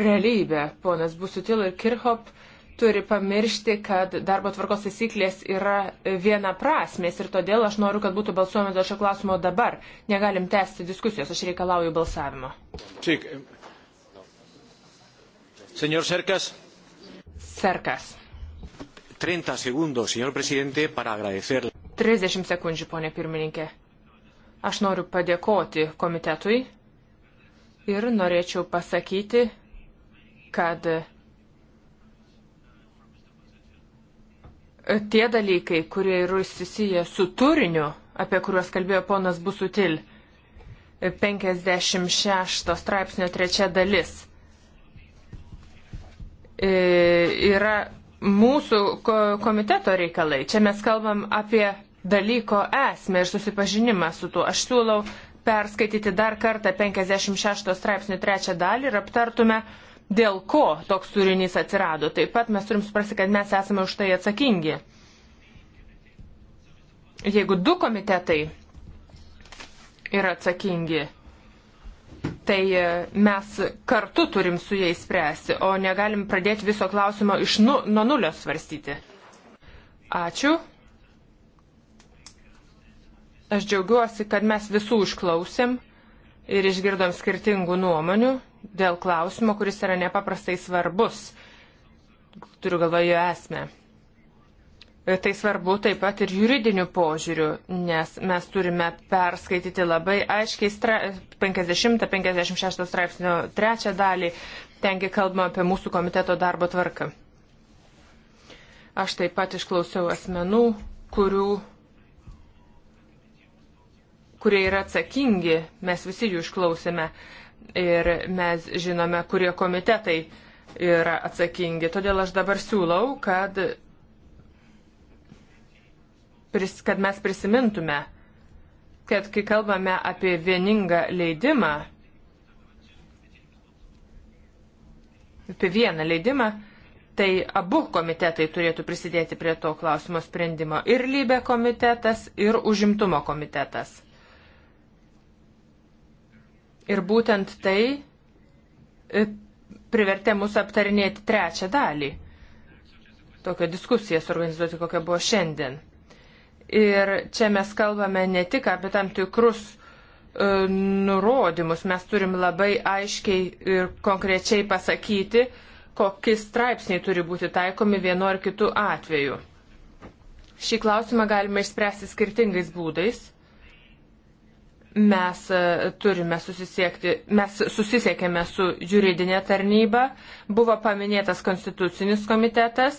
realybę, ponas Busutil ir Kirchhoff, turi pamiršti, kad darbo tvarkos taisyklės yra viena prasmės ir todėl aš noriu, kad būtų balsuojama dėl šio klausimo dabar. Negalim tęsti diskusijos, aš reikalauju balsavimo. Čik. Senor Serkas. Serkas. 30 sekundų, senor prezidente, para agradecer. 30 sekundžių, ponė pirmininkė. Aš noriu padėkoti komitetui ir norėčiau pasakyti, kad tie dalykai, kurie yra susiję su turiniu, apie kuriuos kalbėjo ponas Busutil, 56 straipsnio trečia dalis, e, yra mūsų komiteto reikalai. Čia mes kalbam apie dalyko esmę ir susipažinimą su tuo. Aš siūlau perskaityti dar kartą 56 straipsnių trečią dalį ir aptartume, dėl ko toks turinys atsirado. Taip pat mes turim suprasti, kad mes esame už tai atsakingi. Jeigu du komitetai yra atsakingi, tai e, mes kartu turim su jais spręsti, o negalim pradėti viso klausimo iš nu, nuo nulio svarstyti. Ačiū. Aš džiaugiuosi, kad mes visų užklausim ir išgirdom skirtingų nuomonių dėl klausimo, kuris yra nepaprastai svarbus. Turiu galvoje esmę. Tai svarbu taip pat ir juridiniu požiūriu, nes mes turime perskaityti labai aiškiai 50-56 straipsnio trečią dalį, tengi kalbama apie mūsų komiteto darbo tvarką. Aš taip pat išklausiau asmenų, kurių kurie yra atsakingi, mes visi jų išklausėme ir mes žinome, kurie komitetai yra atsakingi. Todėl aš dabar siūlau, kad, pris, kad mes prisimintume, kad kai kalbame apie vieningą leidimą, apie vieną leidimą, tai abu komitetai turėtų prisidėti prie to klausimo sprendimo - ir lybė komitetas, ir užimtumo komitetas. Ir būtent tai e, privertė mus aptarinėti trečią dalį. Tokią diskusiją suorganizuoti, kokia buvo šiandien. Ir čia mes kalbame ne tik apie tam tikrus e, nurodymus, mes turim labai aiškiai ir konkrečiai pasakyti, kokie straipsniai turi būti taikomi vienu ar kitu atveju. Šį klausimą galime išspręsti skirtingais būdais mes e, turime susisiekti, mes susisiekėme su juridinė tarnyba, buvo paminėtas konstitucinis komitetas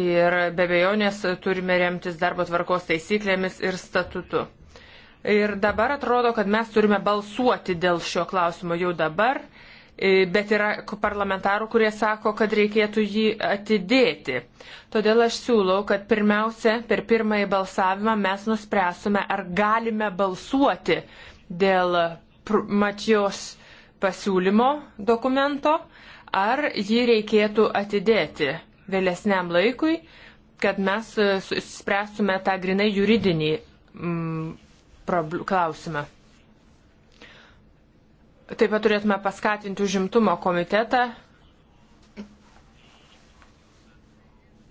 ir be bejonės turime remtis darbo tvarkos taisyklėmis ir statutu. Ir dabar atrodo, kad mes turime balsuoti dėl šio klausimo jau dabar E, bet yra parlamentarų, kurie sako, kad reikėtų jį atidėti. Todėl aš siūlau, kad pirmiausia, per pirmąjį balsavimą mes nuspręsume, ar galime balsuoti dėl Matijos pasiūlymo dokumento, ar jį reikėtų atidėti vėlesniam laikui, kad mes e, spręstume tą grinai juridinį mm, klausimą. Taip pat turėtume paskatinti užimtumo komitetą.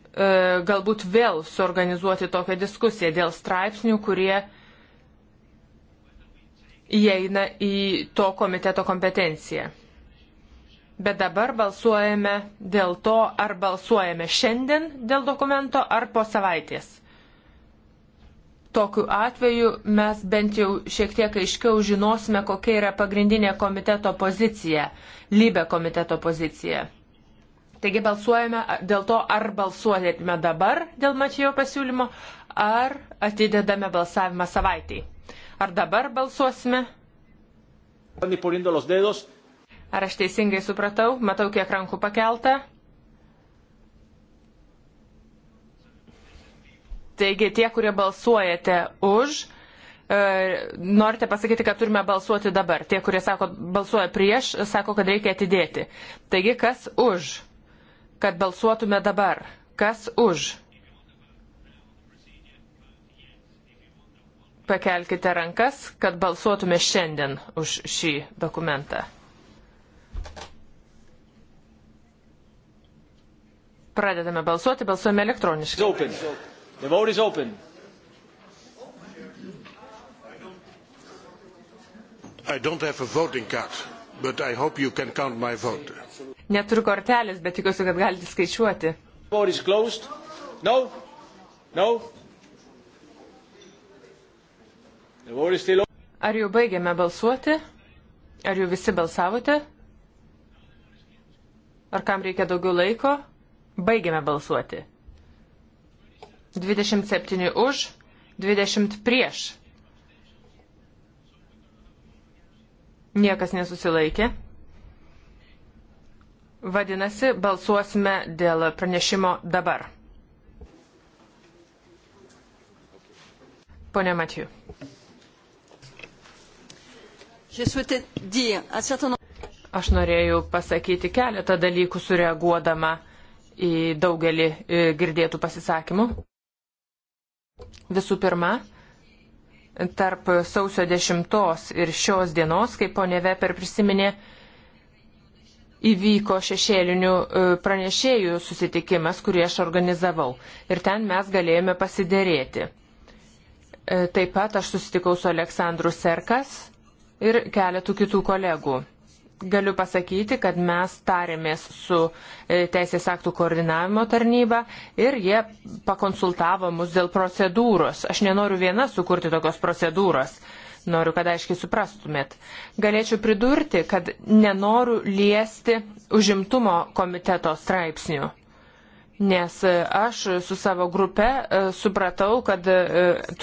E, galbūt vėl suorganizuoti tokią diskusiją dėl straipsnių, kurie įeina į to komiteto kompetenciją. Bet dabar balsuojame dėl to, ar balsuojame šiandien dėl dokumento, ar po savaitės. Tokiu atveju mes bent jau šiek tiek aiškiau žinosime, kokia yra pagrindinė komiteto pozicija, lybė komiteto pozicija. Taigi balsuojame dėl to, ar balsuojame dabar dėl Mačiojo pasiūlymo, ar atidedame balsavimą savaitėjai. Ar dabar balsuosime? Ar aš teisingai supratau, matau, kiek rankų pakeltą. Taigi tie, kurie balsuojate už, e, norite pasakyti, kad turime balsuoti dabar. Tie, kurie sako, balsuoja prieš, sako, kad reikia atidėti. Taigi, kas už, kad balsuotume dabar? Kas už? Pakelkite rankas, kad balsuotume šiandien už šį dokumentą. Pradedame balsuoti, balsuojame elektroniškai. The vote is open. I don't have a voting card, but I hope you can count my vote. Neturiu kortelės, bet tikiuosi, kad galite skaičiuoti. Vote is closed. No? No? The vote is still open. Ar jau baigėme balsuoti? Ar jau visi balsavote? Ar kam reikia daugiau laiko? Baigėme balsuoti. 27 už, 20 prieš. Niekas nesusilaikė. Vadinasi, balsuosime dėl pranešimo dabar. Pone Matiju. Aš norėjau pasakyti keletą dalykų sureaguodama į daugelį e, girdėtų pasisakymų. Visų pirma, tarp sausio 10 ir šios dienos, kaip ponė Veper prisiminė, įvyko šešėlinių e, pranešėjų susitikimas, kurį aš organizavau. Ir ten mes galėjome pasidėrėti. E, taip pat aš susitikau su Aleksandru Serkas ir keletų kitų kolegų galiu pasakyti, kad mes tarėmės su e, Teisės aktų koordinavimo tarnyba ir jie pakonsultavo mus dėl procedūros. Aš nenoriu viena sukurti tokios procedūros. Noriu, kad aiškiai suprastumėt. Galėčiau pridurti, kad nenoriu liesti užimtumo komiteto straipsnių. Nes e, aš su savo grupe e, supratau, kad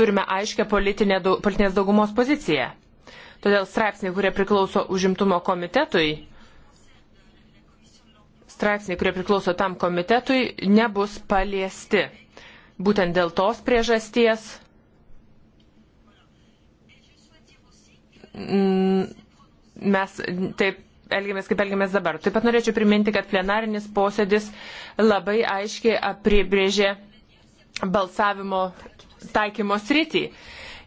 turime aiškę politinės daugumos poziciją. Todėl straipsniai, kurie priklauso užimtumo komitetui, straipsniai, kurie priklauso tam komitetui, nebus paliesti. Būtent dėl tos priežasties mes taip elgiamės, kaip elgiamės dabar. Taip pat norėčiau priminti, kad plenarinis posėdis labai aiškiai apribrėžė balsavimo taikymo sritį.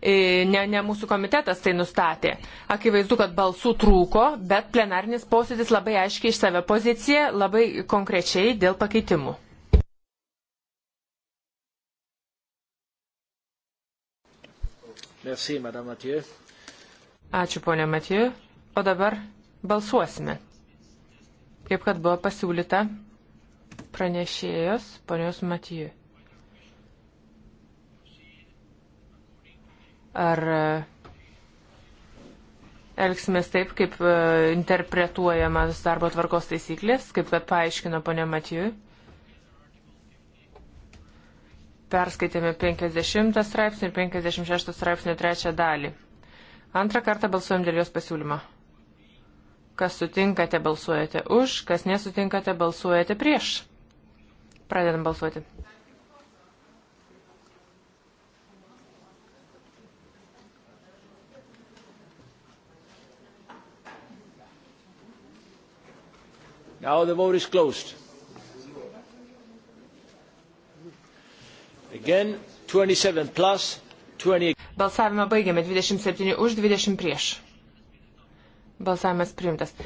E, ne, ne mūsų komitetas tai nustatė. Akivaizdu, kad balsų trūko, bet plenarnis posėdis labai aiškiai iš save poziciją, labai konkrečiai dėl pakeitimų. Merci, Madame Mathieu. Ačiū, ponė Matiju. O dabar balsuosime. Kaip kad buvo pasiūlyta pranešėjos ponios Matiju. Ar e, elgsimės taip, kaip e, interpretuojamas darbo tvarkos taisyklės, kaip kad paaiškino ponė Matijui? Perskaitėme 50 straipsnį ir 56 straipsnio trečią dalį. Antrą kartą balsuojam dėl jos pasiūlymo kas sutinkate balsuojate už, kas nesutinkate balsuojate prieš. Pradedam balsuoti. Now the vote is closed. Again, 27 plus, 20. Balsavimą baigėme 27 už, 20 prieš. Balsavimas priimtas.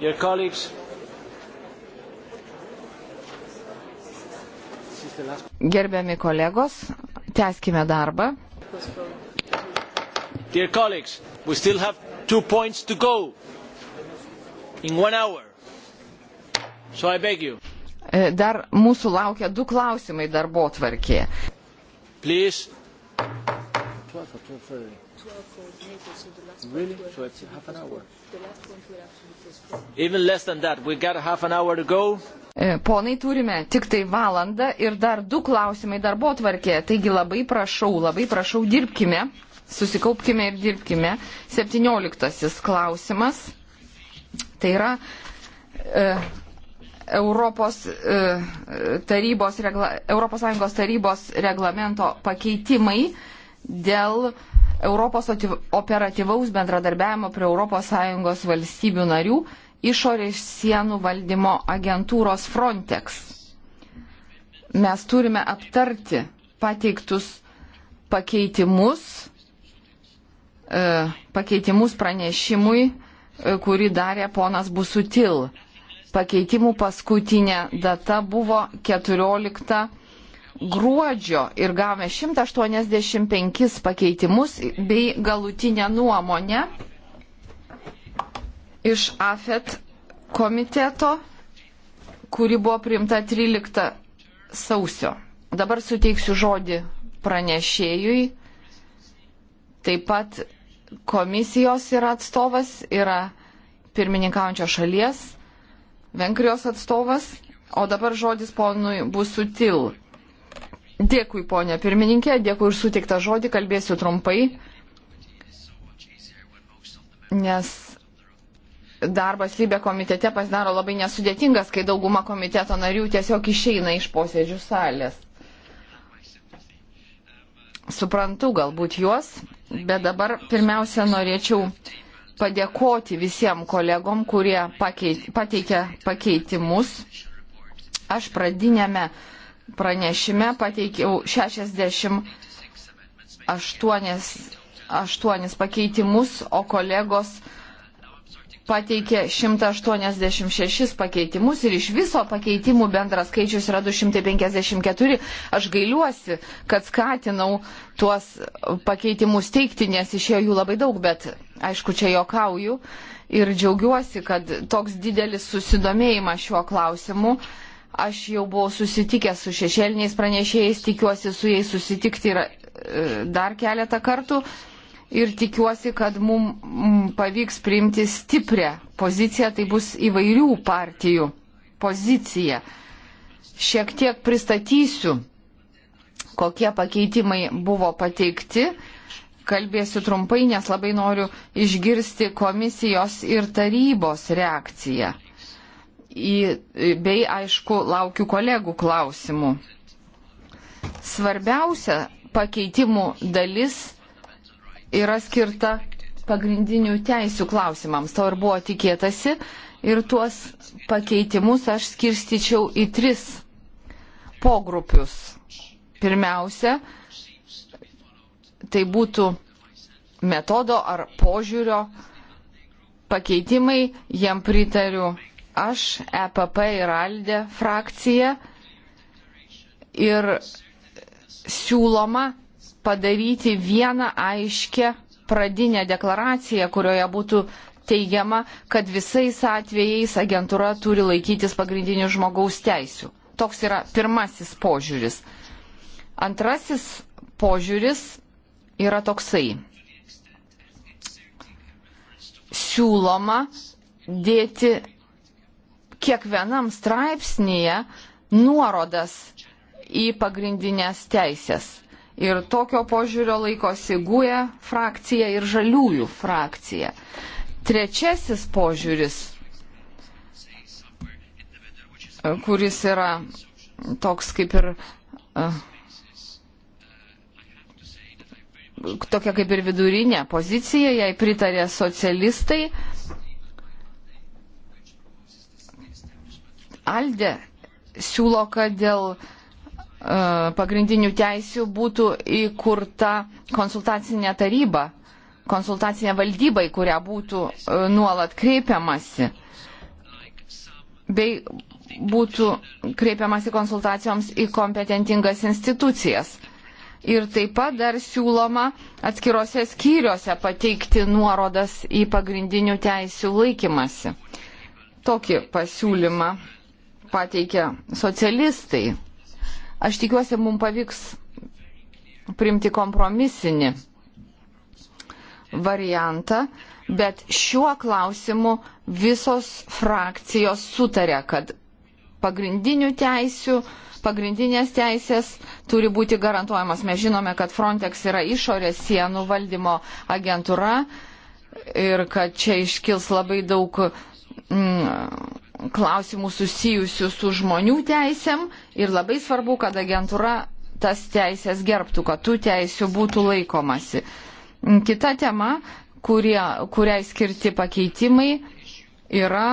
Your colleagues. Gerbiami kolegos, tęskime darbą. Dear colleagues, we still have two points to go in one hour. So I beg you. E, dar mūsų laukia du klausimai darbo tvarkė. Please. 12 or 12.30. Really? So it's half an hour. Even less than that. We got half an hour to go. E, ponai, turime tik tai valandą ir dar du klausimai darbo tvarkė. Taigi labai prašau, labai prašau, dirbkime, susikaupkime ir dirbkime. 17 klausimas. Tai yra e, Europos, e, tarybos, regla, Europos Sąjungos tarybos reglamento pakeitimai dėl e, Europos operatyvaus bendradarbiavimo prie ES valstybių narių išorės sienų valdymo agentūros Frontex. Mes turime aptarti pateiktus pakeitimus, e, pakeitimus pranešimui, e, kurį darė ponas Busutil. Pakeitimų paskutinė data buvo 14 gruodžio ir gavome 185 pakeitimus bei galutinę nuomonę iš AFET komiteto, kuri buvo priimta 13 sausio. Dabar suteiksiu žodį pranešėjui. Taip pat komisijos yra atstovas, yra pirmininkaujančio šalies, Vengrijos atstovas, o dabar žodis ponui Busutil. Dėkui, ponė pirmininkė, dėkui už sutiktą žodį, kalbėsiu trumpai, nes darbas lybė komitete pasidaro labai nesudėtingas, kai dauguma komiteto narių tiesiog išeina iš posėdžių salės. Suprantu galbūt juos, bet dabar pirmiausia norėčiau padėkoti visiems kolegom, kurie pakeit, pateikė pakeitimus. Aš pradinėme uh, pranešime pateikiau 68 pakeitimus, o kolegos pateikė 186 pakeitimus ir iš viso pakeitimų bendras skaičius yra 254. Aš gailiuosi, kad skatinau tuos pakeitimus teikti, nes išėjo jų labai daug, bet aišku, čia jokauju ir džiaugiuosi, kad toks didelis susidomėjimas šiuo klausimu. Uh, Aš jau buvau susitikęs su šešėliniais pranešėjais, tikiuosi su jais susitikti ir e, dar keletą kartų ir tikiuosi, kad mums pavyks priimti stiprią poziciją, tai bus įvairių partijų pozicija. Šiek tiek pristatysiu, kokie pakeitimai buvo pateikti. Kalbėsiu trumpai, nes labai noriu išgirsti komisijos ir tarybos reakciją į, bei aišku, laukiu kolegų klausimų. Svarbiausia pakeitimų dalis yra skirta pagrindinių teisių klausimams. To ir buvo tikėtasi. Ir tuos pakeitimus aš skirstyčiau į tris pogrupius. Pirmiausia, tai būtų metodo ar požiūrio pakeitimai, jam pritariu aš, EPP ir ALDE frakcija ir siūloma padaryti vieną aiškę pradinę deklaraciją, kurioje būtų teigiama, kad visais atvejais agentūra turi laikytis pagrindinių žmogaus teisių. Toks yra pirmasis požiūris. Antrasis požiūris yra toksai. Siūloma dėti kiekvienam straipsnėje nuorodas į pagrindinės teisės. Ir tokio požiūrio laikosi GUE frakcija ir žaliųjų frakcija. Trečiasis požiūris, kuris yra toks kaip ir uh, tokia kaip ir vidurinė pozicija, jai pritarė socialistai Aldė siūlo, kad dėl e, pagrindinių teisių būtų įkurta konsultacinė taryba, konsultacinė valdyba, į kurią būtų e, nuolat kreipiamasi, bei būtų kreipiamasi konsultacijoms į kompetentingas institucijas. Ir taip pat dar siūloma atskirose skyriuose pateikti nuorodas į pagrindinių teisių laikymasi. Tokį pasiūlymą pateikė socialistai. Aš tikiuosi, mums pavyks primti kompromisinį variantą, bet šiuo klausimu visos frakcijos sutarė, kad pagrindinių teisių, pagrindinės teisės turi būti garantuojamos. Mes žinome, kad Frontex yra išorės sienų valdymo agentūra ir kad čia iškils labai daug mm, klausimų susijusių su žmonių teisėm ir labai svarbu, kad agentūra tas teisės gerbtų, kad tų teisių būtų laikomasi. Kita tema, kurie, kuriai skirti pakeitimai, yra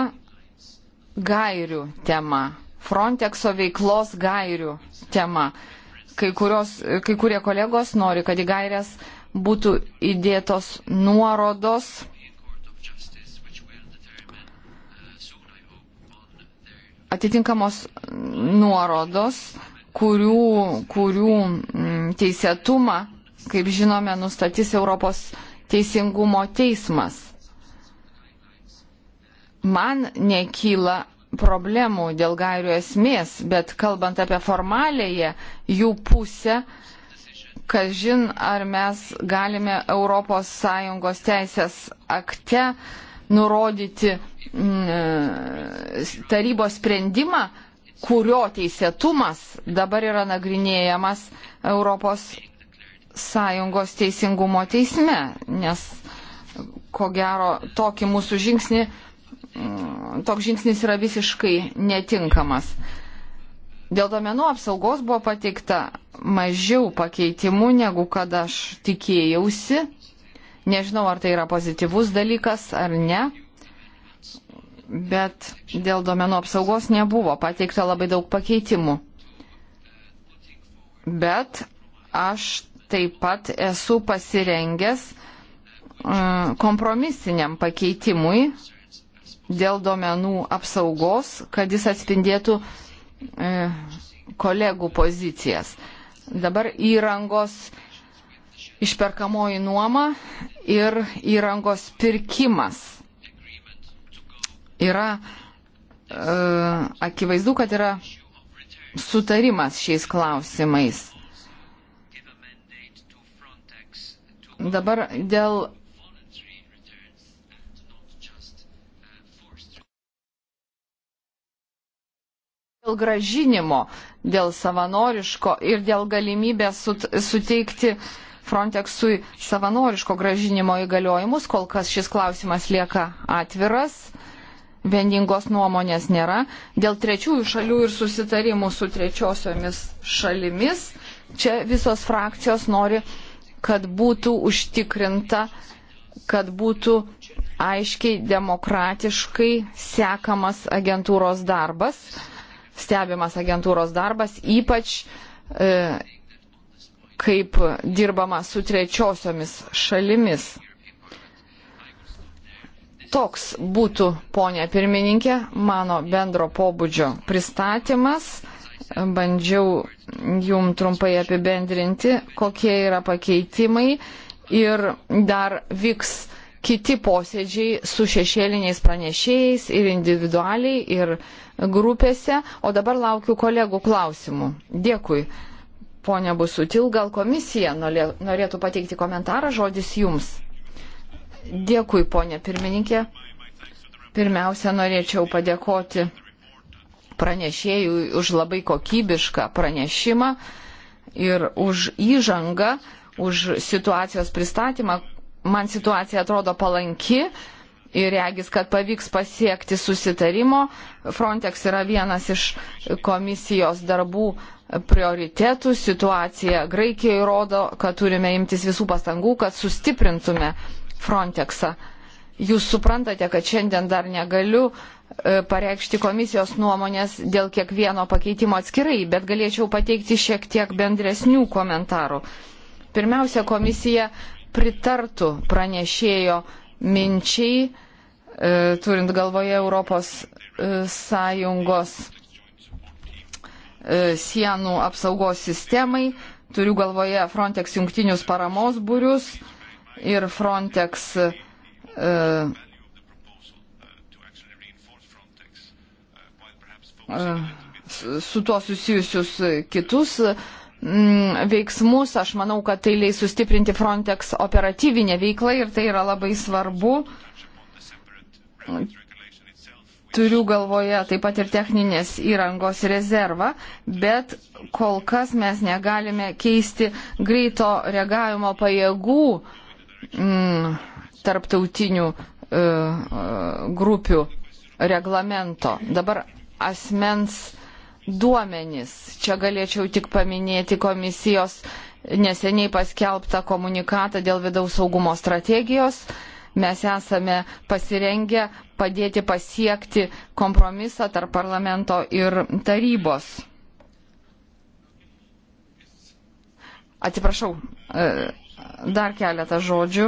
gairių tema, Frontexo veiklos gairių tema. Kai, kurios, kai kurie kolegos nori, kad į gairias būtų įdėtos nuorodos atitinkamos nuorodos, kurių, kurių mm, teisėtumą, kaip žinome, nustatys Europos teisingumo teismas. Man nekyla problemų dėl gairių esmės, bet kalbant apie formalėje jų pusę, kažin ar mes galime ES teisės akte nurodyti Mm, e, tarybos sprendimą, kurio teisėtumas dabar yra nagrinėjamas Europos Sąjungos teisingumo teisme, nes ko gero tokį mūsų žingsnį, mm, toks žingsnis yra visiškai netinkamas. Dėl domenų apsaugos buvo pateikta mažiau pakeitimų, negu kad aš tikėjausi. Nežinau, ar tai yra pozityvus dalykas ar ne bet dėl domenų apsaugos nebuvo pateikta labai daug pakeitimų. Bet aš taip pat esu pasirengęs e, kompromisiniam pakeitimui dėl domenų apsaugos, kad jis atspindėtų e, kolegų pozicijas. Dabar įrangos išperkamoji nuoma ir įrangos pirkimas yra e, akivaizdu, kad yra sutarimas šiais klausimais. Dabar dėl. Dėl gražinimo, dėl savanoriško ir dėl galimybės sut, suteikti Frontexui savanoriško gražinimo įgaliojimus, kol kas šis klausimas lieka atviras. Uh, vieningos nuomonės nėra. Dėl trečiųjų šalių ir susitarimų su trečiosiomis šalimis čia visos frakcijos nori, kad būtų užtikrinta, kad būtų aiškiai demokratiškai sekamas agentūros darbas, stebimas agentūros darbas, ypač e, kaip dirbama su trečiosiomis šalimis. Toks būtų, ponė pirmininkė, mano bendro pobūdžio pristatymas. Bandžiau jum trumpai apibendrinti, kokie yra pakeitimai ir dar vyks kiti posėdžiai su šešėliniais pranešėjais ir individualiai, ir grupėse. O dabar laukiu kolegų klausimų. Dėkui. Pone Busutil, gal komisija norėtų pateikti komentarą, žodis jums. Dėkui, ponė pirmininkė. Pirmiausia, norėčiau padėkoti pranešėjui už labai kokybišką pranešimą ir už įžangą, už situacijos pristatymą. Man situacija atrodo palanki ir regis, kad pavyks pasiekti susitarimo. Frontex yra vienas iš komisijos darbų prioritetų. Situacija Graikijoje rodo, kad turime imtis visų pastangų, kad sustiprintume Frontexą. Jūs suprantate, kad šiandien dar negaliu e, pareikšti komisijos nuomonės dėl kiekvieno pakeitimo atskirai, bet galėčiau pateikti šiek tiek bendresnių komentarų. Pirmiausia, komisija pritartų pranešėjo minčiai, e, turint galvoje Europos e, Sąjungos sienų apsaugos sistemai, turiu galvoje Frontex jungtinius paramos būrius, ir Frontex. E, e, su tuo susijusius kitus mm, veiksmus. Aš manau, kad tai leis sustiprinti Frontex operatyvinę veiklą ir tai yra labai svarbu. Turiu galvoje taip pat ir techninės įrangos rezervą, bet kol kas mes negalime keisti greito reagavimo pajėgų uh, mm, tarptautinių e, e, grupių reglamento. Dabar asmens duomenys. Čia galėčiau tik paminėti komisijos neseniai paskelbtą komunikatą dėl vidaus saugumo strategijos. Mes esame pasirengę padėti pasiekti kompromisą tarp parlamento ir tarybos. Atsiprašau, e, dar keletą žodžių.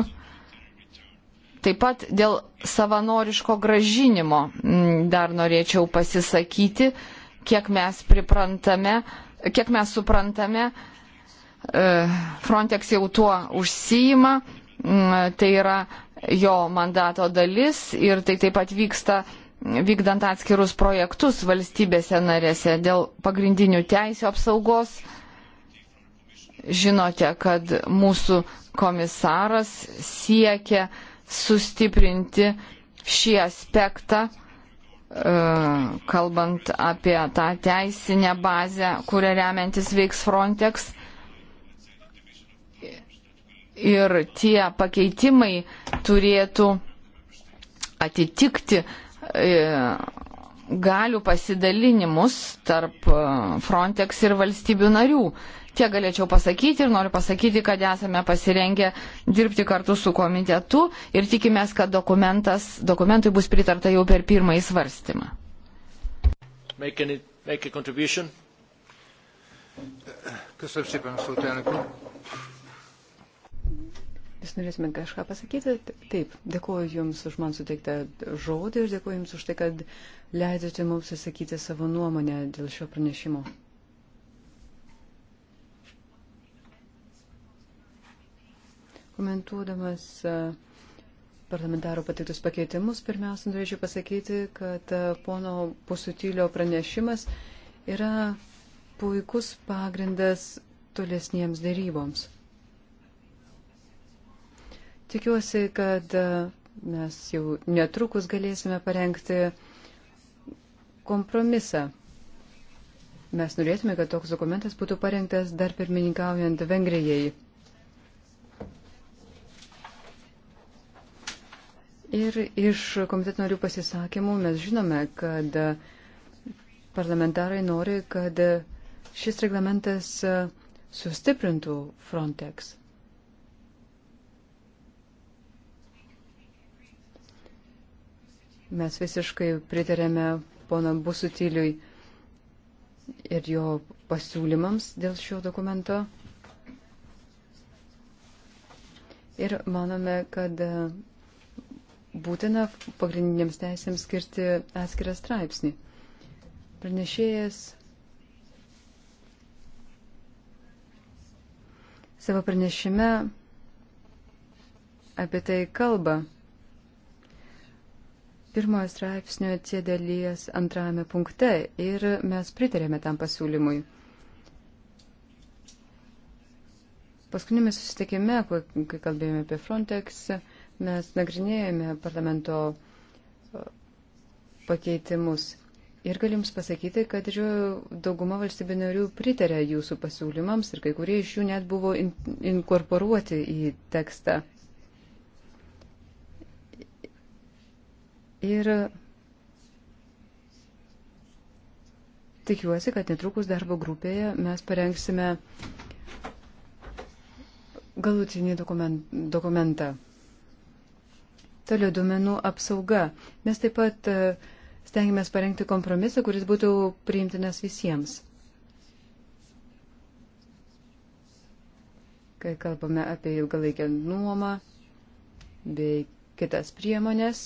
Taip pat dėl savanoriško gražinimo mm, dar norėčiau pasisakyti, kiek mes priprantame, kiek mes suprantame, e, Frontex jau tuo užsijima, mm, tai yra jo mandato dalis ir tai taip pat vyksta vykdant atskirus projektus valstybėse narėse dėl pagrindinių teisų apsaugos žinote, kad mūsų komisaras siekia sustiprinti šį aspektą, e, kalbant apie tą teisinę bazę, kurią remiantis veiks Frontex. Ir tie pakeitimai turėtų atitikti e, galių pasidalinimus tarp e, Frontex ir valstybių narių. Tie galėčiau pasakyti ir noriu pasakyti, kad esame pasirengę dirbti kartu su komitetu ir tikimės, kad dokumentui bus pritarta jau per pirmąjį svarstymą. Make any, make Köszönöm szépen a szót, elnök úr. Jūs norėsime kažką pasakyti? Taip, dėkuoju Jums už man suteiktą žodį ir dėkuoju Jums už tai, kad leidote mums susakyti savo nuomonę dėl šio pranešimo. Komentuodamas e, parlamentarų patiktus pakeitimus, pirmiausia, norėčiau pasakyti, kad e, pono Pusutilio pranešimas yra puikus pagrindas tolesniems dėryboms. Tikiuosi, kad e, mes jau netrukus galėsime parengti kompromisą. Mes norėtume, kad toks dokumentas būtų parengtas dar pirmininkaujant Vengrijai. Ir iš komiteto narių pasisakymų mes žinome, kad parlamentarai nori, kad šis reglamentas sustiprintų Frontex. Mes visiškai pritarėme pono Busutiliui ir jo pasiūlymams dėl šio dokumento. Ir manome, kad būtina pagrindiniams teisėms skirti atskirą straipsnį. Pranešėjas savo pranešime apie tai kalba. Pirmojo straipsnio C dalies antrajame punkte ir mes pritarėme tam pasiūlymui. Paskutinėme susitikime, kai kalbėjome apie Frontex, mes nagrinėjame parlamento e, pakeitimus. Ir galiu Jums pasakyti, kad didžioji dauguma valstybių narių pritarė Jūsų pasiūlymams ir kai kurie iš jų net buvo in inkorporuoti į tekstą. Ir tikiuosi, kad netrukus darbo grupėje mes parengsime galutinį dokument, dokumentą. Toliau duomenų apsauga. Mes taip pat e, stengiamės parengti kompromisą, kuris būtų priimtinas visiems. Kai kalbame apie ilgalaikę nuomą bei kitas priemonės,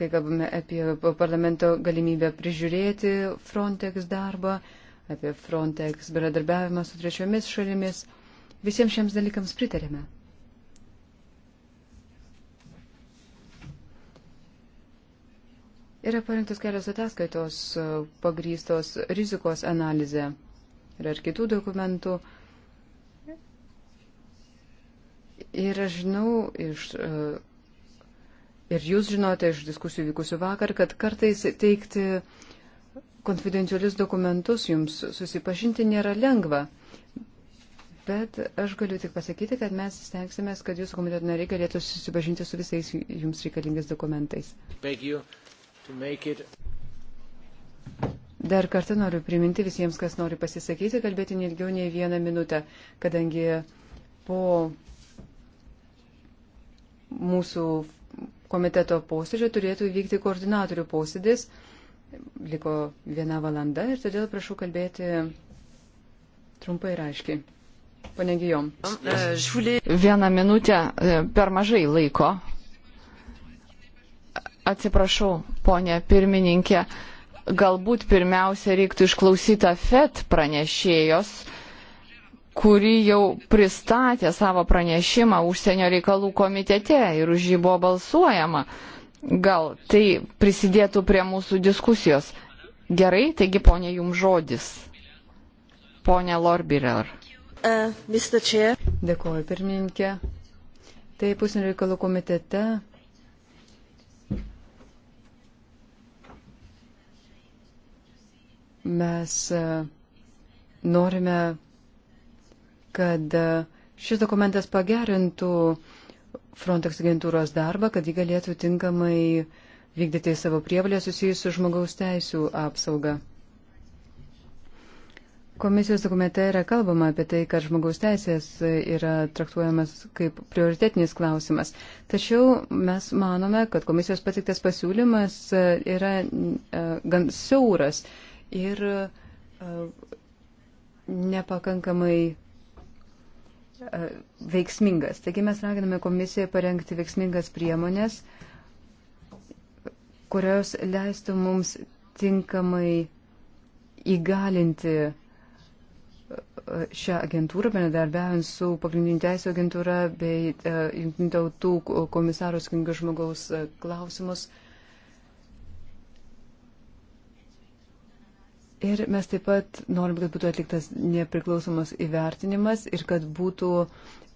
kai kalbame apie parlamento galimybę prižiūrėti Frontex darbą, apie Frontex bendradarbiavimą su trečiomis šalimis. Visiems šiems dalykams pritarėme. Yra parengtos kelios ataskaitos e, pagrystos rizikos analizė ir ar kitų dokumentų. Ir aš žinau iš. E, ir jūs žinote iš diskusijų vykusių vakar, kad kartais teikti konfidencialius dokumentus jums susipažinti nėra lengva. Bet aš galiu tik pasakyti, kad mes stengsimės, kad jūsų komiteto nariai galėtų susipažinti su visais jums reikalingais dokumentais. Beigiu. Dar kartą noriu priminti visiems, kas nori pasisakyti, kalbėti nelgiau nei vieną minutę, kadangi po mūsų komiteto posėdžio turėtų įvykti koordinatorių posėdis. Liko viena valanda ir todėl prašau kalbėti trumpai ir aiškiai. Pane Gijom. E, vieną minutę e, per mažai laiko Atsiprašau, ponė pirmininkė, galbūt pirmiausia reiktų išklausyti FED pranešėjos, kuri jau pristatė savo pranešimą užsienio reikalų komitete ir už jį buvo balsuojama. Gal tai prisidėtų prie mūsų diskusijos. Gerai, taigi ponė jums žodis. Pone Lorbirer. Uh, Dėkuoju, pirmininkė. Taip, užsienio reikalų komitete Mes e, norime, kad e, šis dokumentas pagerintų Frontex agentūros darbą, kad ji galėtų tinkamai vykdyti savo prievalę susijusiu žmogaus teisų apsaugą. Komisijos dokumente yra kalbama apie tai, kad žmogaus teisės yra traktuojamas kaip prioritetinis klausimas. Tačiau mes manome, kad komisijos patiktas pasiūlymas e, yra gan siauras ir e, nepakankamai e, veiksmingas. Taigi mes raginame komisiją parengti veiksmingas priemonės, kurios leistų mums tinkamai įgalinti e, šią agentūrą, bendradarbiaujant su pagrindinių teisų agentūra bei jungtinių tautų komisaros knygos žmogaus klausimus. Uh, Ir mes taip pat norim, kad būtų atliktas nepriklausomas įvertinimas ir kad būtų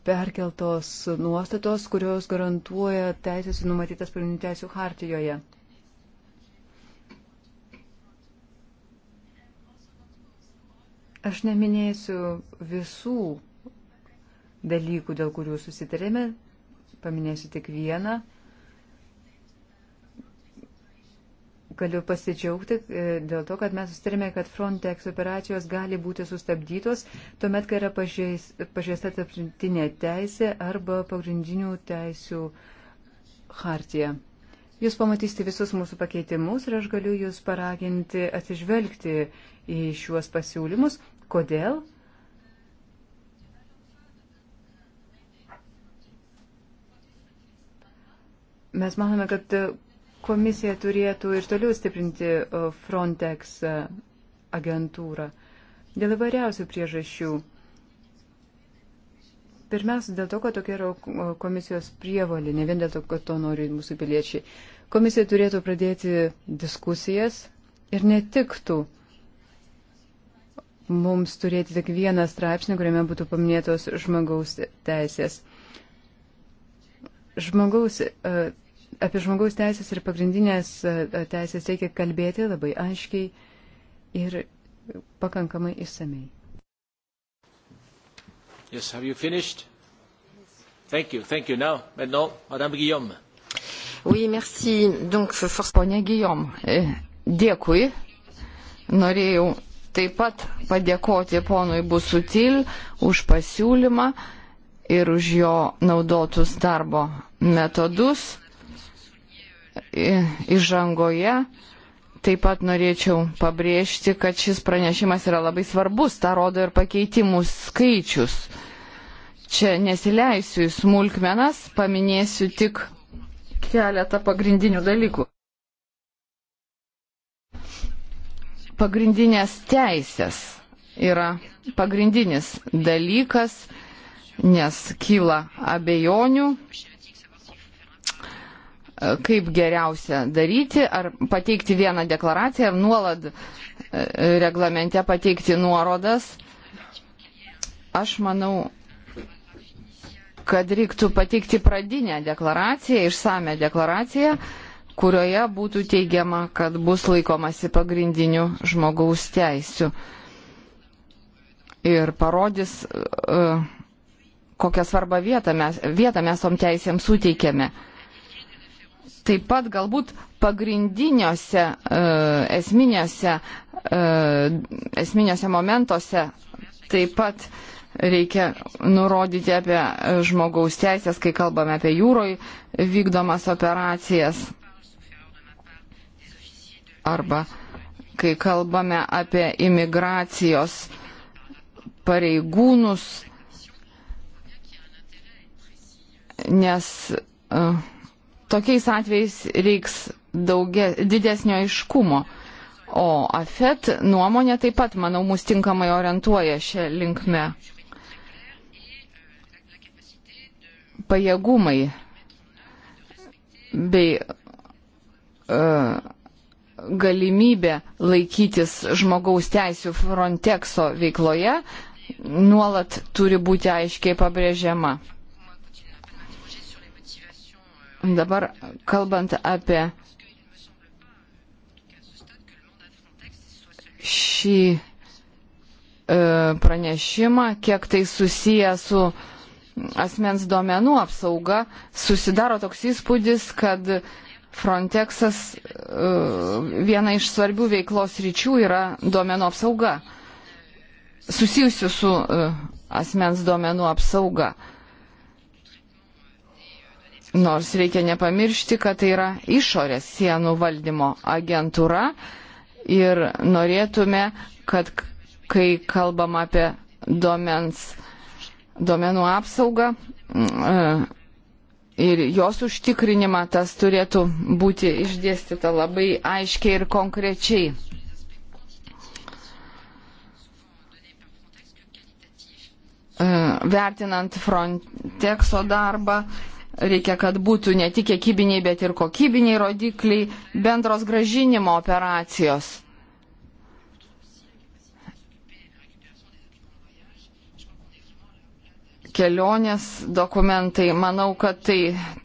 perkeltos nuostatos, kurios garantuoja teisės numatytas pagrindinių teisų hartijoje. Aš neminėsiu visų dalykų, dėl kurių susitarėme, paminėsiu tik vieną. galiu pasidžiaugti e, dėl to, kad mes sustarėme, kad Frontex operacijos gali būti sustabdytos tuomet, kai yra pažeista tarptautinė teisė arba pagrindinių teisių hartija. Jūs pamatysite visus mūsų pakeitimus ir aš galiu jūs paraginti atsižvelgti į šiuos pasiūlymus. Kodėl? Mes manome, kad komisija turėtų ir toliau stiprinti Frontex e, agentūrą dėl įvairiausių priežasčių. Pirmiausia, dėl to, kad tokia yra komisijos prievalė, ne vien dėl to, kad to nori mūsų piliečiai. Komisija turėtų pradėti diskusijas ir netiktų mums turėti tik vieną straipsnį, kuriame būtų paminėtos žmogaus teisės. Žmogaus e, apie žmogaus teisės ir pagrindinės e, e, teisės reikia kalbėti labai aiškiai ir pakankamai įsamei. Yes, have you finished? Thank you, thank you. Now, maintenant, Madame Guillaume. Oui, merci. Donc, force ponia Guillaume. E, dėkui. Norėjau taip pat padėkoti ponui Busutil už pasiūlymą ir už jo naudotus darbo metodus įžangoje. Taip pat norėčiau pabrėžti, kad šis pranešimas yra labai svarbus, tą rodo ir pakeitimų skaičius. Čia nesileisiu į smulkmenas, paminėsiu tik keletą pagrindinių dalykų. Pagrindinės teisės yra pagrindinis dalykas, nes kyla abejonių kaip geriausia daryti, ar pateikti vieną deklaraciją, ar nuolat e, reglamente pateikti nuorodas. Aš manau, kad reiktų pateikti pradinę deklaraciją, išsame deklaraciją, kurioje būtų teigiama, kad bus laikomasi pagrindinių žmogaus teisių. Ir parodys, e, kokią svarbą vietą mes, vietą mes tom teisėm suteikėme. Taip pat galbūt pagrindiniuose e, esminiuose, e, esminiuose momentuose taip pat reikia nurodyti apie žmogaus teisės, kai kalbame apie jūroj vykdomas operacijas arba kai kalbame apie imigracijos pareigūnus, nes uh, tokiais atvejais reiks daugia, didesnio iškumo. O AFET nuomonė taip pat, manau, mus tinkamai orientuoja šią linkmę. Pajėgumai bei uh, galimybė laikytis žmogaus teisų Frontexo veikloje nuolat turi būti aiškiai pabrėžiama. Dabar kalbant apie šį e, pranešimą, kiek tai susiję su asmens duomenų apsauga, susidaro toks įspūdis, kad Frontexas e, viena iš svarbių veiklos ryčių yra duomenų apsauga, susijusių su e, asmens duomenų apsauga. Nors reikia nepamiršti, kad tai yra išorės sienų valdymo agentūra ir norėtume, kad kai kalbam apie duomens, duomenų apsaugą mm, e, ir jos užtikrinimą, tas turėtų būti išdėstyta labai aiškiai ir konkrečiai. E, vertinant Frontexo darbą, Reikia, kad būtų ne tik kiekybiniai, bet ir kokybiniai rodikliai, bendros gražinimo operacijos. kelionės dokumentai, manau, kad tai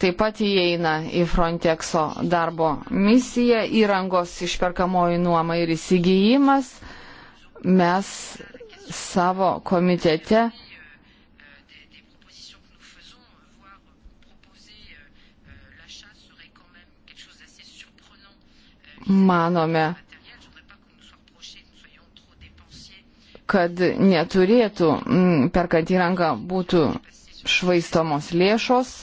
taip pat įeina į Frontexo darbo misiją, įrangos išperkamoji nuoma ir įsigijimas. Mes savo komitete manome, kad neturėtų mm, perkant įrangą būtų švaistomos lėšos.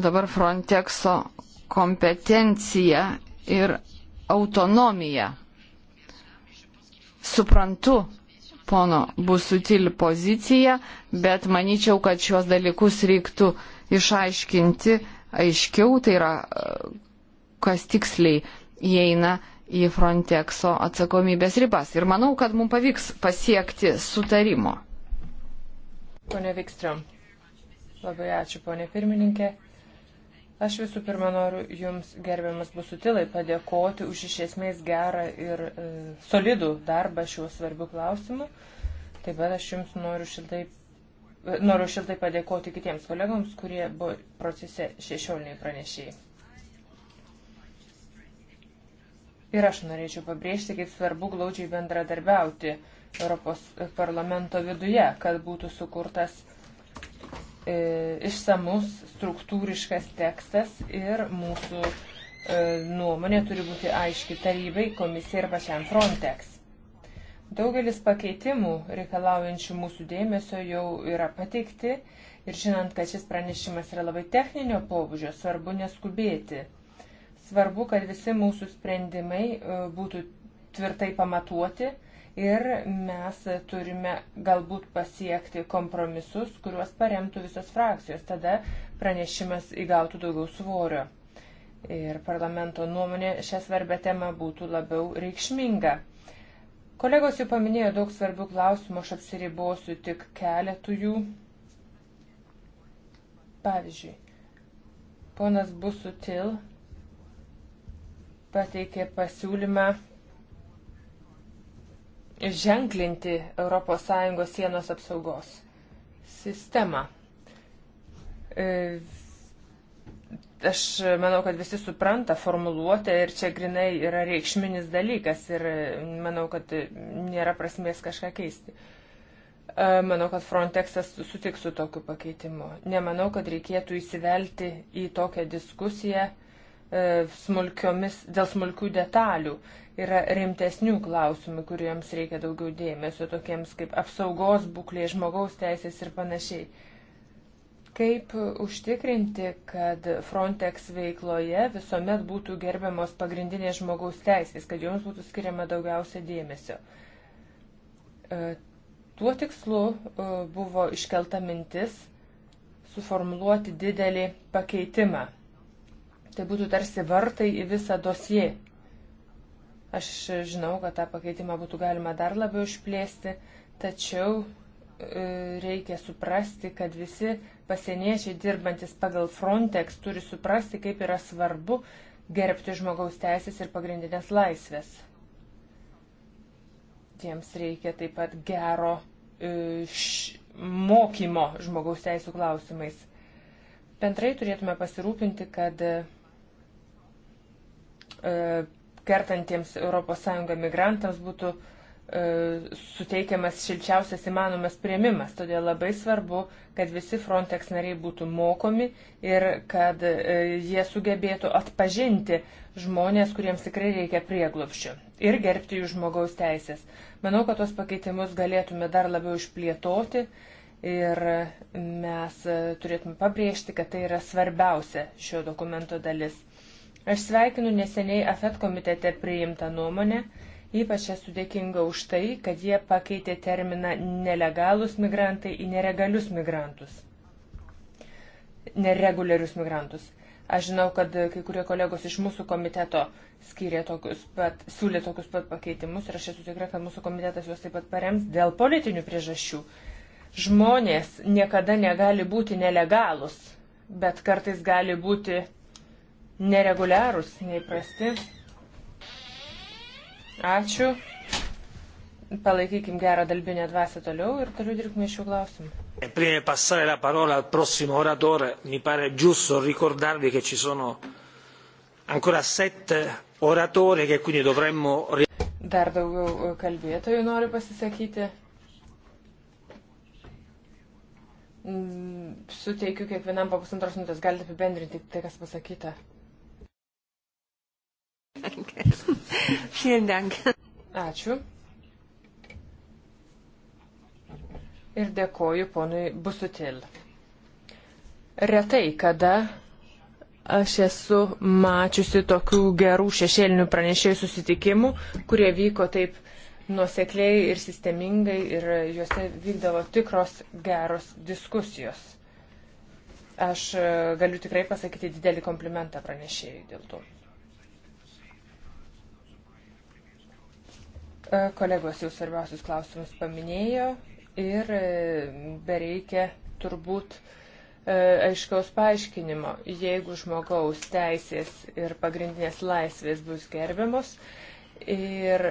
Dabar Frontexo kompetencija ir autonomija. Suprantu pono Busutil poziciją, bet manyčiau, kad šios dalykus reiktų išaiškinti aiškiau, tai yra, kas tiksliai įeina į Frontexo atsakomybės ribas. Ir manau, kad mums pavyks pasiekti sutarimo. Pone Vikstrom, labai ačiū, ponė pirmininkė. Aš visų pirma noriu Jums, gerbiamas Busutilai, padėkoti už iš esmės gerą ir e, solidų darbą šiuo svarbiu klausimu. Taip pat aš Jums noriu šiltai Noriu šiltai padėkoti kitiems kolegams, kurie buvo procese šešioliniai pranešėjai. Ir aš norėčiau pabrėžti, kaip svarbu glaudžiai bendradarbiauti Europos parlamento viduje, kad būtų sukurtas e, išsamus, struktūriškas tekstas ir mūsų e, nuomonė turi būti aiški tarybai, komisijai ir pačiam Frontex. Daugelis pakeitimų reikalaujančių mūsų dėmesio jau yra pateikti ir žinant, kad šis pranešimas yra labai techninio pobūdžio, svarbu neskubėti. Svarbu, kad visi mūsų sprendimai e, būtų tvirtai pamatuoti ir mes turime galbūt pasiekti kompromisus, kuriuos paremtų visos frakcijos. Tada pranešimas įgautų daugiau svorio. Ir parlamento nuomonė šią svarbę temą būtų labiau reikšminga. Kolegos jau paminėjo daug svarbių klausimų, aš apsiribosiu tik keletų jų. Pavyzdžiui, ponas Busutil pateikė pasiūlymą ženklinti ES sienos apsaugos sistemą. E, Aš manau, kad visi supranta formuluotę ir čia grinai yra reikšminis dalykas ir manau, kad nėra prasmės kažką keisti. E, manau, kad Frontexas sutiks su tokiu pakeitimu. Nemanau, kad reikėtų įsivelti į tokią diskusiją e, smulkiomis, dėl smulkių detalių. Yra rimtesnių klausimų, kuriems reikia daugiau dėmesio, tokiems kaip apsaugos būklė, žmogaus teisės ir panašiai. Kaip užtikrinti, kad Frontex veikloje visuomet būtų gerbiamos pagrindinės žmogaus teisės, kad joms būtų skiriama daugiausia dėmesio? E, tuo tikslu e, buvo iškelta mintis suformuluoti didelį pakeitimą. Tai būtų tarsi vartai į visą dosiją. Aš žinau, kad tą pakeitimą būtų galima dar labiau išplėsti, tačiau E, reikia suprasti, kad visi pasieniečiai dirbantis pagal Frontex turi suprasti, kaip yra svarbu gerbti žmogaus teisės ir pagrindinės laisvės. Jiems reikia taip pat gero e, š, mokymo žmogaus teisų klausimais. Bendrai turėtume pasirūpinti, kad e, kertantiems ES migrantams būtų e, E, suteikiamas šilčiausias įmanomas prieimimas. Todėl labai svarbu, kad visi Frontex nariai būtų mokomi ir kad e, jie sugebėtų atpažinti žmonės, kuriems tikrai reikia prieglopščių ir gerbti jų žmogaus teisės. Manau, kad tos pakeitimus galėtume dar labiau išplėtoti ir mes e, turėtume pabrėžti, kad tai yra svarbiausia šio dokumento dalis. Aš sveikinu neseniai AFET komitete priimtą nuomonę Ypač esu dėkinga už tai, kad jie pakeitė terminą nelegalus migrantai į neregalius migrantus. Nereguliarius migrantus. Aš žinau, kad kai kurie kolegos iš mūsų komiteto skyrė tokius pat, siūlė tokius pat pakeitimus ir aš esu tikra, kad mūsų komitetas juos taip pat parems dėl politinių priežasčių. Žmonės niekada negali būti nelegalus, bet kartais gali būti nereguliarūs, neįprasti. Ačiū. Palaikykim gerą darbinę dvasę toliau ir toliau dirbkime šių klausimų. E prima di passare la parola al prossimo oratore, mi pare giusto ricordarvi che ci sono ancora sette oratori che quindi dovremmo. Dar daugiau e, kalbėtojų noriu pasisakyti. Mm, suteikiu kiekvienam po pusantros minutės, galite apibendrinti tai, kas pasakyta. Ačiū. Ir dėkoju ponui Busutil. Retai kada aš esu mačiusi tokių gerų šešėlinių pranešėjų susitikimų, kurie vyko taip nuosekliai ir sistemingai ir juose vykdavo tikros geros diskusijos. Aš e, galiu tikrai pasakyti didelį komplimentą pranešėjui dėl to. E, kolegos jau svarbiausius klausimus paminėjo ir e, bereikia turbūt e, aiškiaus paaiškinimo. Jeigu žmogaus teisės ir pagrindinės laisvės bus gerbiamos ir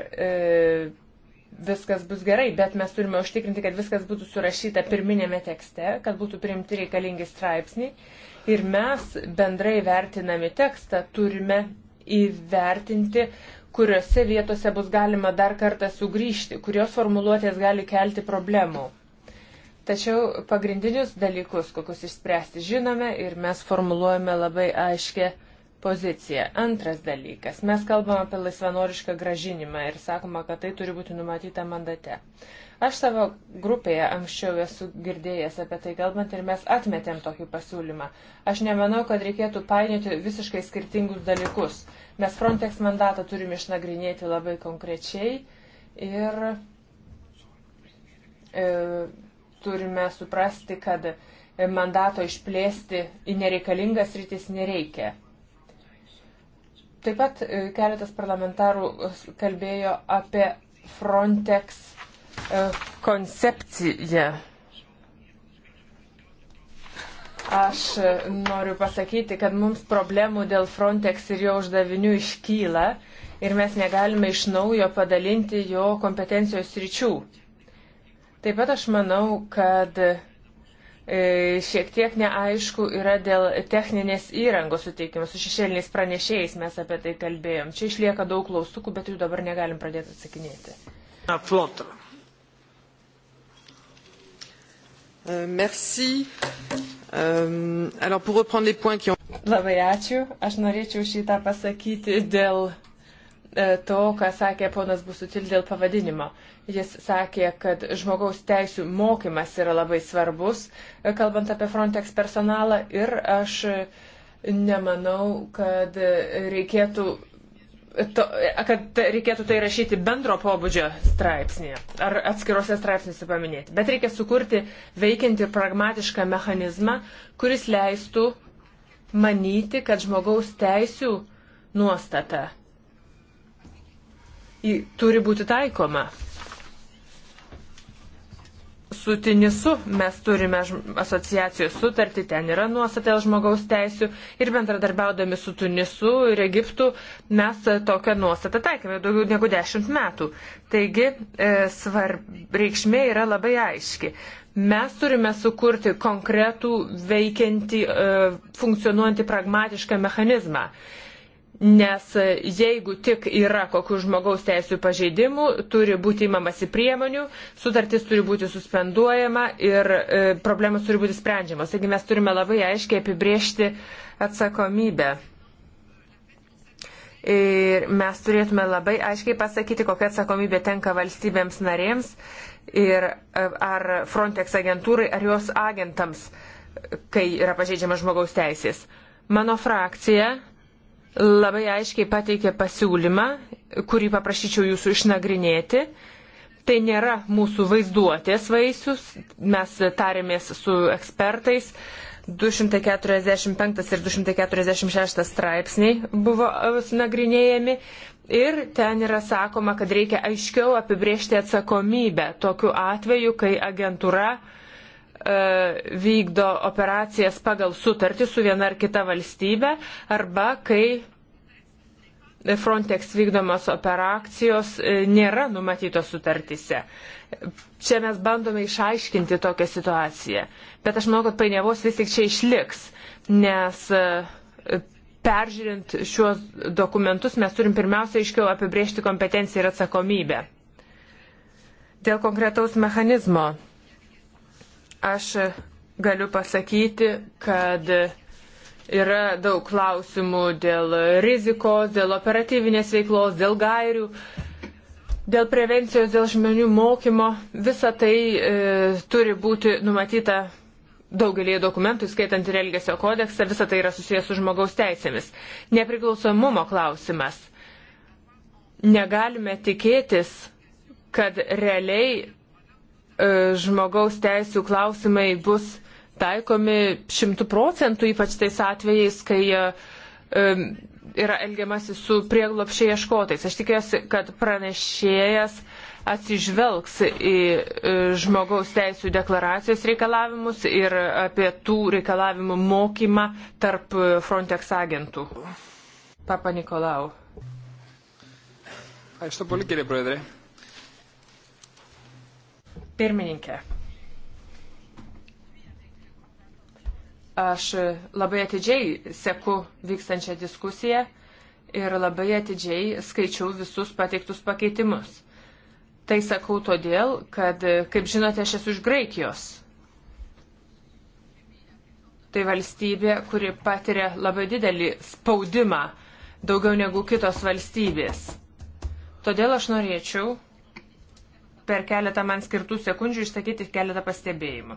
viskas bus gerai, bet mes turime užtikrinti, kad viskas būtų surašyta pirminėme tekste, kad būtų priimti reikalingi straipsniai. Ir mes bendrai vertinami tekstą turime įvertinti, kuriuose vietose bus galima dar kartą sugrįžti, kurios formuluotės gali kelti problemų. Tačiau pagrindinius dalykus, kokius išspręsti, žinome ir mes formuluojame labai aiškę poziciją. Antras dalykas. Mes kalbam apie laisvanorišką gražinimą ir sakoma, kad tai turi būti numatyta mandate. Aš savo grupėje anksčiau esu girdėjęs apie tai kalbant ir mes atmetėm tokį pasiūlymą. Aš nemanau, kad reikėtų painioti visiškai skirtingus dalykus. Mes Frontex mandatą turim išnagrinėti labai konkrečiai ir e, turime suprasti, kad mandato išplėsti į nereikalingas rytis nereikia. Taip pat e, keletas parlamentarų kalbėjo apie Frontex e, koncepciją Aš e, noriu pasakyti, kad mums problemų dėl Frontex ir jo uždavinių iškyla ir mes negalime iš naujo padalinti jo kompetencijos ryčių. Taip pat aš manau, kad e, šiek tiek neaišku yra dėl techninės įrangos suteikimo su šešėliniais pranešėjais, mes apie tai kalbėjom. Čia išlieka daug klaustukų, bet jų dabar negalim pradėti atsakinėti. Flotą. Merci. Um, alors, pour reprendre les points qui ont... Labai ačiū. Aš norėčiau šitą pasakyti dėl e, to, ką sakė ponas Busutil dėl pavadinimo. Jis sakė, kad žmogaus teisų mokymas yra labai svarbus, e, kalbant apie Frontex personalą ir aš nemanau, kad reikėtų to, kad reikėtų tai rašyti bendro pobūdžio straipsnėje ar atskiruose straipsniuose paminėti, bet reikia sukurti veikiantį ir pragmatišką mechanizmą, kuris leistų manyti, kad žmogaus teisių nuostata į, turi būti taikoma su Tinisu mes turime asociacijos sutartį, ten yra nuostata dėl žmogaus teisų ir bendradarbiaudami su Tunisu ir Egiptu mes tokią nuostatą taikėme daugiau negu dešimt metų. Taigi e, svarb, reikšmė yra labai aiški. Mes turime sukurti konkretų, veikiantį, e, funkcionuojantį pragmatišką mechanizmą nes jeigu tik yra kokių žmogaus teisų pažeidimų, turi būti įmamasi priemonių, sutartis turi būti suspenduojama ir e, problemas turi būti sprendžiamas. Taigi mes turime labai aiškiai apibriežti atsakomybę. Ir mes turėtume labai aiškiai pasakyti, kokia atsakomybė tenka valstybėms narėms ir e, ar Frontex agentūrai, ar jos agentams, kai yra pažeidžiama žmogaus teisės. Mano frakcija labai aiškiai pateikė pasiūlymą, kurį paprašyčiau jūsų išnagrinėti. Tai nėra mūsų vaizduotės vaisius, mes tarėmės su ekspertais, 245 ir 246 straipsniai buvo e, nagrinėjami ir ten yra sakoma, kad reikia aiškiau apibriežti atsakomybę tokiu atveju, kai agentūra uh, E, vykdo operacijas pagal sutartį su viena ar kita valstybė arba kai Frontex vykdomos operacijos e, nėra numatytos sutartyse. Čia mes bandome išaiškinti tokią situaciją. Bet aš manau, kad painiavos vis tik čia išliks, nes e, peržiūrint šiuos dokumentus mes turim pirmiausia aiškiau apibriežti kompetenciją ir atsakomybę. Dėl konkretaus mechanizmo Aš galiu pasakyti, kad yra daug klausimų dėl rizikos, dėl operatyvinės veiklos, dėl gairių, dėl prevencijos, dėl žmonių mokymo. Visa tai e, turi būti numatyta daugelį dokumentų, skaitant ir Elgesio kodeksą, visa tai yra susijęs su žmogaus teisėmis. Nepriklausomumo klausimas. Negalime tikėtis, kad realiai E, žmogaus teisų klausimai bus taikomi šimtų procentų, ypač tais atvejais, kai e, yra elgiamasi su prieglopšiai ieškotais. Aš tikiuosi, kad pranešėjas atsižvelgs į e, žmogaus teisų deklaracijos reikalavimus ir apie tų reikalavimų mokymą tarp Frontex agentų. Papa Nikolau. Ačiū, Polikėlė, Pradrė. Pirmininkė. Aš labai atidžiai seku vykstančią diskusiją ir labai atidžiai skaičiau visus pateiktus pakeitimus. Tai sakau todėl, kad, kaip žinote, aš esu iš Graikijos. Tai valstybė, kuri patiria labai didelį spaudimą, daugiau negu kitos valstybės. Todėl aš norėčiau, per keletą man skirtų sekundžių išsakyti keletą pastebėjimų.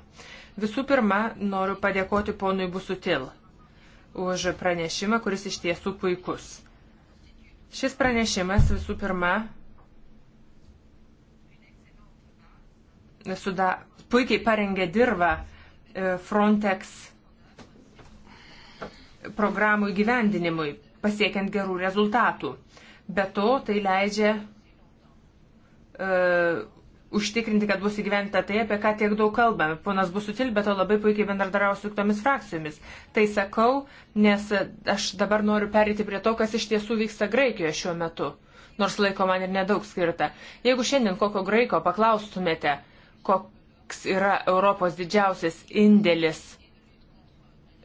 Visų pirma, noriu padėkoti ponui Busutil už pranešimą, kuris iš tiesų puikus. Šis pranešimas visų pirma suda, puikiai parengė dirbą e, Frontex programų įgyvendinimui, pasiekiant gerų rezultatų. Be to, tai leidžia e, užtikrinti, kad bus įgyventa tai, apie ką tiek daug kalbame. Ponas Busutil, bet to labai puikiai bendradarau su kitomis frakcijomis. Tai sakau, nes aš dabar noriu perėti prie to, kas iš tiesų vyksta Graikijoje šiuo metu. Nors laiko man ir nedaug skirta. Jeigu šiandien kokio graiko paklaustumėte, koks yra Europos didžiausias indėlis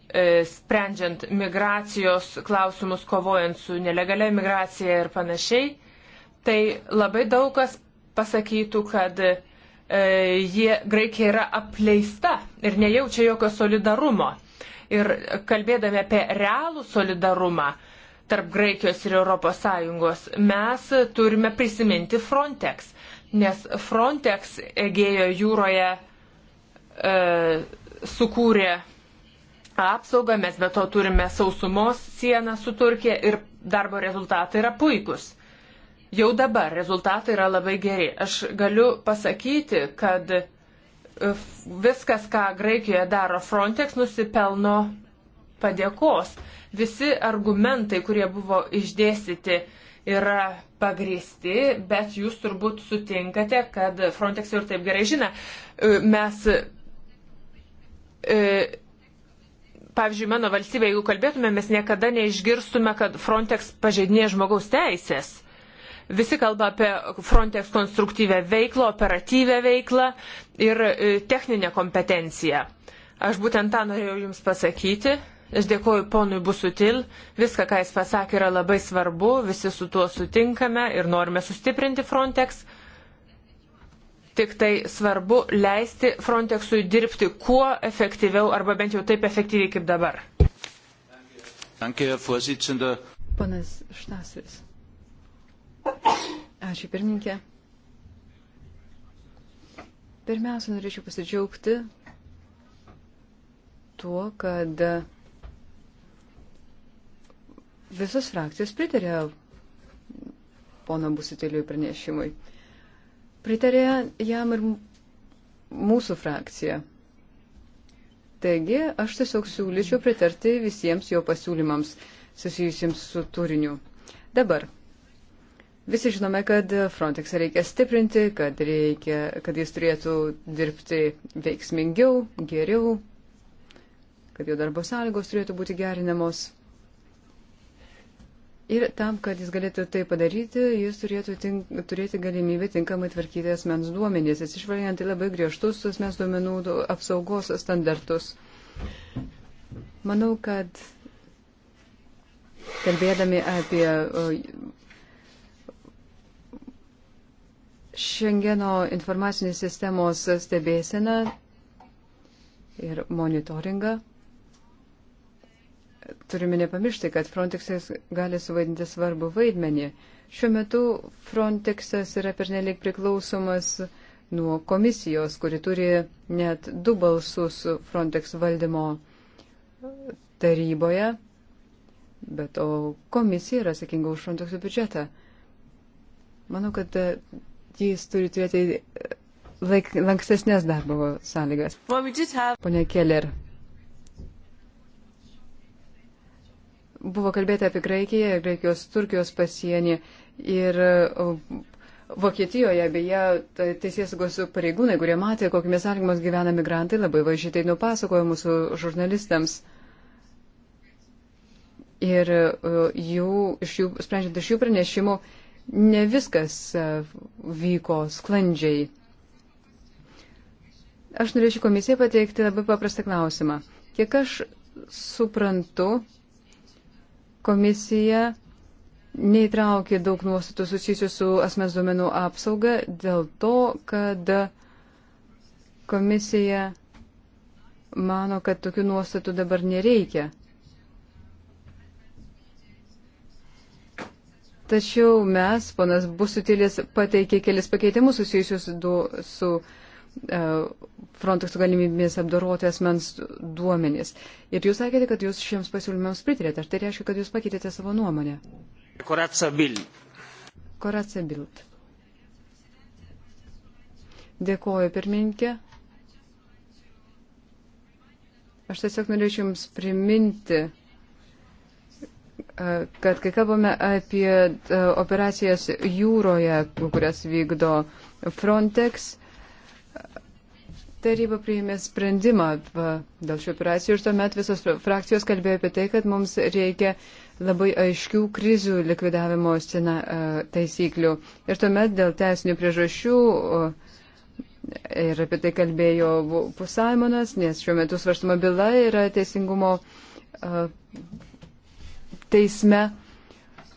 e, sprendžiant migracijos klausimus, kovojant su nelegalia migracija ir panašiai, tai labai daug kas pasakytų, kad e, jie, Graikija yra apleista ir nejaučia jokio solidarumo. Ir kalbėdami apie realų solidarumą tarp Graikijos ir ES, mes turime prisiminti Frontex, nes Frontex Egėjo jūroje e, sukūrė apsaugą, mes be to turime sausumos sieną su Turkija ir darbo rezultatai yra puikus. Jau dabar rezultatai yra labai geri. Aš galiu pasakyti, kad e, viskas, ką Graikijoje daro Frontex, nusipelno padėkos. Visi argumentai, kurie buvo išdėstyti, yra pagristi, bet jūs turbūt sutinkate, kad Frontex ir taip gerai žina. E, mes, e, pavyzdžiui, mano valstybė, jeigu kalbėtume, mes niekada neišgirstume, kad Frontex pažeidinė žmogaus teisės. Visi kalba apie Frontex konstruktyvę veiklą, operatyvę veiklą ir e, techninę kompetenciją. Aš būtent tą norėjau Jums pasakyti. Aš dėkoju ponui Busutil. Viską, ką jis pasakė, yra labai svarbu. Visi su tuo sutinkame ir norime sustiprinti Frontex. Tik tai svarbu leisti Frontexui dirbti kuo efektyviau arba bent jau taip efektyviai kaip dabar. Danke, Herr Vorsitzender. Ponas Štasis. Ačiū pirmininkė. Pirmiausia, norėčiau pasidžiaugti tuo, kad visos frakcijos pritarė pono Busitėliui pranešimui. Pritarė jam ir mūsų frakcija. Taigi, aš tiesiog siūlyčiau pritarti visiems jo pasiūlymams susijusiems su turiniu. Dabar Visi žinome, kad Frontexą reikia stiprinti, kad, reikia, kad jis turėtų dirbti veiksmingiau, geriau, kad jo darbo sąlygos turėtų būti gerinamos. Ir tam, kad jis galėtų tai padaryti, jis turėtų tink, turėti galimybę tinkamai tvarkyti asmens duomenys, atsižvelgiant į labai griežtus asmens duomenų apsaugos standartus. Manau, kad kalbėdami apie Šengeno informacinės sistemos stebėseną ir monitoringą. Turime nepamiršti, kad Frontexas gali suvaidinti svarbu vaidmenį. Šiuo metu Frontexas yra pernelik priklausomas nuo komisijos, kuri turi net du balsus Frontex valdymo taryboje, bet o komisija yra sakinga už Frontexo biudžetą. Manau, kad jis turi turėti e, laik, lankstesnės darbo sąlygas. Pone Keller. Buvo kalbėta apie Graikiją, Graikijos Turkijos pasienį ir e, Vokietijoje beje tai teisėsaugos pareigūnai, kurie matė, kokiamis sąlygomis gyvena migrantai, labai važiuotai nupasakojo mūsų žurnalistams. Ir e, jų, iš jų, sprendžiant iš jų pranešimų, uh, ne viskas e, vyko sklandžiai. Aš norėčiau komisijai pateikti labai paprastą klausimą. Kiek aš suprantu, komisija neįtraukė daug nuostatų susijusių su asmens duomenų apsauga dėl to, kad komisija mano, kad tokių nuostatų dabar nereikia. Tačiau mes, ponas Busutilis, pateikė kelis pakeitimus susijusius du, su uh, Frontex galimybėmis apdoroti asmens duomenys. Ir jūs sakėte, kad jūs šiems pasiūlymams pritarėte. Ar tai reiškia, kad jūs pakeitėte savo nuomonę? Koratsa Bild. Koratsa Bild. Dėkoju, pirmininkė. Aš tiesiog norėčiau Jums priminti, kad kai kalbame apie e, operacijas jūroje, kurias vykdo Frontex, taryba priėmė sprendimą dėl šių operacijų ir tuomet visos frakcijos kalbėjo apie tai, kad mums reikia labai aiškių krizių likvidavimo scena, e, taisyklių. Ir tuomet dėl teisinių priežasčių e, ir apie tai kalbėjo Pusaimonas, nes šiuo metu svarstama byla yra teisingumo teisme.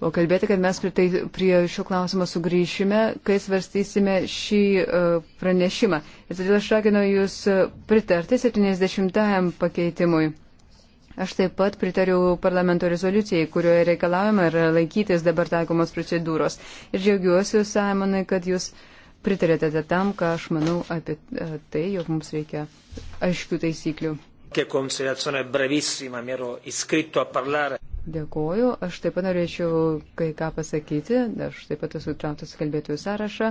Buvo kalbėti, kad mes prie, tai, prie šio klausimo sugrįšime, kai svarstysime šį uh, pranešimą. Ir todėl aš raginu Jūs e, pritarti 70-ajam pakeitimui. Aš taip pat pritariu parlamento rezoliucijai, kurioje reikalavimą yra laikytis dabar taikomos procedūros. Ir džiaugiuosi, Simonai, kad Jūs pritarėte tam, ką aš manau apie e, tai, jog mums reikia aiškių taisyklių. Che considerazione brevissima, mi ero iscritto a parlare. Dėkuoju. Aš taip pat norėčiau kai ką pasakyti. Aš taip pat esu įtrauktas kalbėtojų sąrašą.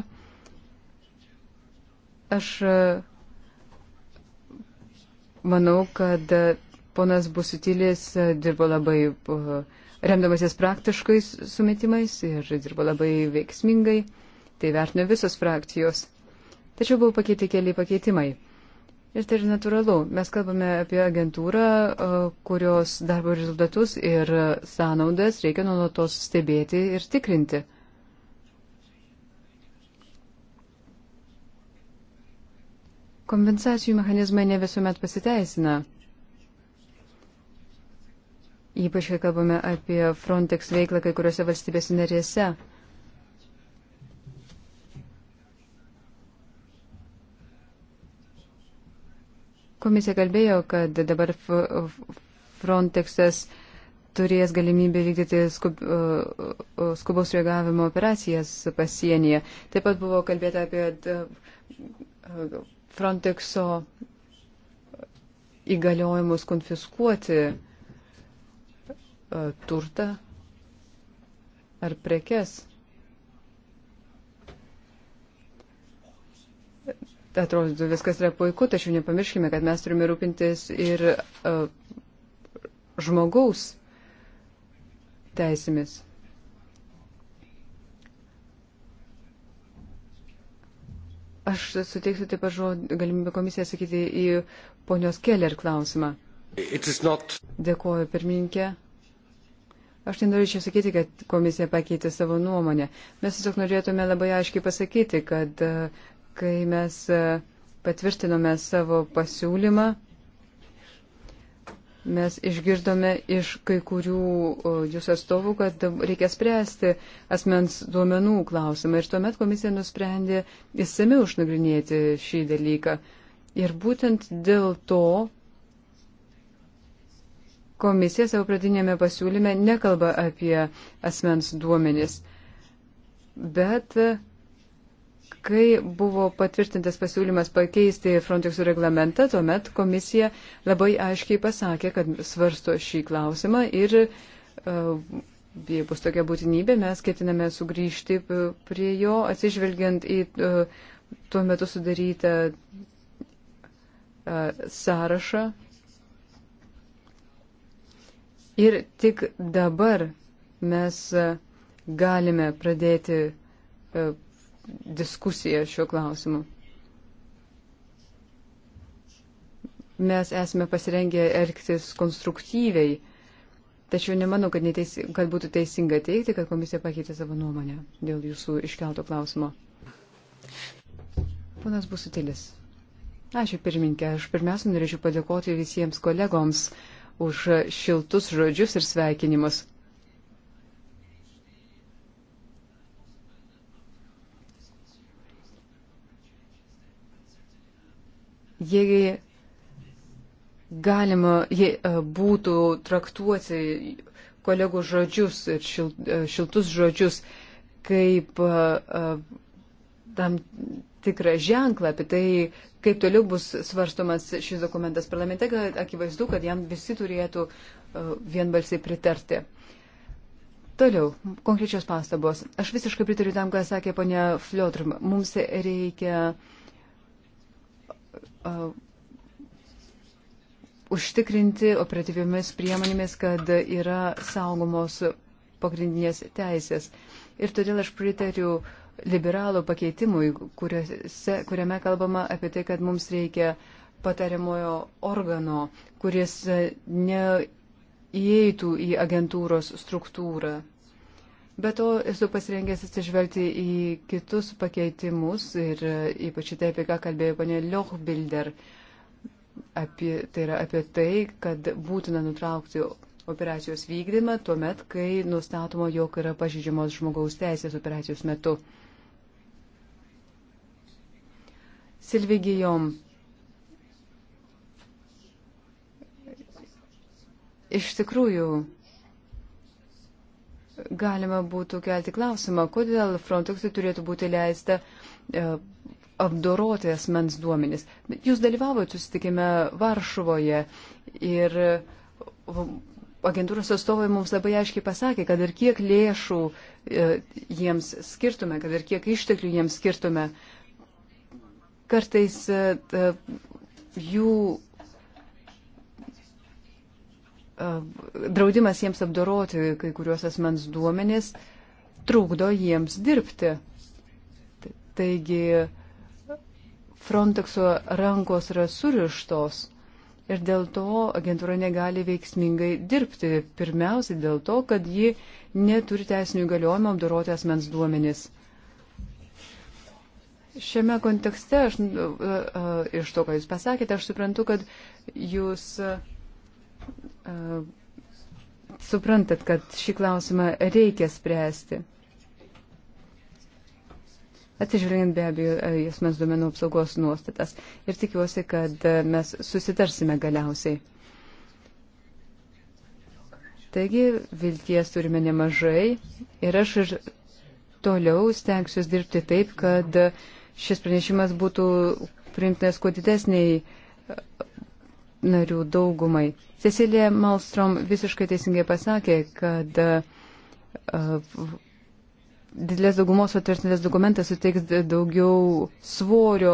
Aš e, manau, kad e, ponas Busutilis e, dirbo labai remdamasis praktiškais sumetimais ir dirbo labai veiksmingai. Tai vertino visos frakcijos. Tačiau buvo pakeiti keli pakeitimai. Ir tai yra natūralu. Mes kalbame apie agentūrą, kurios darbo rezultatus ir sąnaudas reikia nuolatos stebėti ir tikrinti. Kompensacijų mechanizmai ne visuomet pasiteisina. Ypač, kai kalbame apie Frontex veiklą kai kuriuose valstybėse narėse. Komisija kalbėjo, kad dabar Frontexas turės galimybę vykdyti skub, e, e, skubos reagavimo operacijas pasienyje. Taip pat buvo kalbėta apie e, Frontexo įgaliojimus konfiskuoti turtą ar prekes. atrodo, viskas yra puiku, tačiau nepamirškime, kad mes turime rūpintis ir uh, žmogaus teisėmis. Aš suteiksiu taip pat žodį, galimybę komisiją sakyti į ponios Keller klausimą. Not... Dėkuoju, pirmininkė. Aš nenorėčiau tai sakyti, kad komisija pakeitė savo nuomonę. Mes tiesiog norėtume labai aiškiai pasakyti, kad kai mes e, patvirtinome savo pasiūlymą, mes išgirdome iš kai kurių jūsų atstovų, kad reikia spręsti asmens duomenų klausimą. Ir tuomet komisija nusprendė įsamiau išnagrinėti šį dalyką. Ir būtent dėl to komisija savo pradinėme pasiūlyme nekalba apie asmens duomenis, bet Kai buvo patvirtintas pasiūlymas pakeisti Frontex reglamentą, tuomet komisija labai aiškiai pasakė, kad svarsto šį klausimą ir, e, jei bus tokia būtinybė, mes ketiname sugrįžti prie jo, atsižvelgiant į e, tuo metu sudarytą e, sąrašą. Ir tik dabar mes galime pradėti diskusiją šiuo klausimu. Mes esame pasirengę elgtis konstruktyviai, tačiau nemanau, kad, neteis, kad būtų teisinga teikti, kad komisija pakeitė savo nuomonę dėl jūsų iškelto klausimo. Ponas Busutilis. Ačiū pirmininkė. Aš pirmiausia norėčiau padėkoti visiems kolegoms už šiltus žodžius ir sveikinimus. jei galima, jei e, būtų traktuoti kolegų žodžius ir šil, e, šiltus žodžius kaip e, tam tikrą ženklą apie tai, kaip toliau bus svarstomas šis dokumentas parlamente, kad akivaizdu, kad jam visi turėtų vienbalsiai pritarti. Toliau, konkrečios pastabos. Aš visiškai pritariu tam, ką sakė ponia Fliotrum. Mums reikia uh, uh, užtikrinti operatyviomis priemonėmis, kad yra saugomos pagrindinės teisės. Ir todėl aš pritariu liberalų pakeitimui, kuriuose, kuriame kalbama apie tai, kad mums reikia patariamojo organo, kuris neįeitų į agentūros struktūrą. Be to esu pasirengęs atsižvelgti į kitus pakeitimus ir e, ypač tai, apie ką kalbėjo ponė Liochbilder, apie, tai yra apie tai, kad būtina nutraukti operacijos vykdymą tuo met, kai nustatoma, jog yra pažydžiamos žmogaus teisės operacijos metu. Silvigijom. Iš tikrųjų, galima būtų kelti klausimą, kodėl Frontexui turėtų būti leista e, apdoroti asmens duomenis. Jūs dalyvavote susitikime Varšuvoje ir agentūros atstovai mums labai aiškiai pasakė, kad ir kiek lėšų e, jiems skirtume, kad ir kiek išteklių jiems skirtume, kartais e, jų E, draudimas jiems apdoroti kai kuriuos asmens duomenys trukdo jiems dirbti. Taigi Frontexo rankos yra surištos ir dėl to agentūra negali veiksmingai dirbti. Pirmiausia dėl to, kad ji neturi teisinių įgaliojimų apdoroti asmens duomenys. Šiame kontekste aš, e, e, iš to, ką Jūs pasakėte, aš suprantu, kad Jūs suprantat, kad šį klausimą reikia spręsti. Atsižvelgiant be abejo esmės duomenų apsaugos nuostatas ir tikiuosi, kad e, mes susitarsime galiausiai. Taigi vilties turime nemažai ir aš ir toliau stengsiuos dirbti taip, kad šis pranešimas būtų priimtinas kuo didesniai narių daugumai. Cecilija Malstrom visiškai teisingai pasakė, kad uh, didelės daugumos atvirtinės dokumentas suteiks daugiau svorio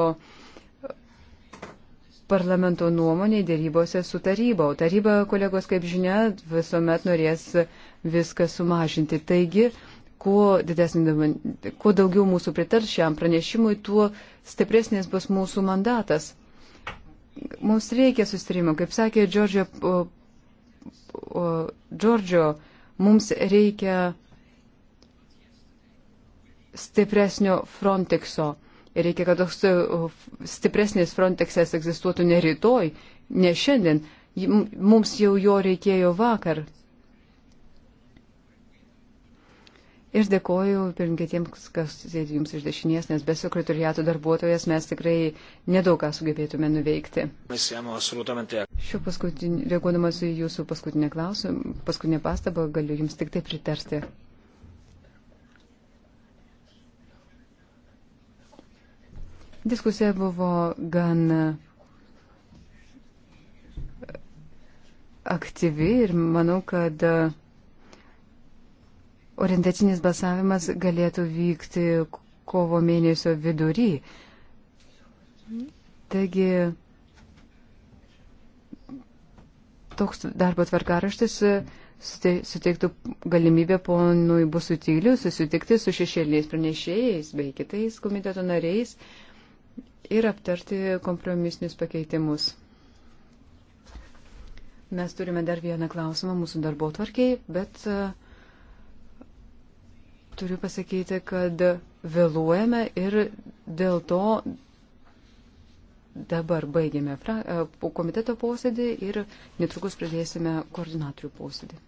parlamento nuomonė dėrybose su taryba. O taryba, kolegos, kaip žinia, visuomet norės viską sumažinti. Taigi, kuo, didesnį, kuo daugiau mūsų pritars šiam pranešimui, tuo stipresnis bus mūsų mandatas mums reikia sustarimo. Kaip sakė Džordžio, Džordžio mums reikia stipresnio Frontexo. Ir reikia, kad toks stipresnis Frontexas egzistuotų ne rytoj, ne šiandien. Mums jau jo reikėjo vakar. Ir dėkoju pirmkai tiems, kas sėdi jums iš dešinės, nes be sekretoriato darbuotojas mes tikrai nedaug ką sugebėtume nuveikti. Šiuo paskutiniu, reaguodamas į jūsų paskutinę klausimą, paskutinę pastabą, galiu jums tik tai pritarti. Diskusija buvo gan aktyvi ir manau, kad orientacinis balsavimas galėtų vykti kovo mėnesio vidury. Taigi toks darbo tvarkaraštis suteiktų galimybę ponui Busutyliu susitikti su šešėliais pranešėjais bei kitais komiteto nariais ir aptarti kompromisinius pakeitimus. Mes turime dar vieną klausimą mūsų darbo tvarkiai, bet uh, turiu pasakyti, kad vėluojame ir dėl to dabar baigėme e, komiteto posėdį ir netrukus pradėsime koordinatorių posėdį.